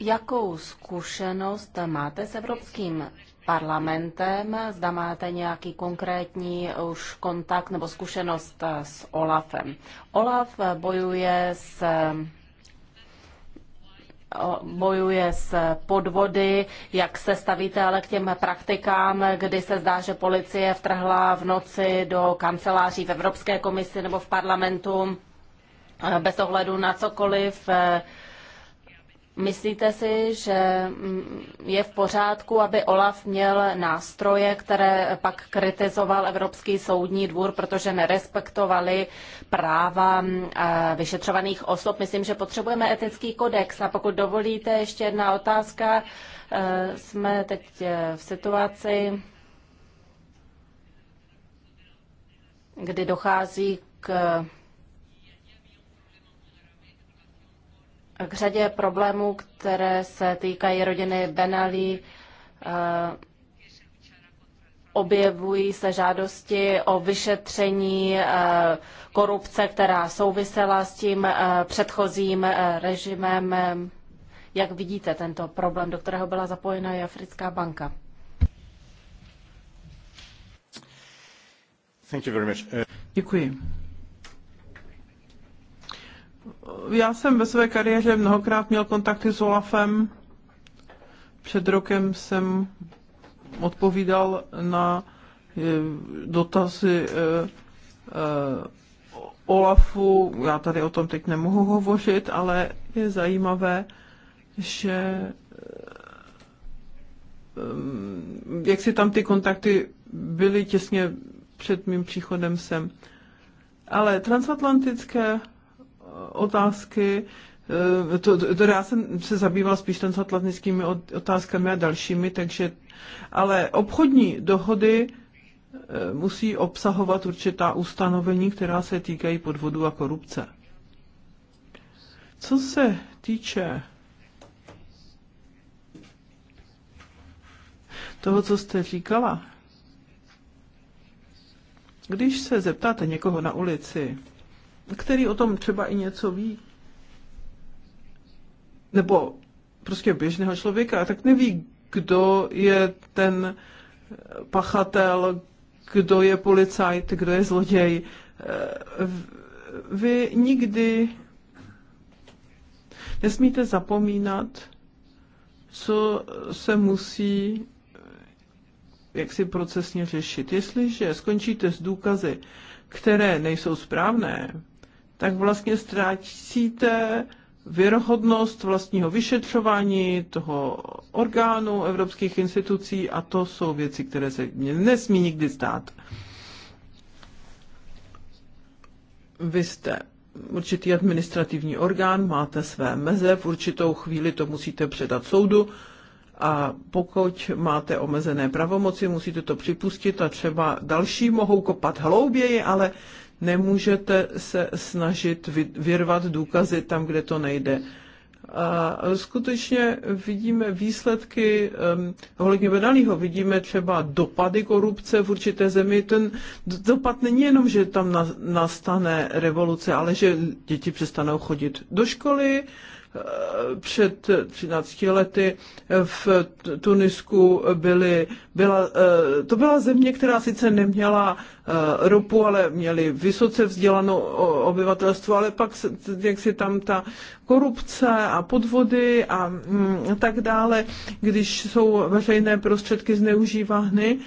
jakou zkušenost máte s Evropským parlamentem, zda máte nějaký konkrétní už kontakt nebo zkušenost s OLAFem. OLAF bojuje s bojuje s podvody, jak se stavíte ale k těm praktikám, kdy se zdá, že policie vtrhla v noci do kanceláří v Evropské komisi nebo v parlamentu eh, bez ohledu na cokoliv, eh, Myslíte si, že mm, je v pořádku, aby Olaf měl nástroje, které pak kritizoval Evropský soudní dvůr, protože nerespektovali práva mm, eh, vyšetřovaných osob? Myslím, že potřebujeme etický kodex. A pokud dovolíte, ještě jedna otázka. Eh, jsme teď eh, v situaci, kdy dochází k k řadě problémů, které se týkají rodiny Benali. Eh, objevují se žádosti o vyšetření eh, korupce, která souvisela s tím eh, předchozím režimem. Jak vidíte tento problém, do kterého byla zapojena i Africká banka? Děkuji já jsem ve své kariéře mnohokrát měl kontakty s Olafem. Před rokem jsem odpovídal na eh, dotazy eh, eh, Olafu. Já tady o tom teď nemohu hovořit, ale je zajímavé, že jak si tam ty kontakty byly těsně před mým příchodem sem. Ale transatlantické otázky, to, eh, to, to já jsem se zabýval spíš transatlantickými otázkami a dalšími, takže, ale obchodní dohody eh, musí obsahovat určitá ustanovení, která se týkají podvodu a korupce. Co se týče toho, co jste říkala, když se zeptáte někoho na ulici, který o tom třeba i něco ví, nebo prostě běžného člověka, tak neví, kdo je ten pachatel, kdo je policajt, kdo je zloděj. Vy nikdy nesmíte zapomínat, co se musí jak si procesně řešit. Jestliže skončíte s důkazy, které nejsou správné, tak vlastně ztrácíte věrohodnost vlastního vyšetřování toho orgánu evropských institucí a to jsou věci, které se nesmí nikdy stát. Vy jste určitý administrativní orgán, máte své meze, v určitou chvíli to musíte předat soudu a pokud máte omezené pravomoci, musíte to připustit a třeba další mohou kopat hlouběji, ale nemůžete se snažit vyrvat důkazy tam, kde to nejde. A skutečně vidíme výsledky um, ohledně Benalího, vidíme třeba dopady korupce v určité zemi. Ten dopad není jenom, že tam na, nastane revoluce, ale že děti přestanou chodit do školy, Eh, před 13 lety v Tunisku byly, byla, eh, to byla země, která sice neměla eh, ropu, ale měli vysoce vzdělanou obyvatelstvo, ale pak jak si tam ta korupce a podvody a, a mm, tak dále, když jsou veřejné prostředky zneužívány,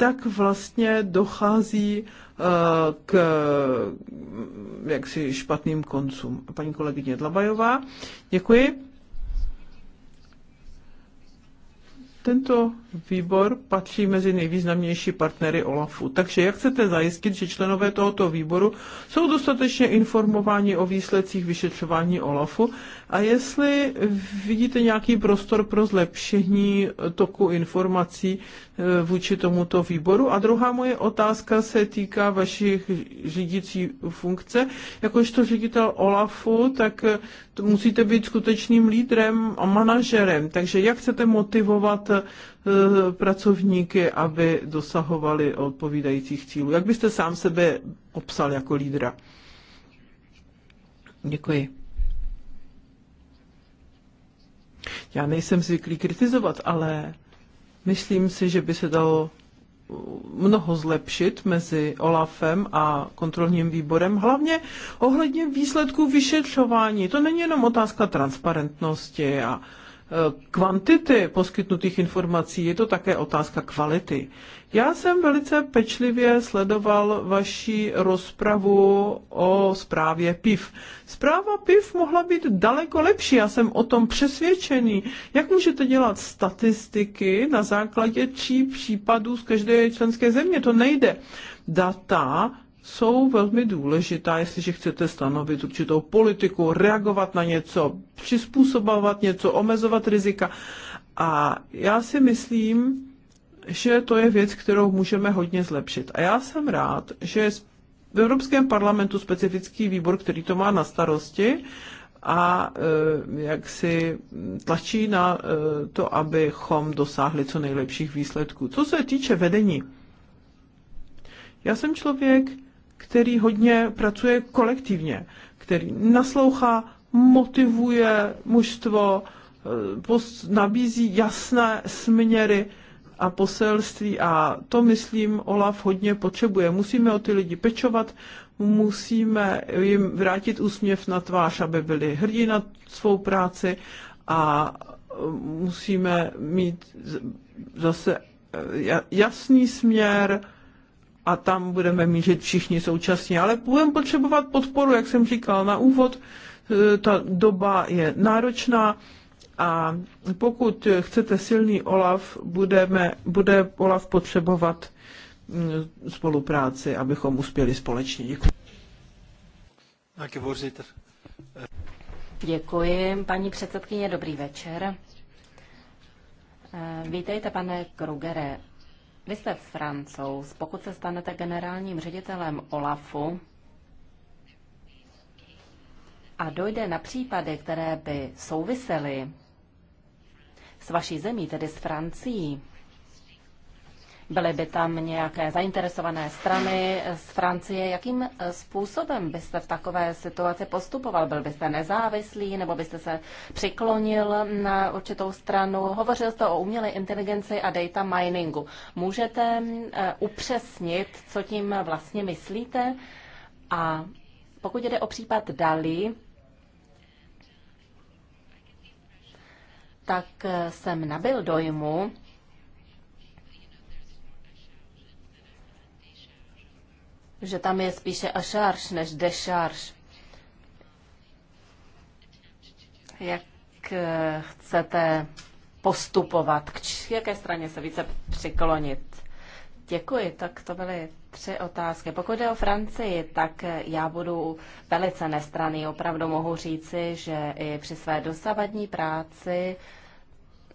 tak vlastně dochází eh, k jaksi špatným koncům. Paní kolegyně Dlabajová, děkuji. Tento výbor patří mezi nejvýznamnější partnery OLAFu. Takže jak chcete zajistit, že členové tohoto výboru jsou dostatečně informováni o výsledcích vyšetřování OLAFu a jestli vidíte nějaký prostor pro zlepšení toku informací eh, vůči tomuto výboru? A druhá moje otázka se týká vašich řídící funkce. Jakožto ředitel OLAFu, tak eh, musíte být skutečným lídrem a manažerem. Takže jak chcete motivovat eh, Eh, pracovníky, aby dosahovali odpovídajících cílů. Jak byste sám sebe popsal jako lídra? Děkuji. Já nejsem zvyklý kritizovat, ale myslím si, že by se dalo mnoho zlepšit mezi OLAFem a kontrolním výborem, hlavně ohledně výsledků vyšetřování. To není jenom otázka transparentnosti a, kvantity poskytnutých informací, je to také otázka kvality. Já jsem velice pečlivě sledoval vaši rozpravu o zprávě PIV. Zpráva PIV mohla být daleko lepší, já jsem o tom přesvědčený. Jak můžete dělat statistiky na základě tří případů z každé členské země? To nejde. Data jsou velmi důležitá, jestliže chcete stanovit určitou politiku, reagovat na něco, přizpůsobovat něco, omezovat rizika. A já si myslím, že to je věc, kterou můžeme hodně zlepšit. A já jsem rád, že v Evropském parlamentu specifický výbor, který to má na starosti, a eh, jak si tlačí na eh, to, abychom dosáhli co nejlepších výsledků. Co se týče vedení, já jsem člověk, který hodně pracuje kolektivně, který naslouchá, motivuje mužstvo, eh, nabízí jasné směry a poselství a to, myslím, Olaf hodně potřebuje. Musíme o ty lidi pečovat, musíme jim vrátit úsměv na tvář, aby byli hrdí na svou práci a eh, musíme mít zase eh, jasný směr, a tam budeme mířit všichni současně, ale budeme potřebovat podporu, jak jsem říkal na úvod, e, ta doba je náročná a pokud chcete silný OLAF, budeme, bude OLAF potřebovat mm, spolupráci, abychom uspěli společně. Děkuji. Děkuji, paní předsedkyně, dobrý večer. E, vítejte, pane Krugere. Vy jste francouz. Pokud se stanete generálním ředitelem OLAFu a dojde na případy, které by souvisely s vaší zemí, tedy s Francií, byly by tam nějaké zainteresované strany z Francie. Jakým eh, způsobem byste v takové situaci postupoval? Byl byste nezávislý nebo byste se přiklonil na určitou stranu? Hovořil jste o umělé inteligenci a data miningu. Můžete eh, upřesnit, co tím vlastně myslíte? A pokud jde o případ Dali, tak eh, jsem nabil dojmu, že tam je spíše ašarš než dešarš. Jak eh, chcete postupovat? K jaké straně se více přiklonit? Děkuji, tak to byly tři otázky. Pokud jde o Francii, tak eh, já budu velice nestraný. Opravdu mohu říci, že i při své dosavadní práci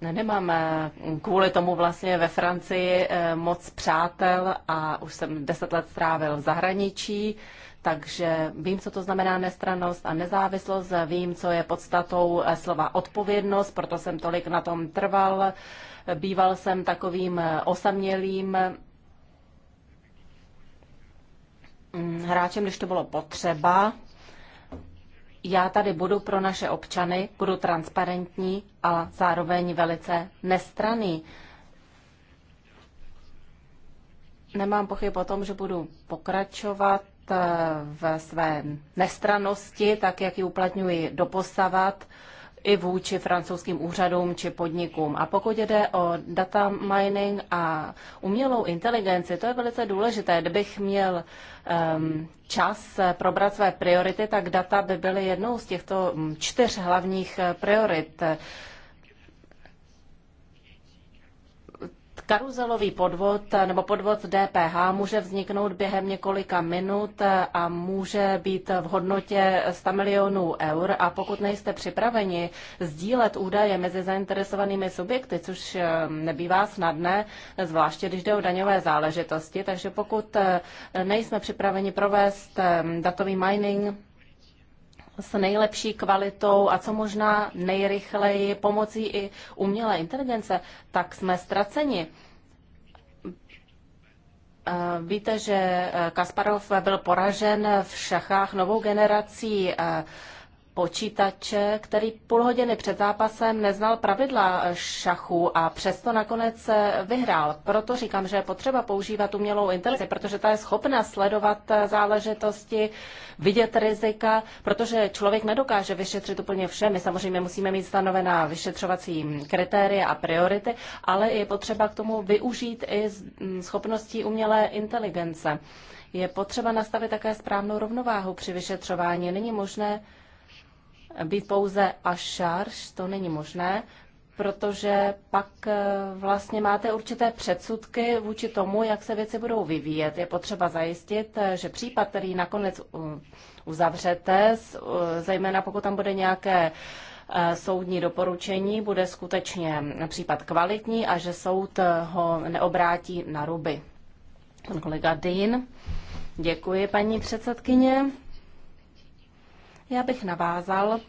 Nemám eh, kvůli tomu vlastně ve Francii eh, moc přátel a už jsem deset let strávil v zahraničí, takže vím, co to znamená nestranost a nezávislost, vím, co je podstatou eh, slova odpovědnost, proto jsem tolik na tom trval. Býval jsem takovým osamělým mm, hráčem, když to bylo potřeba, já tady budu pro naše občany, budu transparentní, a zároveň velice nestraný. Nemám pochyb o tom, že budu pokračovat eh, v své nestranosti, tak jak ji uplatňuji doposavat. posavat i vůči francouzským úřadům či podnikům. A pokud jde o data mining a umělou inteligenci, to je velice důležité. Kdybych měl um, čas eh, probrat své priority, tak data by byly jednou z těchto mm, čtyř hlavních eh, priorit. Karuzelový podvod nebo podvod DPH může vzniknout během několika minut a může být v hodnotě 100 milionů eur a pokud nejste připraveni sdílet údaje mezi zainteresovanými subjekty, což eh, nebývá snadné, zvláště když jde o daňové záležitosti, takže pokud eh, nejsme připraveni provést eh, datový mining, s nejlepší kvalitou a co možná nejrychleji pomocí i umělé inteligence, tak jsme ztraceni. Eh, víte, že eh, Kasparov byl poražen v šachách novou generací eh, počítače, který půl hodiny před zápasem neznal pravidla šachu a přesto nakonec vyhrál. Proto říkám, že je potřeba používat umělou inteligenci, protože ta je schopna sledovat záležitosti, vidět rizika, protože člověk nedokáže vyšetřit úplně vše. My samozřejmě musíme mít stanovená vyšetřovací kritéria a priority, ale je potřeba k tomu využít i mm, schopnosti umělé inteligence. Je potřeba nastavit také správnou rovnováhu při vyšetřování. Není možné být pouze ašarš, to není možné, protože pak eh, vlastně máte určité předsudky vůči tomu, jak se věci budou vyvíjet. Je potřeba zajistit, eh, že případ, který nakonec uzavřete, eh, zejména pokud tam bude nějaké soudní doporučení, bude skutečně případ kvalitní a že soud ho neobrátí na ruby. Pan kolega Dean. Děkuji, paní předsedkyně. Já bych navázal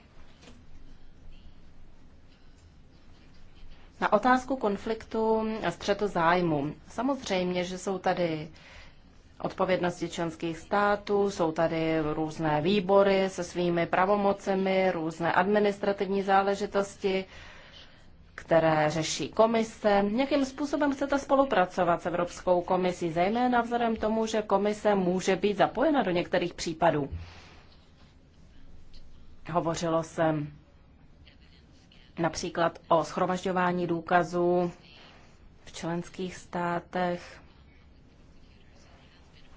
na otázku konfliktu a střetu zájmu. Samozřejmě, že jsou tady odpovědnosti členských států, jsou tady různé výbory se svými pravomocemi, různé administrativní záležitosti, které řeší komise. Jakým způsobem chcete spolupracovat s Evropskou komisí, zejména vzhledem tomu, že komise může být zapojena do některých případů? Hovořilo se například o schromažďování důkazů v členských státech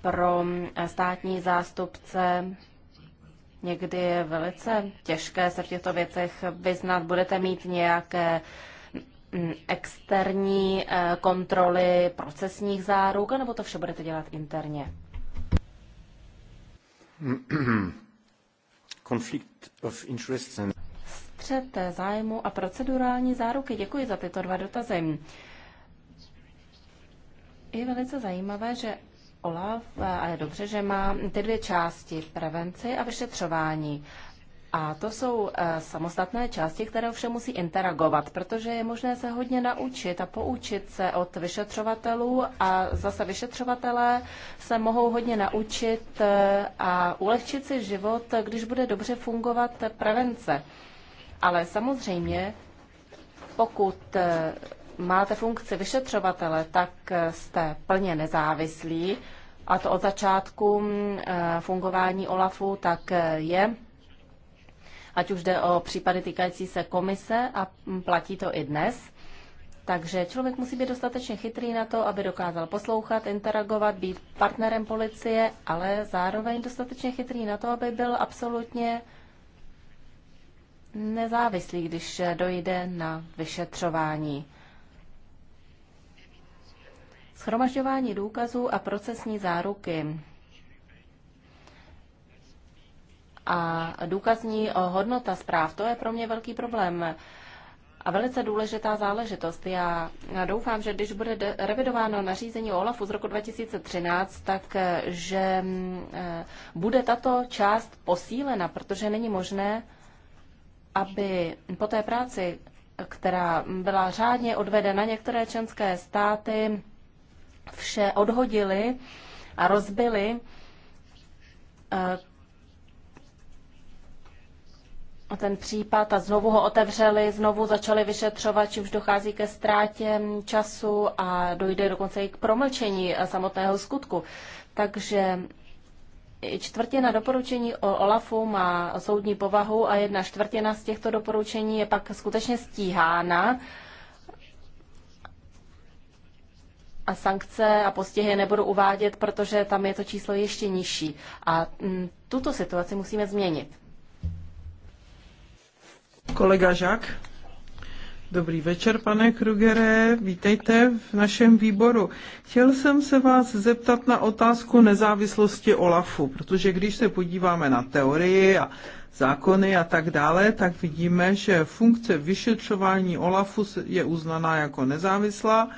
pro státní zástupce. Někdy je velice těžké se v těchto věcech vyznat. Budete mít nějaké externí eh, kontroly procesních záruk, nebo to vše budete dělat interně? Konflikt Střet zájmu a procedurální záruky. Děkuji za tyto dva dotazy. Je velice zajímavé, že OLAF, a je dobře, že má ty dvě části, prevenci a vyšetřování. A to jsou eh, samostatné části, které ovšem musí interagovat, protože je možné se hodně naučit a poučit se od vyšetřovatelů a zase vyšetřovatelé se mohou hodně naučit eh, a ulehčit si život, když bude dobře fungovat prevence. Ale samozřejmě, pokud eh, máte funkci vyšetřovatele, tak jste plně nezávislí a to od začátku mm, fungování OLAFu tak je ať už jde o případy týkající se komise a platí to i dnes. Takže člověk musí být dostatečně chytrý na to, aby dokázal poslouchat, interagovat, být partnerem policie, ale zároveň dostatečně chytrý na to, aby byl absolutně nezávislý, když dojde na vyšetřování. Schromažďování důkazů a procesní záruky. a důkazní hodnota zpráv, to je pro mě velký problém a velice důležitá záležitost. Já doufám, že když bude revidováno nařízení OLAFu z roku 2013, tak eh, že mm, eh, bude tato část posílena, protože není možné, aby po té práci, která byla řádně odvedena, některé členské státy vše odhodili a rozbili eh, ten případ a znovu ho otevřeli, znovu začali vyšetřovat, či už dochází ke ztrátě času a dojde dokonce i k promlčení samotného skutku. Takže čtvrtina doporučení o OLAFu má soudní povahu a jedna čtvrtina z těchto doporučení je pak skutečně stíhána. a sankce a postihy nebudu uvádět, protože tam je to číslo ještě nižší. A mm, tuto situaci musíme změnit. Kolega Žák. Dobrý večer, pane Krugere, vítejte v našem výboru. Chtěl jsem se vás zeptat na otázku nezávislosti OLAFu, protože když se podíváme na teorii a zákony a tak dále, tak vidíme, že funkce vyšetřování OLAFu je uznaná jako nezávislá,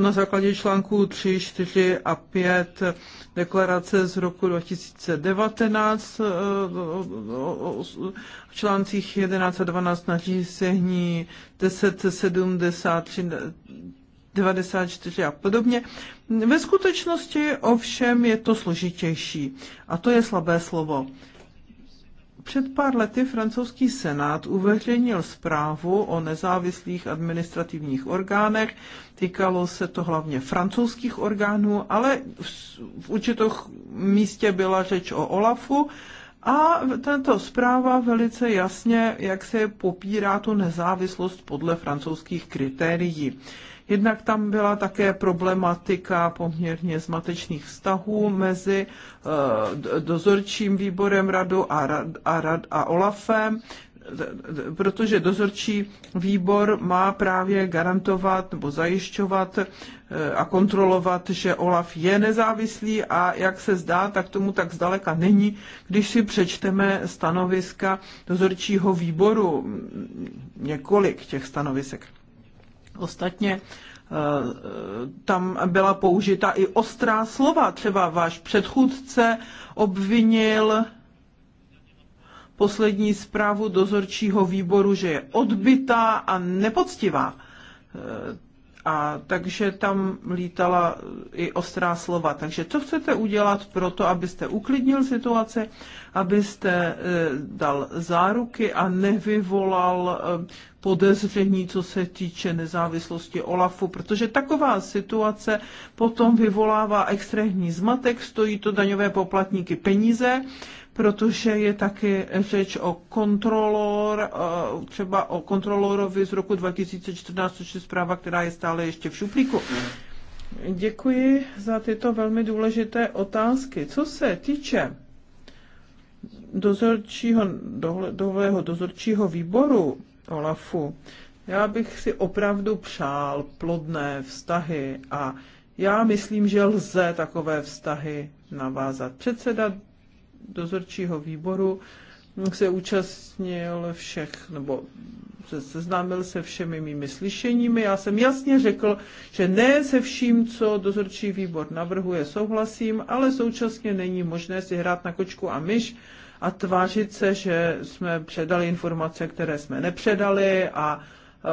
na základě článků 3, 4 a 5 deklarace z roku 2019 eh, v článcích 11 a 12 nařízení 10, 94 a podobně. Ve skutečnosti ovšem je to složitější a to je slabé slovo. Před pár lety francouzský senát uveřejnil zprávu o nezávislých administrativních orgánech. Týkalo se to hlavně francouzských orgánů, ale v určitou místě byla řeč o OLAFu. A tento zpráva velice jasně, jak se popírá tu nezávislost podle francouzských kritérií. Jednak tam byla také problematika poměrně zmatečných vztahů mezi eh, dozorčím výborem radu a, rad, a, rad, a OLAFem protože dozorčí výbor má právě garantovat nebo zajišťovat eh, a kontrolovat, že OLAF je nezávislý a jak se zdá, tak tomu tak zdaleka není, když si přečteme stanoviska dozorčího výboru, několik těch stanovisek. Ostatně eh, tam byla použita i ostrá slova. Třeba váš předchůdce obvinil poslední zprávu dozorčího výboru, že je odbytá a nepoctivá. Eh, a takže tam lítala i ostrá slova. Takže co chcete udělat pro to, abyste uklidnil situaci, abyste eh, dal záruky a nevyvolal podezření, co se týče nezávislosti OLAFu, protože taková situace potom vyvolává extrémní zmatek, stojí to daňové poplatníky peníze, protože je taky řeč o kontrolor, eh, třeba o kontrolorovi z roku 2014, což je zpráva, která je stále ještě v šuplíku. Děkuji za tyto velmi důležité otázky. Co se týče dozorčího, dohle, dozorčího výboru, Olafu. Já bych si opravdu přál plodné vztahy a já myslím, že lze takové vztahy navázat. Předseda dozorčího výboru se účastnil všech, nebo se seznámil se všemi mými slyšeními. Já jsem jasně řekl, že ne se vším, co dozorčí výbor navrhuje, souhlasím, ale současně není možné si hrát na kočku a myš a tvářit se, že jsme předali informace, které jsme nepředali a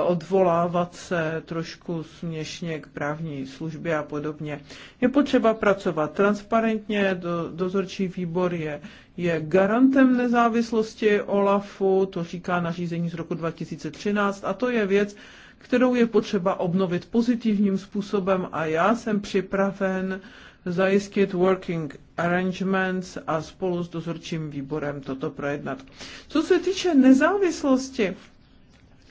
odvolávat se trošku směšně k právní službě a podobně. Je potřeba pracovat transparentně, do, dozorčí výbor je, je garantem nezávislosti OLAFu, to říká nařízení z roku 2013 a to je věc, kterou je potřeba obnovit pozitivním způsobem a já jsem připraven uh, zajistit working arrangements a spolu s dozorčím výborem toto projednat. Co se týče nezávislosti,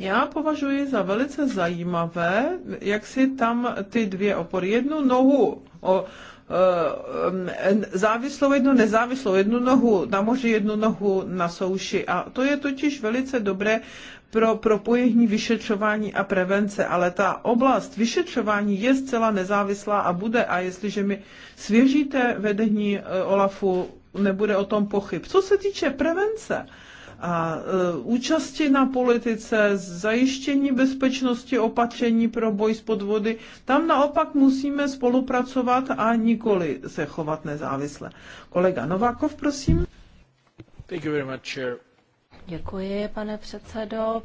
já považuji za velice zajímavé, jak si tam ty dvě opory, jednu nohu o, Eh, závislou jednu nezávislou, jednu nohu na moři, jednu nohu na souši. A to je totiž velice dobré pro propojení vyšetřování a prevence, ale ta oblast vyšetřování je zcela nezávislá a bude. A jestliže mi svěžíte vedení eh, OLAFu, nebude o tom pochyb. Co se týče prevence, a e, účasti na politice, zajištění bezpečnosti opatření pro boj s podvody. Tam naopak musíme spolupracovat a nikoli se chovat nezávisle. Kolega Novákov, prosím. Thank you very much, chair. Děkuji, pane předsedo.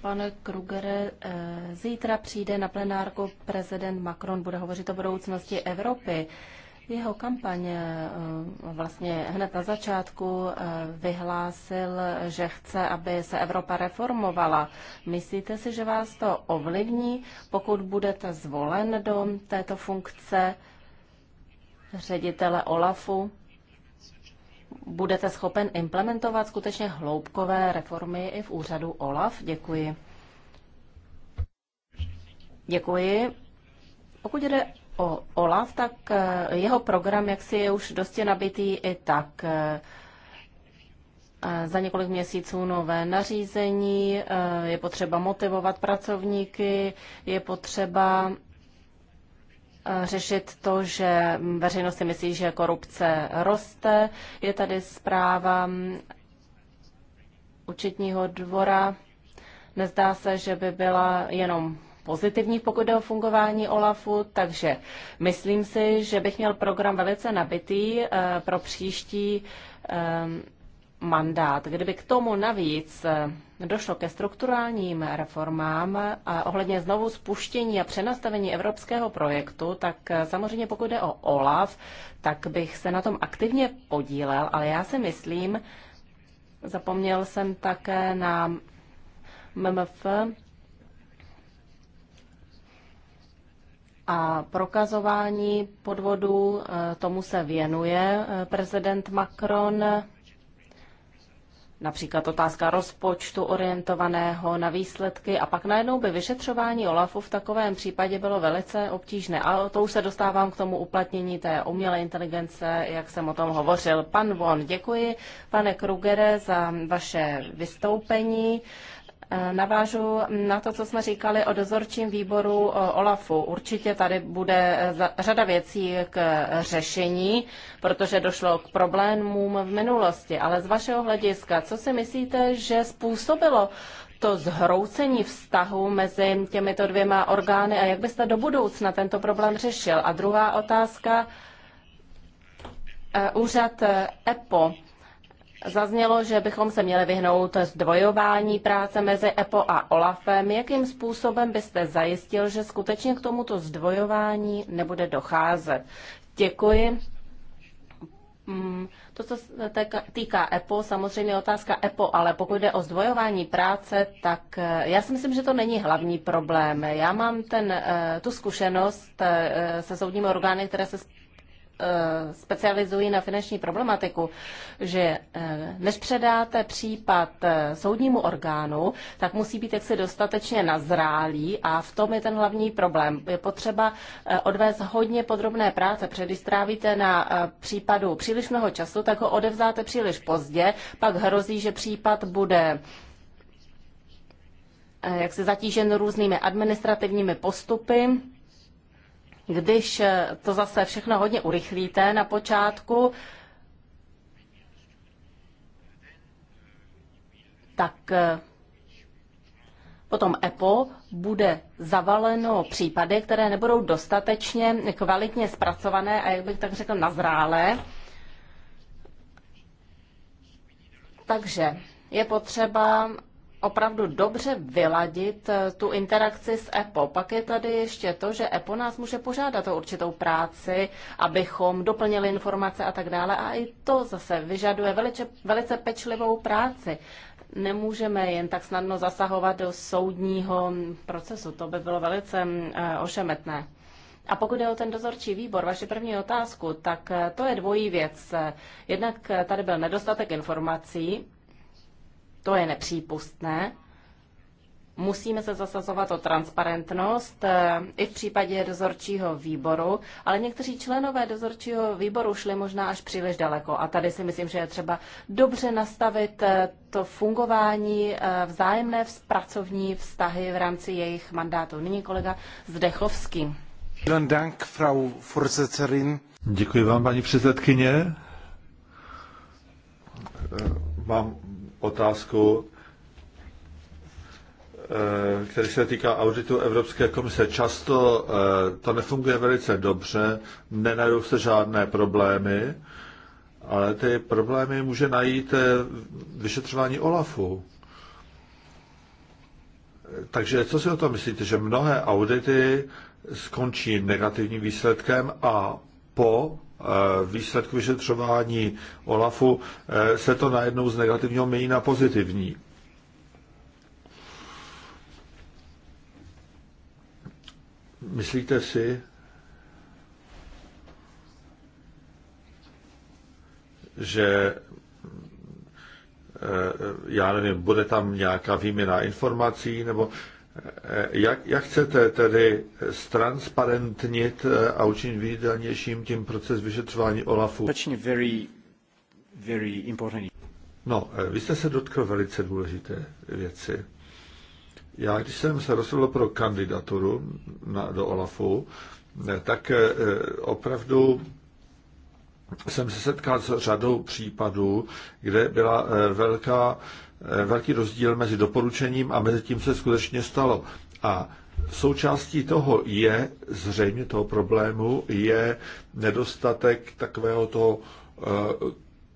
Pane Krugere, e, zítra přijde na plenárku prezident Macron, bude hovořit o budoucnosti Evropy. Jeho kampaň eh, vlastně hned na začátku eh, vyhlásil, že chce, aby se Evropa reformovala. Myslíte si, že vás to ovlivní, pokud budete zvolen do této funkce ředitele OLAFu? Budete schopen implementovat skutečně hloubkové reformy i v úřadu OLAF? Děkuji. Děkuji. Pokud jde o OLAF, tak eh, jeho program jak si je už dosti nabitý i tak. Eh, eh, za několik měsíců nové nařízení, je potřeba motivovat pracovníky, je potřeba řešit to, že veřejnost si myslí, že korupce roste. Je tady zpráva mm, účetního dvora. Nezdá se, že by byla jenom pozitivních, pokud jde o fungování OLAFu, takže myslím si, že bych měl program velice nabitý eh, pro příští eh, mandát. Kdyby k tomu navíc eh, došlo ke strukturálním reformám a ohledně znovu spuštění a přenastavení evropského projektu, tak samozřejmě pokud jde o OLAF, tak bych se na tom aktivně podílel, ale já si myslím, zapomněl jsem také na MMF, a prokazování podvodů, e, tomu se věnuje e, prezident Macron. Například otázka rozpočtu orientovaného na výsledky a pak najednou by vyšetřování OLAFu v takovém případě bylo velice obtížné. A to už se dostávám k tomu uplatnění té umělé inteligence, jak jsem o tom hovořil. Pan Von, děkuji pane Krugere za vaše vystoupení. Eh, navážu na to, co jsme říkali o dozorčím výboru OLAFu. Určitě tady bude eh, řada věcí k řešení, protože došlo k problémům v minulosti. Ale z vašeho hlediska, co si myslíte, že způsobilo to zhroucení vztahu mezi těmito dvěma orgány a jak byste do budoucna tento problém řešil? A druhá otázka, eh, úřad EPO Zaznělo, že bychom se měli vyhnout zdvojování práce mezi EPO a OLAFem. Jakým způsobem byste zajistil, že skutečně k tomuto zdvojování nebude docházet? Děkuji. Mm, to, co se týká EPO, samozřejmě otázka EPO, ale pokud jde o zdvojování práce, tak eh, já si myslím, že to není hlavní problém. Já mám ten, eh, tu zkušenost eh, se soudními orgány, které se Eh, specializují na finanční problematiku, že eh, než předáte případ eh, soudnímu orgánu, tak musí být jaksi dostatečně nazrálý a v tom je ten hlavní problém. Je potřeba odvést hodně podrobné práce, protože když strávíte na případu příliš mnoho času, tak ho odevzáte příliš pozdě, pak hrozí, že případ bude jak se zatížen různými administrativními postupy, když eh, to zase všechno hodně urychlíte na počátku, tak eh, Potom EPO bude zavaleno případy, které nebudou dostatečně kvalitně zpracované a jak bych tak řekl nazrálé. Takže je potřeba opravdu dobře vyladit eh, tu interakci s EPO. Pak je tady ještě to, že EPO nás může požádat o určitou práci, abychom doplnili informace a tak dále. A i to zase vyžaduje velice, velice pečlivou práci. Nemůžeme jen tak snadno zasahovat do soudního procesu. To by bylo velice mm, eh, ošemetné. A pokud je o ten dozorčí výbor, vaše první otázku, tak eh, to je dvojí věc. Jednak tady byl nedostatek informací, to je nepřípustné. Musíme se zasazovat o transparentnost eh, i v případě dozorčího výboru, ale někteří členové dozorčího výboru šli možná až příliš daleko. A tady si myslím, že je třeba dobře nastavit eh, to fungování, eh, vzájemné pracovní vztahy v rámci jejich mandátu. Nyní kolega Zdechovský. Děkuji vám, paní předsedkyně. Mám otázku, eh, který se týká auditu Evropské komise. Často eh, to nefunguje velice dobře, nenajdou se žádné problémy, ale ty problémy může najít eh, vyšetřování OLAFu. Takže co si o tom myslíte, že mnohé audity skončí negativním výsledkem a po výsledku vyšetřování OLAFu eh, se to najednou z negativního mění na pozitivní. Myslíte si, že eh, já nevím, bude tam nějaká výměna informací, nebo Eh, jak, jak chcete tedy stransparentnit eh, a učinit viditelnějším tím proces vyšetřování OLAFu? No, eh, vy jste se dotkl velice důležité věci. Já, když jsem se rozhodl pro kandidaturu na, do OLAFu, tak opravdu jsem se setkal s řadou případů, kde byla velká Eh, velký rozdíl mezi doporučením a mezi tím, co se skutečně stalo. A součástí toho je, zřejmě toho problému, je nedostatek takového toho eh,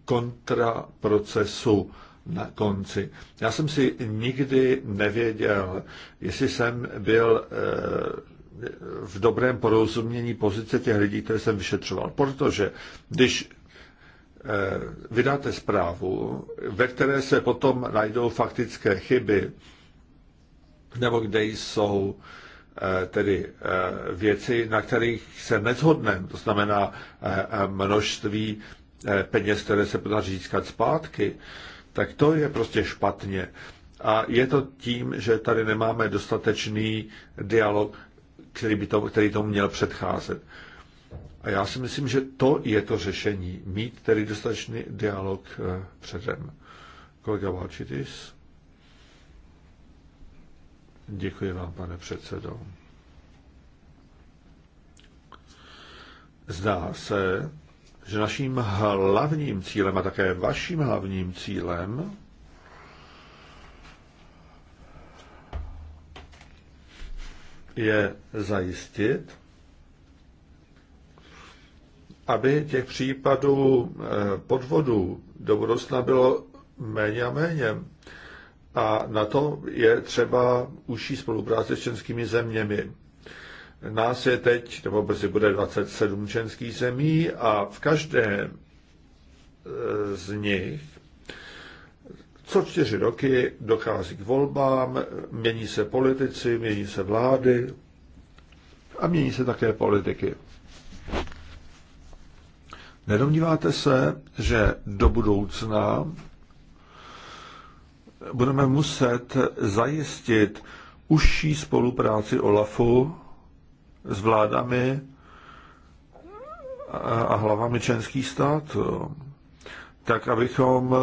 kontraprocesu na konci. Já jsem si nikdy nevěděl, jestli jsem byl eh, v dobrém porozumění pozice těch lidí, které jsem vyšetřoval. Protože když Eh, vydáte zprávu, ve které se potom najdou faktické chyby, nebo kde jsou eh, tedy eh, věci, na kterých se nezhodneme, to znamená množství peněz, které se podaří získat zpátky, tak to je prostě špatně. A je to tím, že tady nemáme dostatečný dialog, který, by to, který tomu měl předcházet. A já si myslím, že to je to řešení. Mít tedy dostatečný dialog eh, předem. Kolega Valčitis. Děkuji vám, pane předsedo. Zdá se, že naším hlavním cílem a také vaším hlavním cílem je zajistit, aby těch případů eh, podvodů do budoucna bylo méně a méně. A na to je třeba užší spolupráce s českými zeměmi. Nás je teď, nebo brzy bude 27 členských zemí a v každé eh, z nich co čtyři roky dochází k volbám, mění se politici, mění se vlády a mění se také politiky. Nedomníváte se, že do budoucna budeme muset zajistit užší spolupráci OLAFu s vládami a hlavami členských států, tak abychom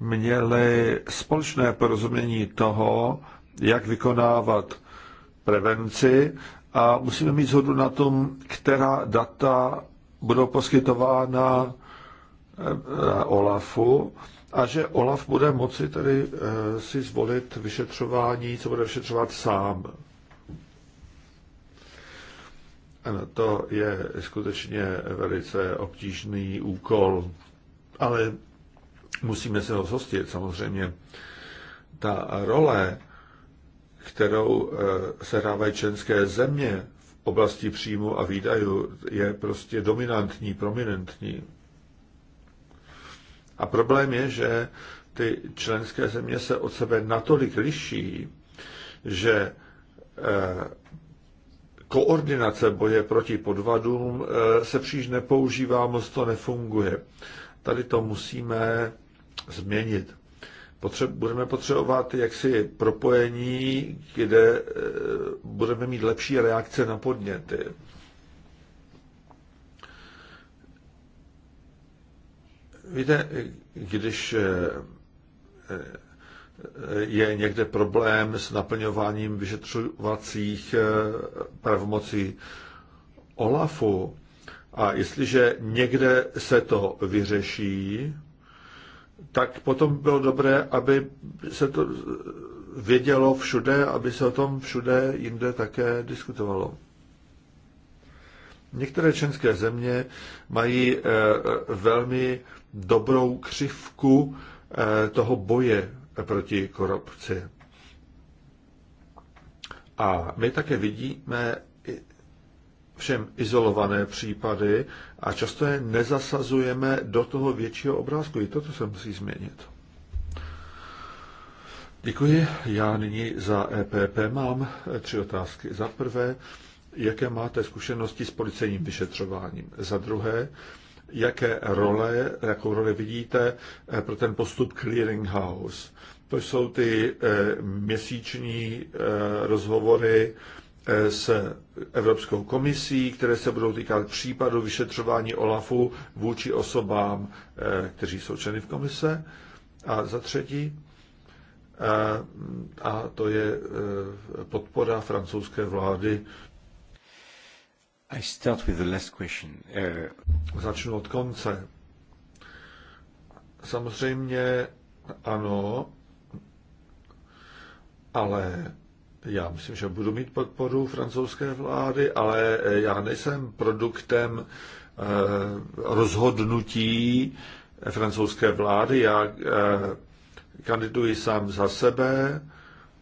měli společné porozumění toho, jak vykonávat prevenci a musíme mít zhodu na tom, která data budou poskytována eh, OLAFu a že OLAF bude moci tedy eh, si zvolit vyšetřování, co bude vyšetřovat sám. Ano, to je skutečně velice obtížný úkol, ale musíme se ho zhostit samozřejmě. Ta role, kterou eh, sehrávají členské země oblasti příjmu a výdajů je prostě dominantní, prominentní. A problém je, že ty členské země se od sebe natolik liší, že eh, koordinace boje proti podvadům eh, se příliš nepoužívá, moc to nefunguje. Tady to musíme změnit potře- budeme potřebovat jaksi propojení, kde e, budeme mít lepší reakce na podněty. Víte, když e, e, je někde problém s naplňováním vyšetřovacích pravomocí OLAFu, a jestliže někde se to vyřeší, tak potom bylo dobré, aby se to vědělo všude, aby se o tom všude jinde také diskutovalo. Některé členské země mají eh, velmi dobrou křivku eh, toho boje proti korupci. A my také vidíme, všem izolované případy a často je nezasazujeme do toho většího obrázku. I toto se musí změnit. Děkuji. Já nyní za EPP mám eh, tři otázky. Za prvé, jaké máte zkušenosti s policejním vyšetřováním? Za druhé, jaké role, jakou roli vidíte eh, pro ten postup clearinghouse? To jsou ty eh, měsíční rozhovory s Evropskou komisí, které se budou týkat případu vyšetřování OLAFu vůči osobám, eh, kteří jsou členy v komise. A za třetí, eh, a to je eh, podpora francouzské vlády. I start with the last question. Uh... Začnu od konce. Samozřejmě ano, ale já myslím, že budu mít podporu francouzské vlády, ale eh, já nejsem produktem eh, rozhodnutí francouzské vlády. Já eh, kandiduji sám za sebe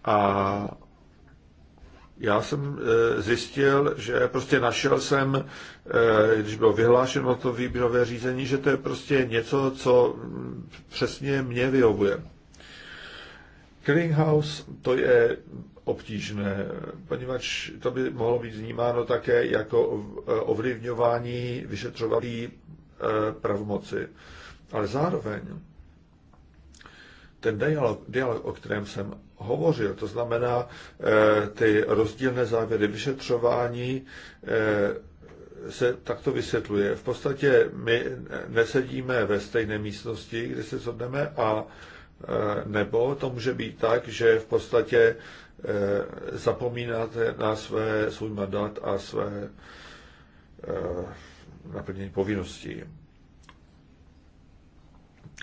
a já jsem zjistil, že prostě našel jsem, když bylo vyhlášeno to výběrové řízení, že to je prostě něco, co mm, přesně mě vyhovuje. Clearinghouse to je obtížné, poněvadž to by mohlo být vnímáno také jako e, ovlivňování vyšetřovací e, pravomoci. Ale zároveň ten dialog, dialog, o kterém jsem hovořil, to znamená e, ty rozdílné závěry vyšetřování, se takto vysvětluje. V podstatě my nesedíme ve stejné místnosti, kde se shodneme, a nebo to může být tak, že v podstatě Eh, zapomínáte na své, svůj mandát a své eh, naplnění povinností.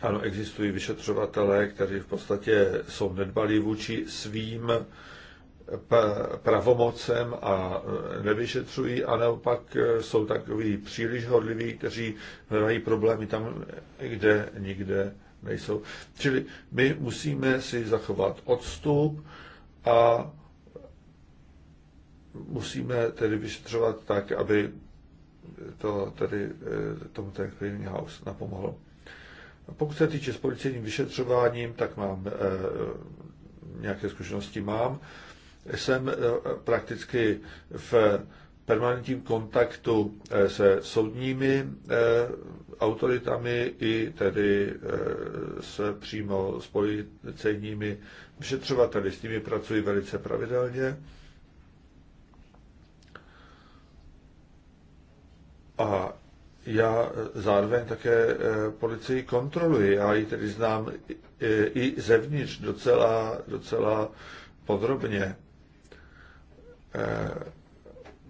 Ano, existují vyšetřovatelé, kteří v podstatě jsou nedbalí vůči svým eh, pravomocem a nevyšetřují, a naopak jsou takový příliš hodliví, kteří hledají problémy tam, kde nikde nejsou. Čili my musíme si zachovat odstup, a musíme tedy vyšetřovat tak, aby to tedy eh, tomu ten house napomohlo. Pokud se týče s policejním vyšetřováním, tak mám eh, nějaké zkušenosti mám. Jsem eh, prakticky v permanentním kontaktu se soudními autoritami i tedy s přímo s policejními vyšetřovateli, s nimi pracuji velice pravidelně. A já zároveň také eh, policii kontroluji. Já ji tedy znám i zevnitř docela, docela podrobně. Eh,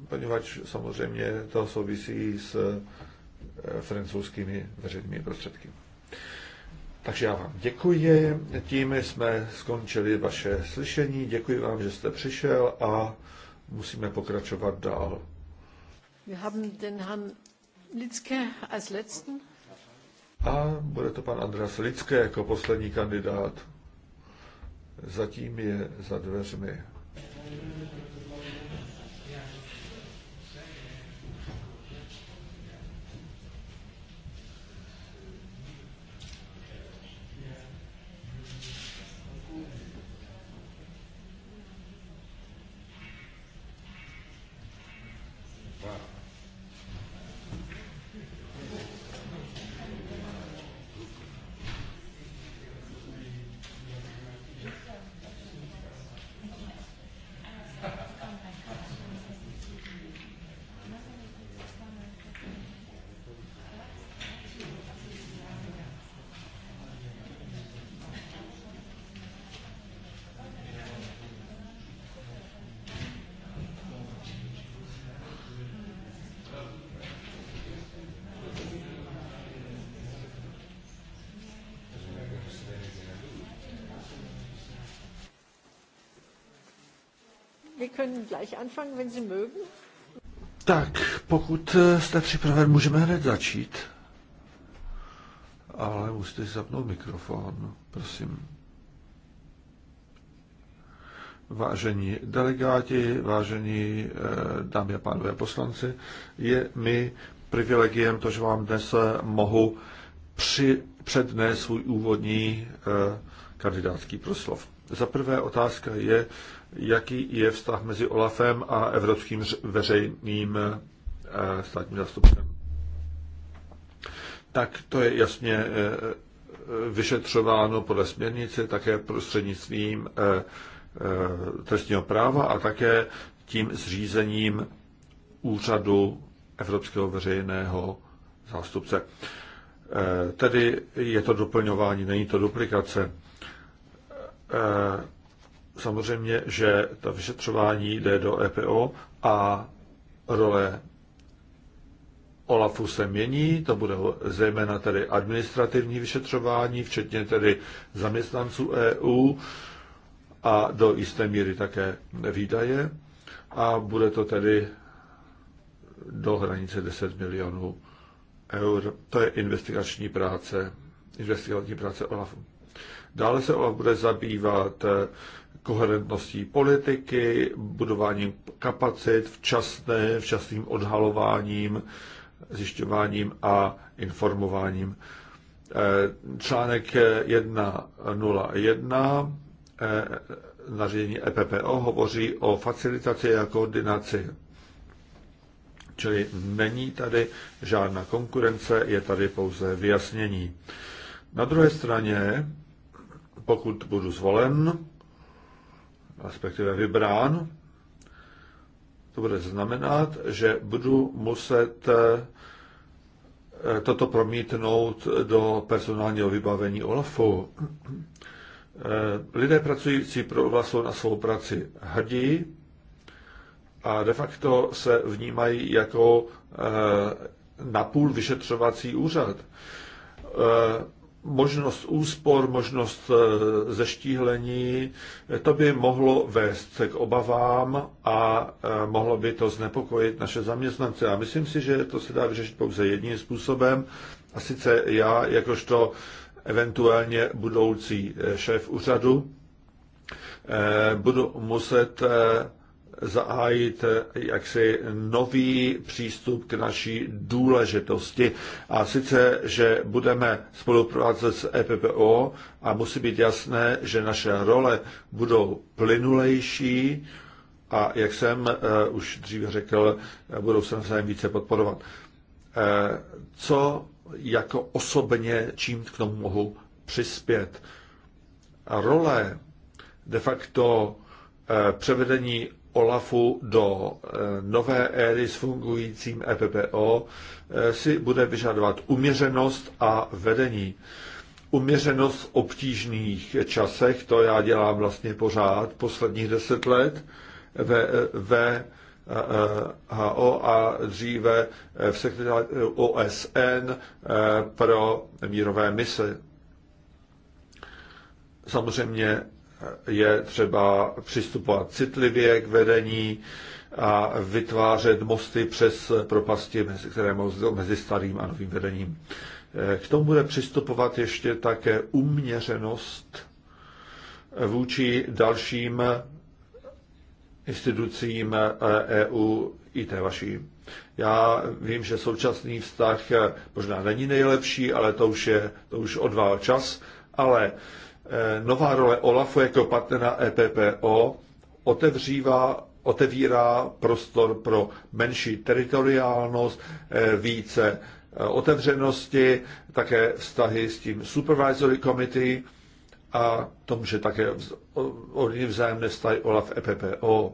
poněvadž samozřejmě to souvisí s eh, francouzskými veřejnými prostředky. Takže já vám děkuji, tím jsme skončili vaše slyšení, děkuji vám, že jste přišel a musíme pokračovat dál. Wir haben den Herrn Litzke als letzten. A bude to pan Andreas Litzke jako poslední kandidát. Zatím je za dveřmi. können gleich anfangen, wenn Sie mögen. Tak, pokud eh, jste připraven, můžeme hned začít. Ale musíte si zapnout mikrofon, prosím. Vážení delegáti, vážení eh, dámy a pánové poslanci, je mi privilegiem to, že vám dnes eh, mohu při, přednést svůj úvodní kandidátský proslov. Za prvé otázka je, jaký je vztah mezi OLAFem a Evropským veřejným eh, státním zastupcem. Tak to je jasně eh, vyšetřováno podle směrnice, také prostřednictvím eh, trestního práva a také tím zřízením úřadu Evropského veřejného zástupce. Tedy je to doplňování, není to duplikace. Eh, samozřejmě, že ta vyšetřování jde do EPO a role OLAFu se mění, to bude zejména tedy administrativní vyšetřování, včetně tedy zaměstnanců EU a do jisté míry také výdaje. A bude to tedy do hranice 10 milionů eur. To je investigační práce, investigační práce OLAFu. Dále se OLAF bude zabývat eh, koherentností politiky, budováním kapacit, včasné, včasným odhalováním, zjišťováním a informováním. Eh, článek 1.01 eh, nařízení EPPO hovoří o facilitaci a koordinaci. Čili není tady žádná konkurence, je tady pouze vyjasnění. Na druhé straně pokud budu zvolen, respektive vybrán, to bude znamenat, že budu muset eh, toto promítnout do personálního vybavení OLAFu. Eh, lidé pracující pro OLAF jsou na svou práci hrdí a de facto se vnímají jako eh, napůl vyšetřovací úřad možnost úspor, možnost e, zeštíhlení, e, to by mohlo vést k obavám a e, mohlo by to znepokojit naše zaměstnance. A myslím si, že to se dá vyřešit pouze jedním způsobem. A sice já, jakožto eventuálně budoucí šéf úřadu, budu muset zahájit jaksi nový přístup k naší důležitosti. A sice, že budeme spolupracovat s EPPO a musí být jasné, že naše role budou plynulejší a, jak jsem uh, už dříve řekl, budou se navzájem více podporovat. Uh, co jako osobně, čím k tomu mohu přispět? A role de facto eh, převedení OLAFu do eh, nové éry s fungujícím EPPO eh, si bude vyžadovat uměřenost a vedení. Uměřenost v obtížných časech, to já dělám vlastně pořád posledních deset let, ve, ve eh, HO a dříve v sekretáři OSN pro mírové mise. Samozřejmě je třeba přistupovat citlivě k vedení a vytvářet mosty přes propasti, mezi které mezi starým a novým vedením. Eh, k tomu bude přistupovat ještě také uměřenost vůči dalším institucím EU eh, e i té vaší. Já vím, že současný vztah možná není nejlepší, ale to už je to už odvál čas, ale Eh, nová role OLAFu jako partnera EPPO otevřívá, otevírá prostor pro menší teritoriálnost, eh, více eh, otevřenosti, také vztahy s tím supervisory committee a to může také ní vzájemné vztahy OLAF EPPO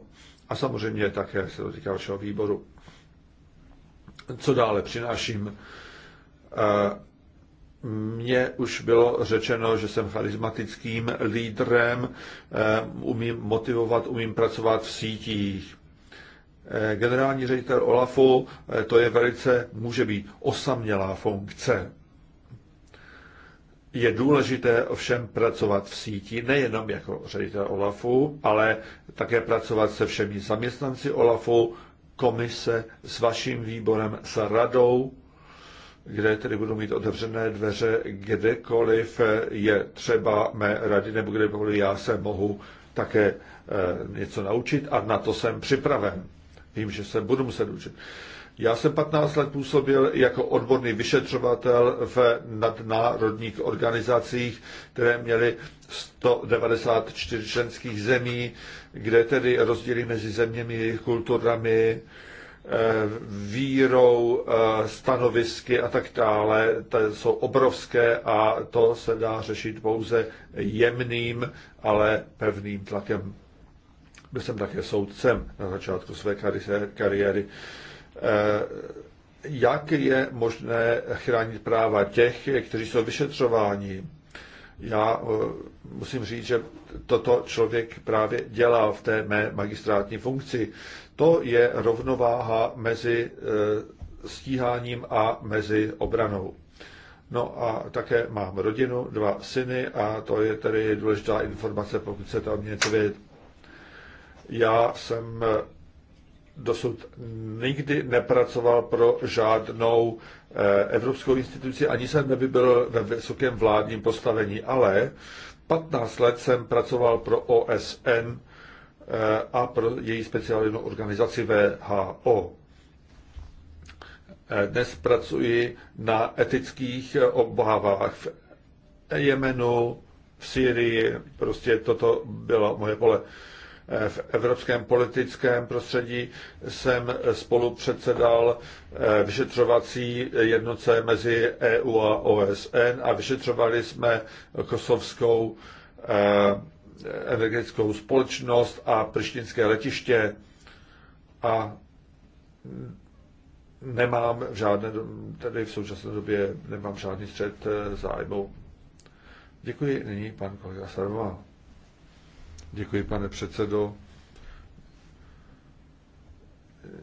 a samozřejmě také se to týká vašeho výboru. Co dále přináším? Mně už bylo řečeno, že jsem charismatickým lídrem, eh, umím motivovat, umím pracovat v sítích. Eh, generální ředitel Olafu, eh, to je velice, může být osamělá funkce. Je důležité ovšem pracovat v síti, nejenom jako ředitel Olafu, ale také pracovat se všemi zaměstnanci Olafu, komise, s vaším výborem, s radou, kde tedy budu mít otevřené dveře, kdekoliv je třeba mé rady nebo kdekoliv já se mohu také eh, něco naučit a na to jsem připraven. Vím, že se budu muset učit. Já jsem 15 let působil jako odborný vyšetřovatel v nadnárodních organizacích, které měly 194 členských zemí, kde tedy rozdíly mezi zeměmi, kulturami, vírou, eh, stanovisky a tak dále, to jsou obrovské a to se dá řešit pouze jemným, ale pevným tlakem. Byl jsem také soudcem na začátku své kariéry. Eh, jak je možné chránit práva těch, kteří jsou vyšetřováni? Já eh, musím říct, že toto člověk právě dělá v té mé magistrátní funkci. To je rovnováha mezi e, stíháním a mezi obranou. No a také mám rodinu, dva syny a to je tedy důležitá informace, pokud se tam něco vědět. Já jsem e, dosud nikdy nepracoval pro žádnou e, evropskou instituci, ani jsem nebyl ve vysokém vládním postavení, ale 15 let jsem pracoval pro OSN Eh, a pro její speciální organizaci VHO. Eh, dnes pracuji na etických obávách v Jemenu, v Syrii, prostě toto bylo moje pole. Eh, v evropském politickém prostředí jsem spolu předsedal vyšetřovací jednoce mezi EU a OSN a vyšetřovali jsme kosovskou energetickou společnost a prištinské letiště a nemám v žádné, tedy v současné době nemám žádný střed eh, zájmu. Děkuji, nyní pan kolega Sarva. Děkuji, pane předsedo.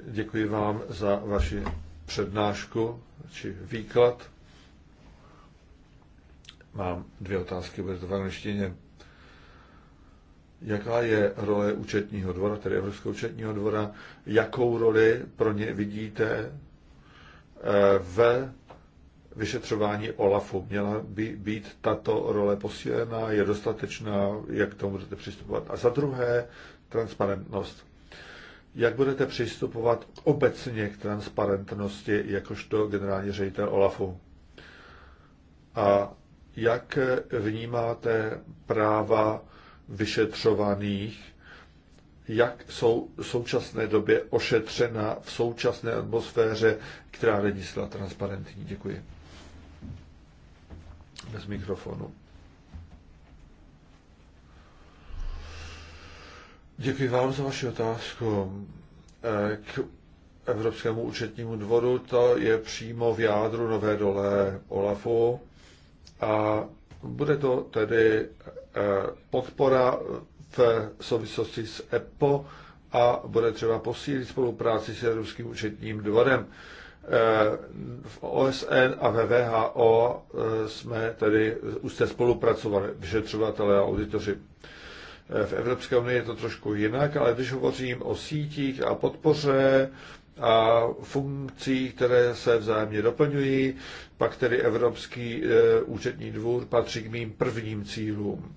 Děkuji vám za vaši přednášku či výklad. Mám dvě otázky, bude to v angličtině jaká je role účetního dvora, tedy Evropského účetního dvora, jakou roli pro ně vidíte eh, v vyšetřování OLAFu. Měla by být tato role posílená, je dostatečná, jak k tomu budete přistupovat. A za druhé, transparentnost. Jak budete přistupovat obecně k transparentnosti jakožto generální ředitel OLAFu? A jak vnímáte práva vyšetřovaných, jak jsou v současné době ošetřena v současné atmosféře, která není zcela transparentní. Děkuji. Bez mikrofonu. Děkuji vám za vaši otázku. K Evropskému účetnímu dvoru to je přímo v jádru Nové dole OLAFu a bude to tedy Eh, podpora v souvislosti s EPO a bude třeba posílit spolupráci s Evropským účetním dvorem. Eh, v OSN a ve VHO eh, jsme tedy už se spolupracovali, vyšetřovatelé a auditoři. V Evropské unii je to trošku jinak, ale když hovořím o sítích a podpoře a funkcí, které se vzájemně doplňují, pak tedy Evropský eh, účetní dvůr patří k mým prvním cílům.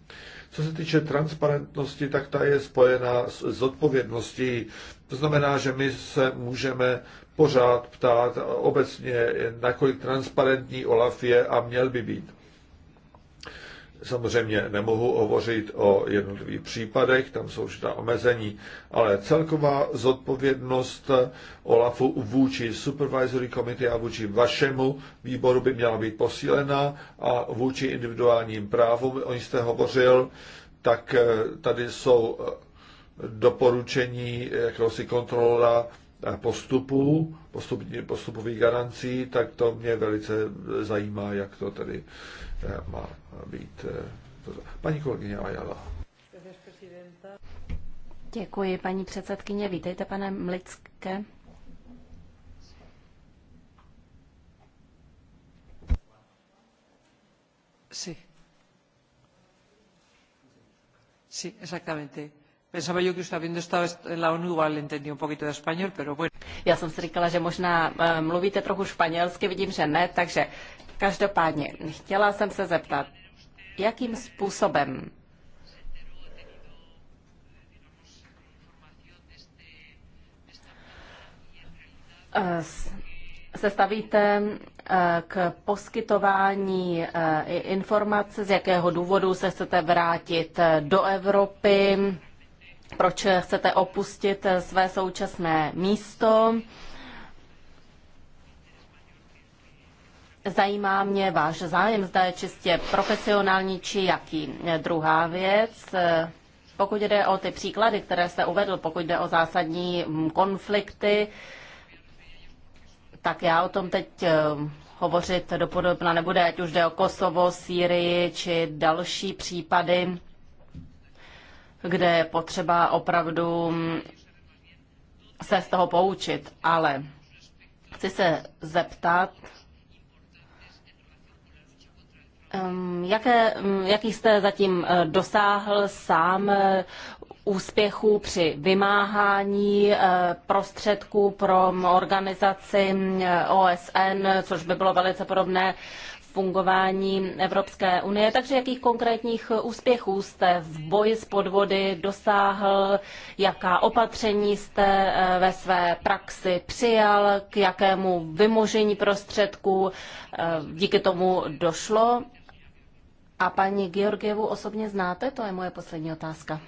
Co se týče transparentnosti, tak ta je spojena s odpovědností, To znamená, že my se můžeme pořád ptát obecně, nakolik transparentní OLAF je a měl by být. Samozřejmě nemohu hovořit o jednotlivých případech, tam jsou určitá omezení, ale celková zodpovědnost OLAFu vůči Supervisory Committee a vůči vašemu výboru by měla být posílena a vůči individuálním právům, o jste hovořil, tak eh, tady jsou eh, doporučení jakéhosi kontrola postupů, postup, postupových garancí, tak to mě velice zajímá, jak to tedy eh, má být. Eh, paní kolegyně Ajala. Děkuji, paní předsedkyně. Vítejte, pane Mlické. Sí. Sí, exactamente. Já jsem si říkala, že možná eh, mluvíte trochu španělsky, vidím, že ne, takže každopádně chtěla jsem se zeptat, jakým způsobem eh, se stavíte eh, k poskytování informace, z jakého důvodu se chcete vrátit do Evropy, proč chcete opustit své současné místo. Zajímá mě váš zájem, zda je čistě profesionální či jaký. Druhá věc, pokud jde o ty příklady, které jste uvedl, pokud jde o zásadní konflikty, tak já o tom teď eh, hovořit dopodobna nebude, ať už jde o Kosovo, Sýrii či další případy kde je potřeba opravdu se z toho poučit, ale chci se zeptat, um, Jaké, um, jaký jste zatím eh, dosáhl sám eh, úspěchů při vymáhání eh, prostředků pro organizaci OSN, což by bylo velice podobné fungování Evropské unie. Takže jakých konkrétních úspěchů jste v boji s podvody dosáhl, jaká opatření jste eh, ve své praxi přijal, k jakému vymožení prostředků eh, díky tomu došlo? A paní Georgievu osobně znáte? To je moje poslední otázka.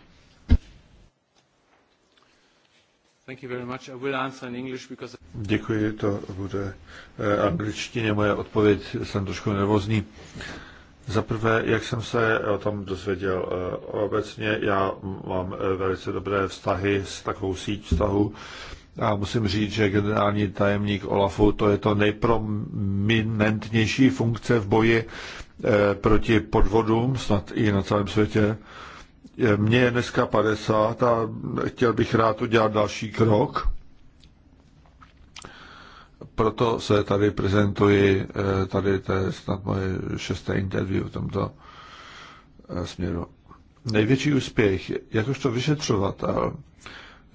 Děkuji, to bude eh, angličtině. Moje odpověď jsem trošku nervózní. Za prvé, jak jsem se o tom dozvěděl eh, obecně, já mám eh, velice dobré vztahy s takovou síť vztahu a musím říct, že generální tajemník Olafu to je to nejprominentnější funkce v boji proti podvodům, snad i na celém světě. Mně je dneska 50 a chtěl bych rád udělat další krok. Proto se tady prezentuji, eh, tady to je snad moje šesté interview v tomto eh, směru. Největší úspěch, to vyšetřovatel,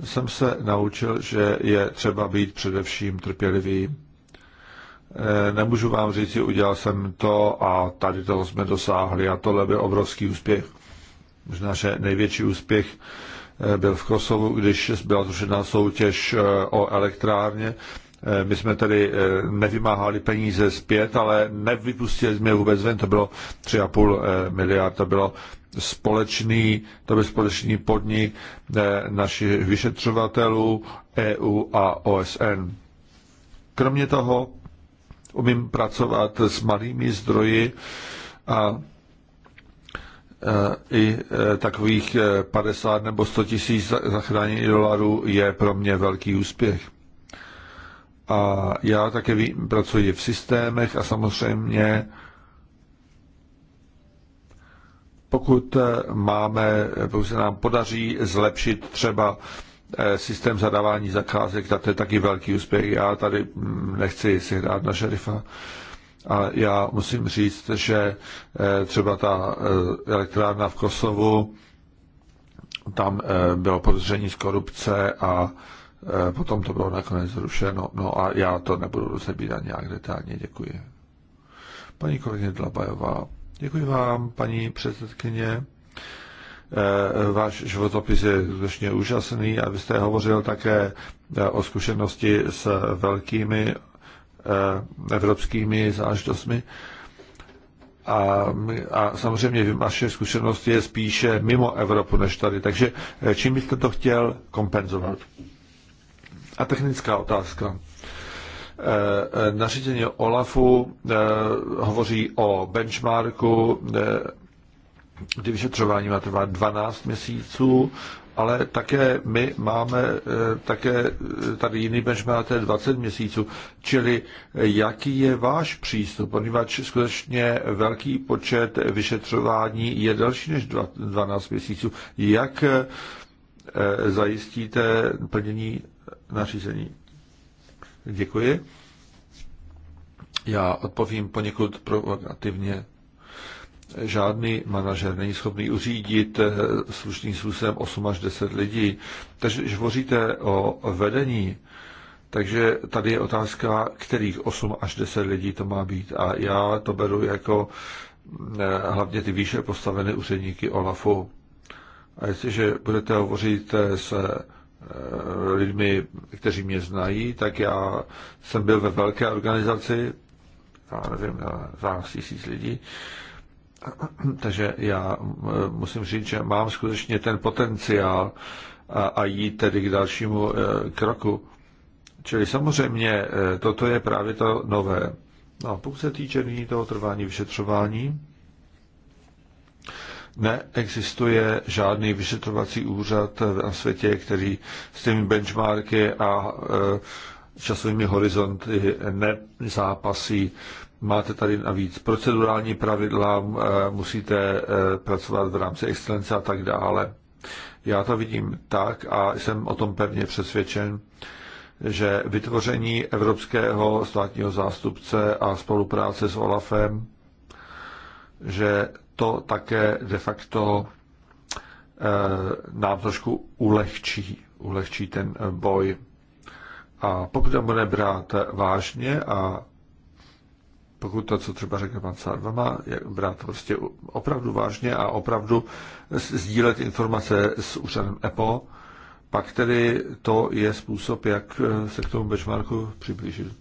jsem se naučil, že je třeba být především trpělivý. Eh, nemůžu vám říct, že udělal jsem to a tady toho jsme dosáhli a tohle byl obrovský úspěch. Možná, že největší úspěch eh, byl v Kosovu, když byla zrušena soutěž eh, o elektrárně. Eh, my jsme tedy nevymáhali peníze zpět, ale nevypustili jsme je vůbec ven. To bylo 3,5 miliard, to bylo společný, to byl společný podnik našich vyšetřovatelů EU a OSN. Kromě toho umím pracovat s malými zdroji a Eh, i eh, takových 50 eh, nebo 100 tisíc zachráněných dolarů je pro mě velký úspěch. A já také vím, pracuji v systémech a samozřejmě pokud máme, pokud se nám podaří zlepšit třeba systém zadávání zakázek, tak to je taky velký úspěch. Já tady mm, nechci si hrát na šerifa. A já musím říct, že eh, třeba ta eh, elektrárna v Kosovu, tam eh, bylo podezření z korupce a potom to bylo nakonec zrušeno. No a já to nebudu rozebírat nějak detailně. Děkuji. Paní kolegyně Dlabajová, děkuji vám, paní předsedkyně. Váš životopis je skutečně úžasný a vy jste hovořil také o zkušenosti s velkými Eh, evropskými záležitostmi. A, a samozřejmě vaše zkušenost je spíše mimo Evropu než tady. Takže eh, čím byste to chtěl kompenzovat? A technická otázka. Eh, nařízení OLAFu hovoří o benchmarku, kdy vyšetřování má trvat 12 měsíců, ale také my máme e, také e, tady jiný benchmark 20 měsíců. Čili e, jaký je váš přístup, poněvadž skutečně velký počet vyšetřování je delší než 12 měsíců. Jak zajistíte plnění nařízení? Děkuji. Já odpovím poněkud provokativně žádný manažer není schopný uřídit eh, slušným způsobem 8 až 10 lidí. Takže když hovoříte o vedení, takže tady je otázka, kterých 8 až 10 lidí to má být. A já to beru jako eh, hlavně ty výše postavené úředníky OLAFu. A jestliže budete hovořit eh, s lidmi, kteří mě znají, tak já jsem byl ve velké organizaci, já nevím, za tisíc lidí, Takže já eh, musím říct, že mám skutečně ten potenciál a, a jít tedy k dalšímu eh, kroku. Čili samozřejmě eh, toto je právě to nové. No, pokud se týče nyní toho trvání vyšetřování, neexistuje žádný vyšetřovací úřad na světě, který s těmi benchmarky a časovými horizonty nezápasí. Máte tady navíc procedurální pravidla, eh, musíte eh, pracovat v rámci excelence a tak dále. Já to vidím tak a jsem o tom pevně přesvědčen, že vytvoření evropského státního zástupce a spolupráce s OLAFem, že to také de facto eh, nám trošku ulehčí, ulehčí ten boj. A pokud ho bude brát vážně a pokud to, co třeba řekne pan Sarvama, brát prostě opravdu vážně a opravdu sdílet informace s úřadem EPO, pak tedy to je způsob, jak eh, se k tomu benchmarku přiblížit.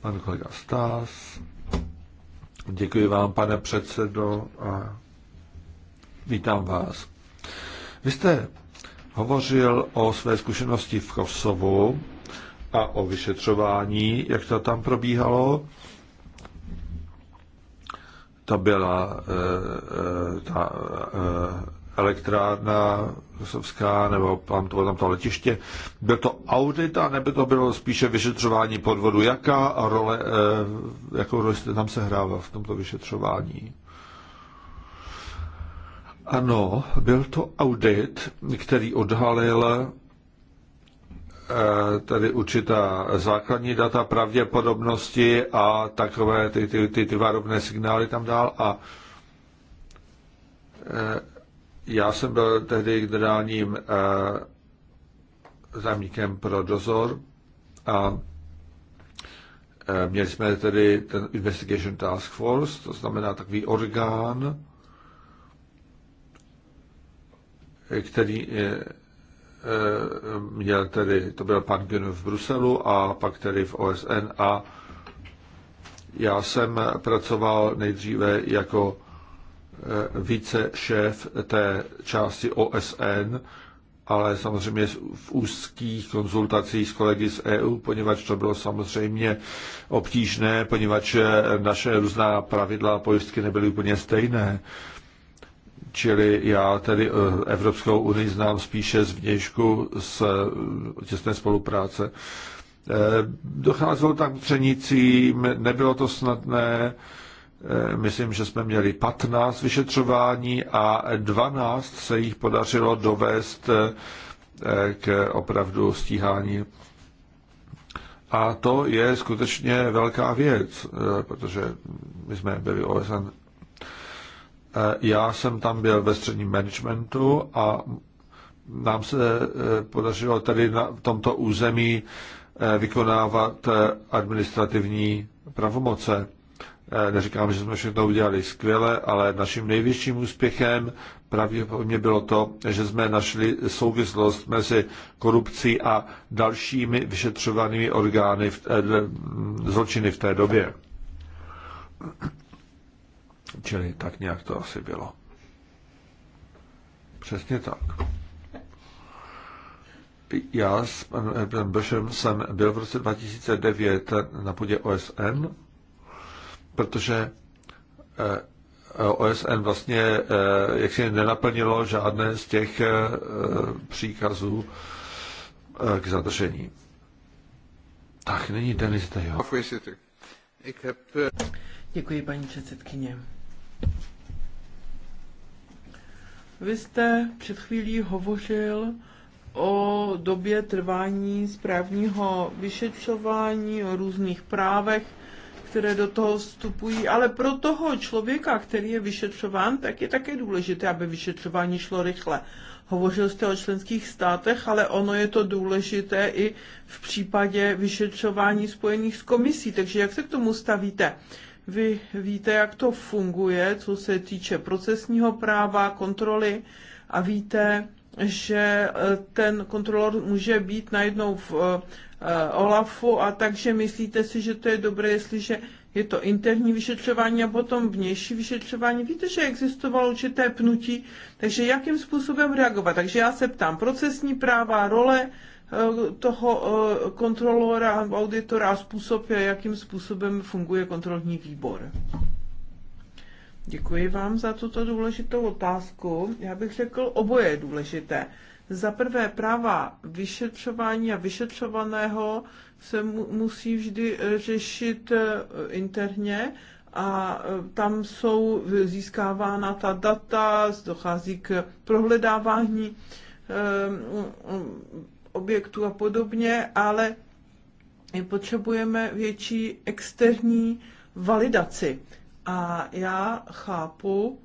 Pan kolega Stas, Děkuji vám, pane předsedo, a vítám vás. Vy jste hovořil o své zkušenosti v Kosovu a o vyšetřování, jak to tam probíhalo to byla eh, eh, ta eh, elektrárna Sovská, nebo tam to tam to letiště. Byl to audit, a nebo to bylo spíše vyšetřování podvodu? Jaká role, jakou roli jste tam sehrával v tomto vyšetřování? Ano, byl to audit, který odhalil Eh, tedy určitá základní data pravděpodobnosti a takové ty, ty, ty, ty varovné signály tam dál a eh, já jsem byl tehdy generálním eh, zámníkem pro dozor a měli jsme tedy ten Investigation Task Force, to znamená takový orgán, který Eh, měl tedy, to byl pan Gün v Bruselu a pak tedy v OSN a já jsem pracoval nejdříve jako eh, více šéf té části OSN, ale samozřejmě v úzkých konzultacích s kolegy z EU, poněvadž to bylo samozřejmě obtížné, poněvadž naše různá pravidla a pojistky nebyly úplně stejné. Čili já tedy eh, Evropskou unii znám spíše z vnějšku, z eh, těsné spolupráce. Eh, docházelo tam k třenicím, nebylo to snadné. Myslím, že jsme měli 15 vyšetřování a 12 se jich podařilo dovést k opravdu stíhání. A to je skutečně velká věc, protože my jsme byli OSN Eh, já jsem tam byl ve středním managementu a nám se eh, podařilo tady na tomto území eh, vykonávat administrativní pravomoce. Neříkám, že jsme všechno udělali skvěle, ale naším největším úspěchem pravděpodobně bylo to, že jsme našli souvislost mezi korupcí a dalšími vyšetřovanými orgány v té, mm, zločiny v té době. Čili tak nějak to asi bylo. Přesně tak. Já s panem Bešem jsem byl v roce 2009 na podě OSN, protože eh, OSN vlastně eh, jak si nenaplnilo žádné z těch eh, příkazů k zadržení. Tak, není Denis Dejo. Děkuji, paní předsedkyně. Vy jste před chvílí hovořil o době trvání správního vyšetřování, o různých právech, které do toho vstupují, ale pro toho člověka, který je vyšetřován, tak je také důležité, aby vyšetřování šlo rychle. Hovořil jste o členských státech, ale ono je to důležité i v případě vyšetřování spojených s komisí. Takže jak se k tomu stavíte? Vy víte, jak to funguje, co se týče procesního práva, kontroly a víte, že e, ten kontrolor může být najednou v e, e, OLAFu a takže myslíte si, že to je dobré, jestliže je to interní vyšetřování a potom vnější vyšetřování. Víte, že existovalo určité pnutí, takže jakým způsobem reagovat. Takže já se ptám, procesní práva, role Eh, toho eh, kontrolora, auditora a způsob, jakým způsobem funguje kontrolní výbor. Děkuji vám za tuto důležitou otázku. Já bych řekl, oboje je důležité. Za prvé práva vyšetřování a vyšetřovaného se mu, musí vždy řešit eh, interně a tam jsou získávána ta data, dochází k prohledávání objektů a podobně, ale potřebujeme větší externí validaci. A já chápu,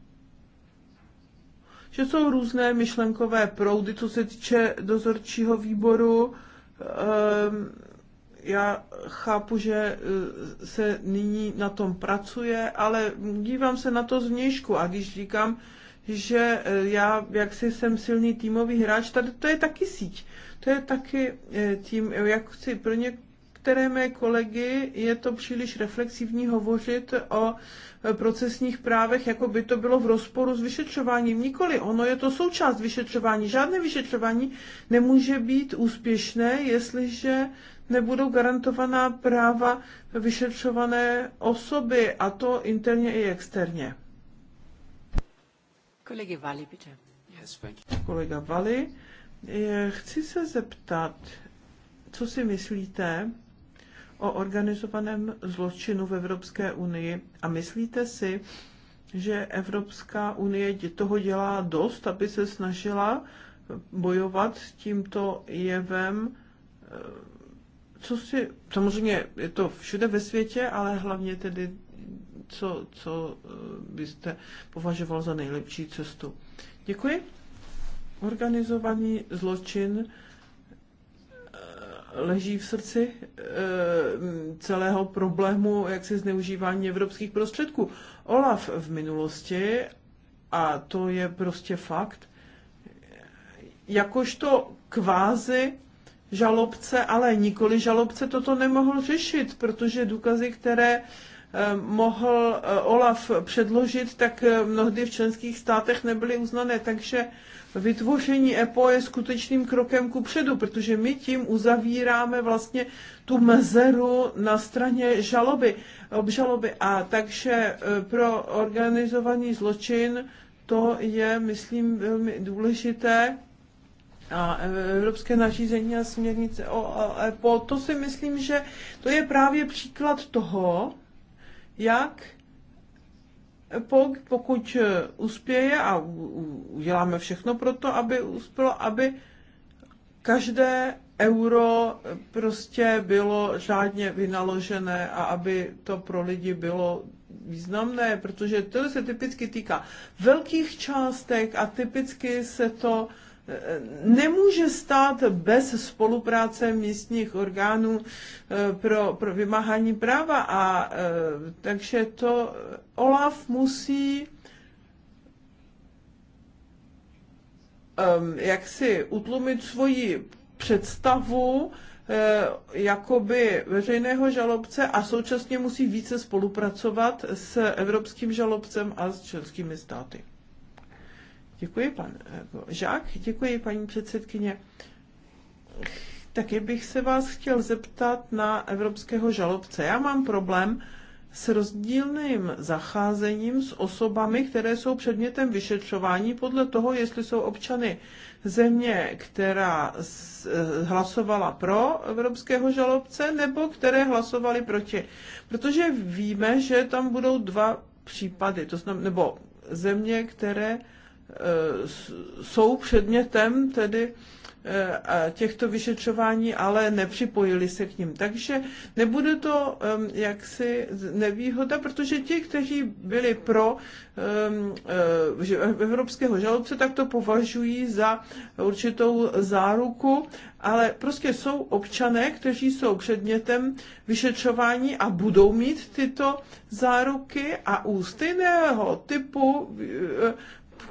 že jsou různé myšlenkové proudy, co se týče dozorčího výboru. Ehm, já chápu, že e, se nyní na tom pracuje, ale dívám se na to zvnějšku a když říkám, že e, já jaksi jsem silný týmový hráč, tady to je taky síť. To je taky eh, tím, jak chci pro některé mé kolegy je to příliš reflexivní hovořit o eh, procesních právech, jako by to bylo v rozporu s vyšetřováním. Nikoli, ono je to součást vyšetřování. Žádné vyšetřování nemůže být úspěšné, jestliže nebudou garantovaná práva vyšetřované osoby, a to interně i externě. Kolegy Vali, bitte. Yes, Kolega Vali. Eh, chci se zeptat, co si myslíte o organizovaném zločinu v Evropské unii a myslíte si, že Evropská unie toho dělá dost, aby se snažila bojovat s tímto jevem? Eh, co si, samozřejmě je to všude ve světě, ale hlavně tedy, co, co eh, byste považoval za nejlepší cestu? Děkuji. Organizovaný zločin eh, leží v srdci eh, celého problému se zneužívání evropských prostředků. Olaf v minulosti, a to je prostě fakt, jakožto kvázi žalobce, ale nikoli žalobce toto nemohl řešit, protože důkazy, které eh, mohl Olaf předložit, tak mnohdy v členských státech nebyly uznané. Takže vytvoření EPO je skutečným krokem ku předu, protože my tím uzavíráme vlastně tu mezeru na straně žaloby, obžaloby. A takže e, pro organizovaný zločin to je, myslím, velmi důležité. A e, evropské nařízení a směrnice o EPO, e to si myslím, že to je právě příklad toho, jak pokud eh, uspěje a uděláme všechno pro to, aby uspělo, aby každé euro eh, prostě bylo řádně vynaložené a aby to pro lidi bylo významné, protože to se typicky týká velkých částek a typicky se to nemůže stát bez spolupráce místních orgánů eh, pro, pro vymáhání práva. A eh, takže to OLAF musí ehm, jak si utlumit svoji představu eh, jakoby veřejného žalobce a současně musí více spolupracovat s evropským žalobcem a s členskými státy. Děkuji, pan eh, Žák. Děkuji, paní předsedkyně. Taky bych se vás chtěl zeptat na evropského žalobce. Já mám problém s rozdílným zacházením s osobami, které jsou předmětem vyšetřování podle toho, jestli jsou občany země, která eh, hlasovala pro evropského žalobce, nebo které hlasovali proti. Protože víme, že tam budou dva případy, to znamená, nebo země, které Eh, jsou předmětem tedy eh, těchto vyšetřování, ale nepřipojili se k ním. Takže nebude to jaksi nevýhoda, protože ti, kteří byli pro eh, evropského žalobce, tak to považují za určitou záruku, ale prostě jsou občané, kteří jsou předmětem vyšetřování a budou mít tyto záruky a u stejného typu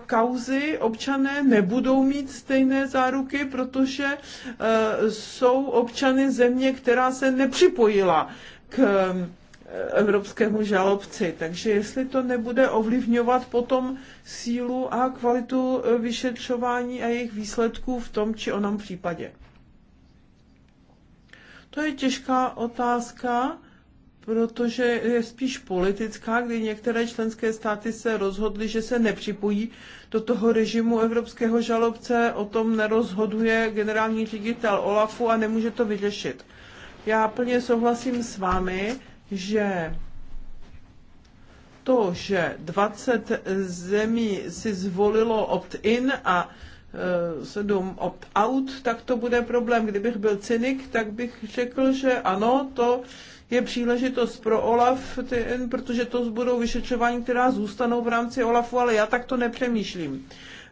kauzy občané nebudou mít stejné záruky, protože eh, jsou občany země, která se nepřipojila k eh, evropskému žalobci. Takže jestli to nebude ovlivňovat potom sílu a kvalitu eh, vyšetřování a jejich výsledků v tom či onom případě. To je těžká otázka protože je spíš politická, kdy některé členské státy se rozhodly, že se nepřipojí do toho režimu evropského žalobce, o tom nerozhoduje generální ředitel Olafu a nemůže to vyřešit. Já plně souhlasím s vámi, že to, že 20 zemí si zvolilo opt-in a e, sedm opt-out, tak to bude problém. Kdybych byl cynik, tak bych řekl, že ano, to je příležitost pro OLAF, protože to budou vyšetřování, která zůstanou v rámci OLAFu, ale já tak to nepřemýšlím.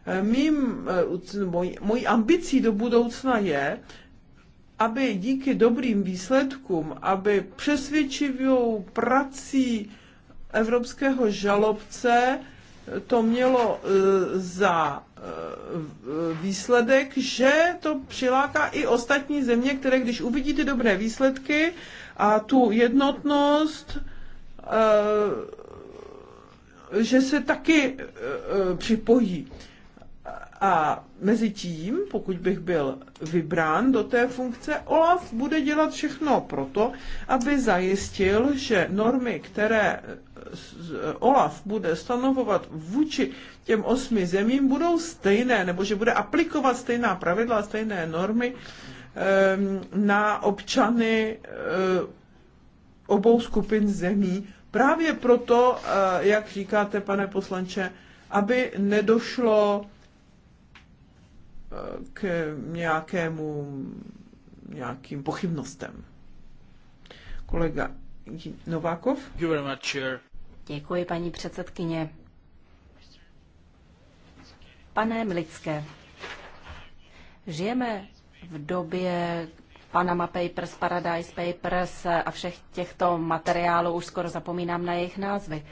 Eh, mým, eh, moj, mojí ambicí do budoucna je, aby díky dobrým výsledkům, aby přesvědčivou prací evropského žalobce to mělo eh, za výsledek, že to přiláká i ostatní země, které když uvidí ty dobré výsledky, a tu jednotnost, eh, že se taky eh, eh, připojí. A mezi tím, pokud bych byl vybrán do té funkce, Olaf bude dělat všechno proto, aby zajistil, že normy, které Olaf bude stanovovat vůči těm osmi zemím, budou stejné, nebo že bude aplikovat stejná pravidla, stejné normy Ehm, na občany eh, obou skupin zemí. Právě proto, eh, jak říkáte, pane poslanče, aby nedošlo eh, k nějakému, nějakým pochybnostem. Kolega Novákov. Děkuji, paní předsedkyně. Pane Mlické, žijeme v době Panama Papers, Paradise Papers a všech těchto materiálů už skoro zapomínám na jejich názvy.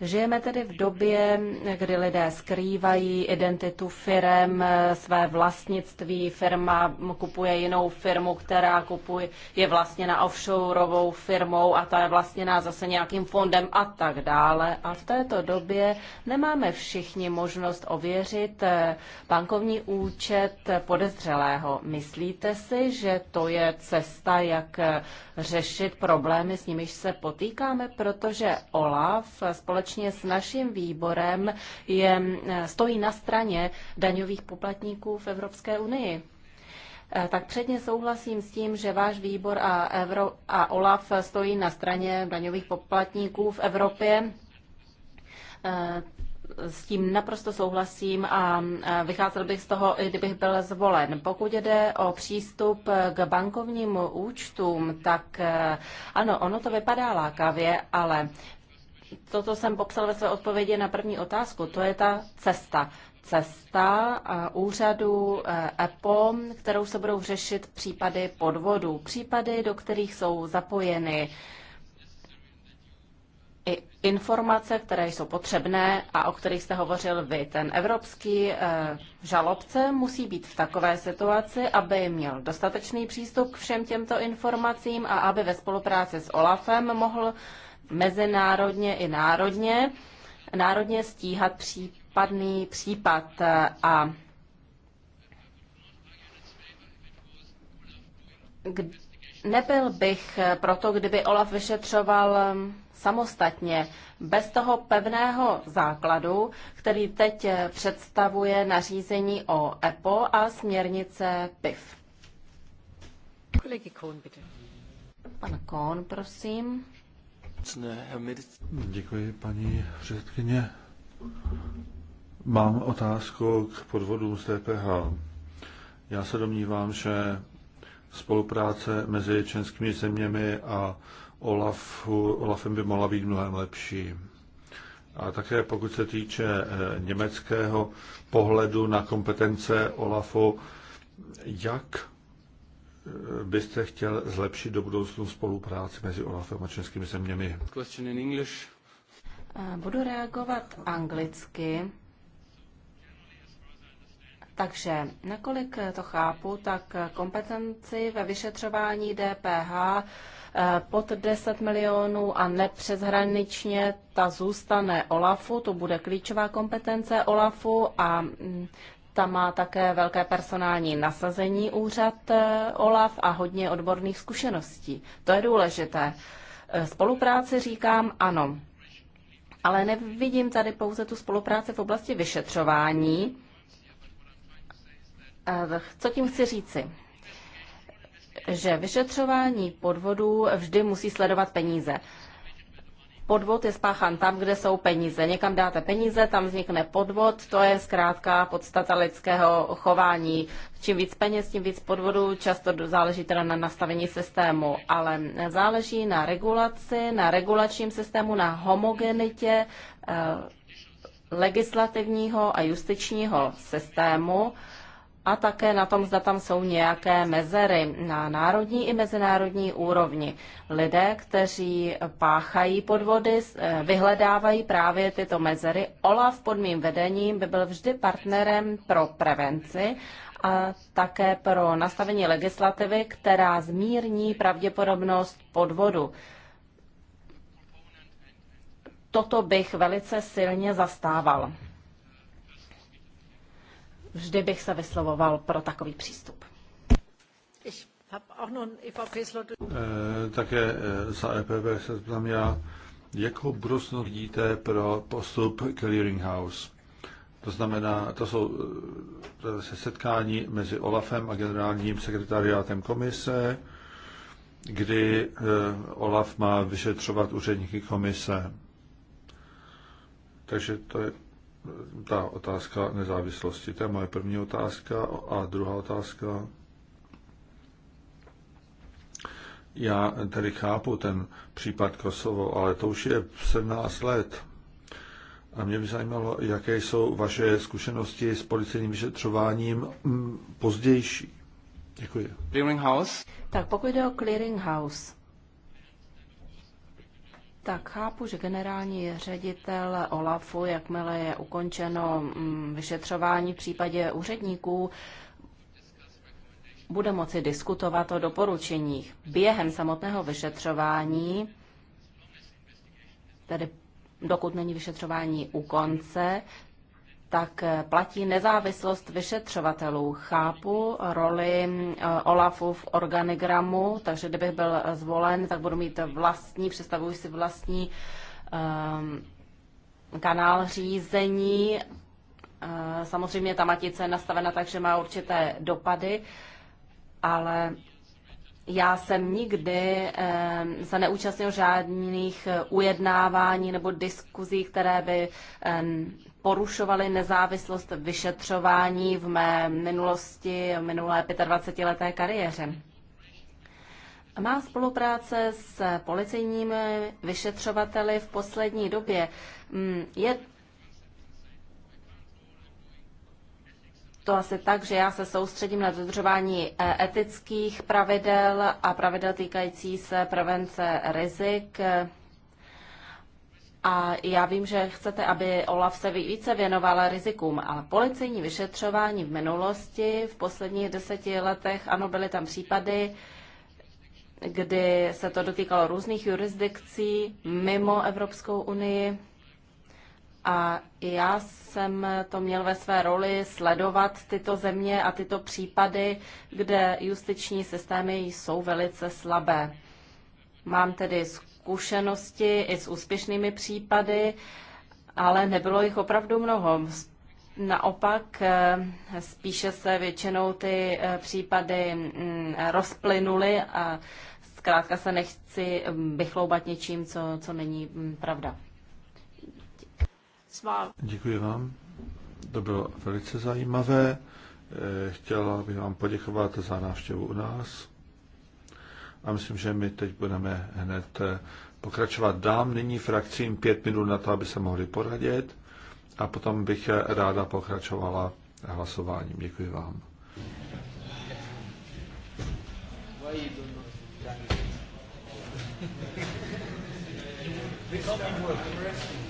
Žijeme tedy v době, kdy lidé skrývají identitu firem, své vlastnictví, firma kupuje jinou firmu, která kupuje, je vlastně na offshoreovou firmou a ta je vlastně na zase nějakým fondem a tak dále. A v této době nemáme všichni možnost ověřit eh, bankovní účet podezřelého. Myslíte si, že to je cesta, jak eh, řešit problémy, s nimiž se potýkáme, protože OLAF eh, společně společně s naším výborem je, eh, stojí na straně daňových poplatníků v Evropské unii. Eh, tak předně souhlasím s tím, že váš výbor a, Evro, a OLAF stojí na straně daňových poplatníků v Evropě. Eh, s tím naprosto souhlasím a vycházel bych z toho, i kdybych byl zvolen. Pokud jde o přístup k bankovním účtům, tak ano, ono to vypadá lákavě, ale to, co jsem popsal ve své odpovědi na první otázku, to je ta cesta. Cesta eh, úřadu eh, EPO, kterou se budou řešit případy podvodu, případy, do kterých jsou zapojeny i informace, které jsou potřebné a o kterých jste hovořil vy. Ten evropský eh, žalobce musí být v takové situaci, aby měl dostatečný přístup k všem těmto informacím a aby ve spolupráci s OLAFem mohl mezinárodně i národně, národně stíhat případný případ eh, a Nebyl bych eh, proto, kdyby Olaf vyšetřoval eh, samostatně, bez toho pevného základu, který teď představuje nařízení o EPO a směrnice PIF. Kolegy Kohn, bitte. Pan Kohn, prosím. Děkuji, paní předsedkyně. Mám otázku k podvodům z DPH. Já se domnívám, že spolupráce mezi českými zeměmi a Olafu, Olafem by mohla být mnohem lepší. A také pokud se týče eh, německého pohledu na kompetence Olafu, jak byste chtěl zlepšit do budoucnu spolupráci mezi OLAFem a českými zeměmi? Budu reagovat anglicky. Takže, nakolik to chápu, tak kompetenci ve vyšetřování DPH pod 10 milionů a nepřeshraničně ta zůstane OLAFu, to bude klíčová kompetence OLAFu a mm, tam má také velké personální nasazení úřad eh, OLAF a hodně odborných zkušeností. To je důležité. Eh, spolupráci říkám ano, ale nevidím tady pouze tu spolupráci v oblasti vyšetřování. Eh, co tím chci říci? Že vyšetřování podvodů vždy musí sledovat peníze podvod je spáchan tam, kde jsou peníze. Někam dáte peníze, tam vznikne podvod, to je zkrátka podstata lidského chování. Čím víc peněz, tím víc podvodů, často záleží teda na nastavení systému, ale záleží na regulaci, na regulačním systému, na homogenitě eh, legislativního a justičního systému a také na tom, zda tam jsou nějaké mezery na národní i mezinárodní úrovni. Lidé, kteří páchají podvody, eh, vyhledávají právě tyto mezery. OLAF pod mým vedením by byl vždy partnerem pro prevenci a také pro nastavení legislativy, která zmírní pravděpodobnost podvodu. Toto bych velice silně zastával vždy bych se vyslovoval pro takový přístup. E eh, také eh, za EPP se zeptám já, jakou budoucnost vidíte pro postup Clearinghouse? To znamená, to jsou eh, to se vlastně setkání mezi OLAFem a generálním sekretariátem komise, kdy OLAF má vyšetřovat úředníky komise. Takže to je ta otázka nezávislosti. To je moje první otázka. A druhá otázka. Já tedy chápu ten případ Kosovo, ale to už je 17 let. A mě by zajímalo, jaké jsou vaše zkušenosti s policejním vyšetřováním mm, pozdější. Děkuji. house? Tak pokud jde o clearing house tak chápu, že generální ředitel OLAFu, jakmile je ukončeno mm, vyšetřování v případě úředníků, bude moci diskutovat o doporučeních během samotného vyšetřování, tedy dokud není vyšetřování u konce, tak platí nezávislost vyšetřovatelů. Chápu roli eh, Olafu v organigramu, takže kdybych byl zvolen, tak budu mít vlastní, představuji si vlastní um, kanál řízení. Eh, samozřejmě ta matice je nastavena tak, že má určité dopady, ale já jsem nikdy ehm, se neúčastnil žádných eh, ujednávání nebo diskuzí, které by ehm, porušovali nezávislost vyšetřování v mé minulosti, minulé 25-leté kariéře. Má spolupráce s policejními vyšetřovateli v poslední době mm, je to asi tak, že já se soustředím na dodržování eh, etických pravidel a pravidel týkající se prevence rizik a já vím, že chcete, aby OLAF se více věnovala rizikům, ale policejní vyšetřování v minulosti, v posledních deseti letech, ano, byly tam případy, kdy se to dotýkalo různých jurisdikcí mimo Evropskou unii. A já jsem to měl ve své roli sledovat tyto země a tyto případy, kde justiční systémy jsou velice slabé. Mám tedy zkušenosti i s úspěšnými případy, ale nebylo jich opravdu mnoho. Naopak eh, spíše se většinou ty eh, případy mm, rozplynuly a zkrátka se nechci mm, vychloubat něčím, co, co není mm, pravda. Děkuji vám. To bylo velice zajímavé. Eh, chtěla bych vám poděkovat za návštěvu u nás. A myslím, že my teď budeme hned eh, pokračovat. Dám nyní frakcím pět minut na to, aby se mohli poradit a potom bych eh, ráda pokračovala hlasováním. Děkuji vám. Becoming more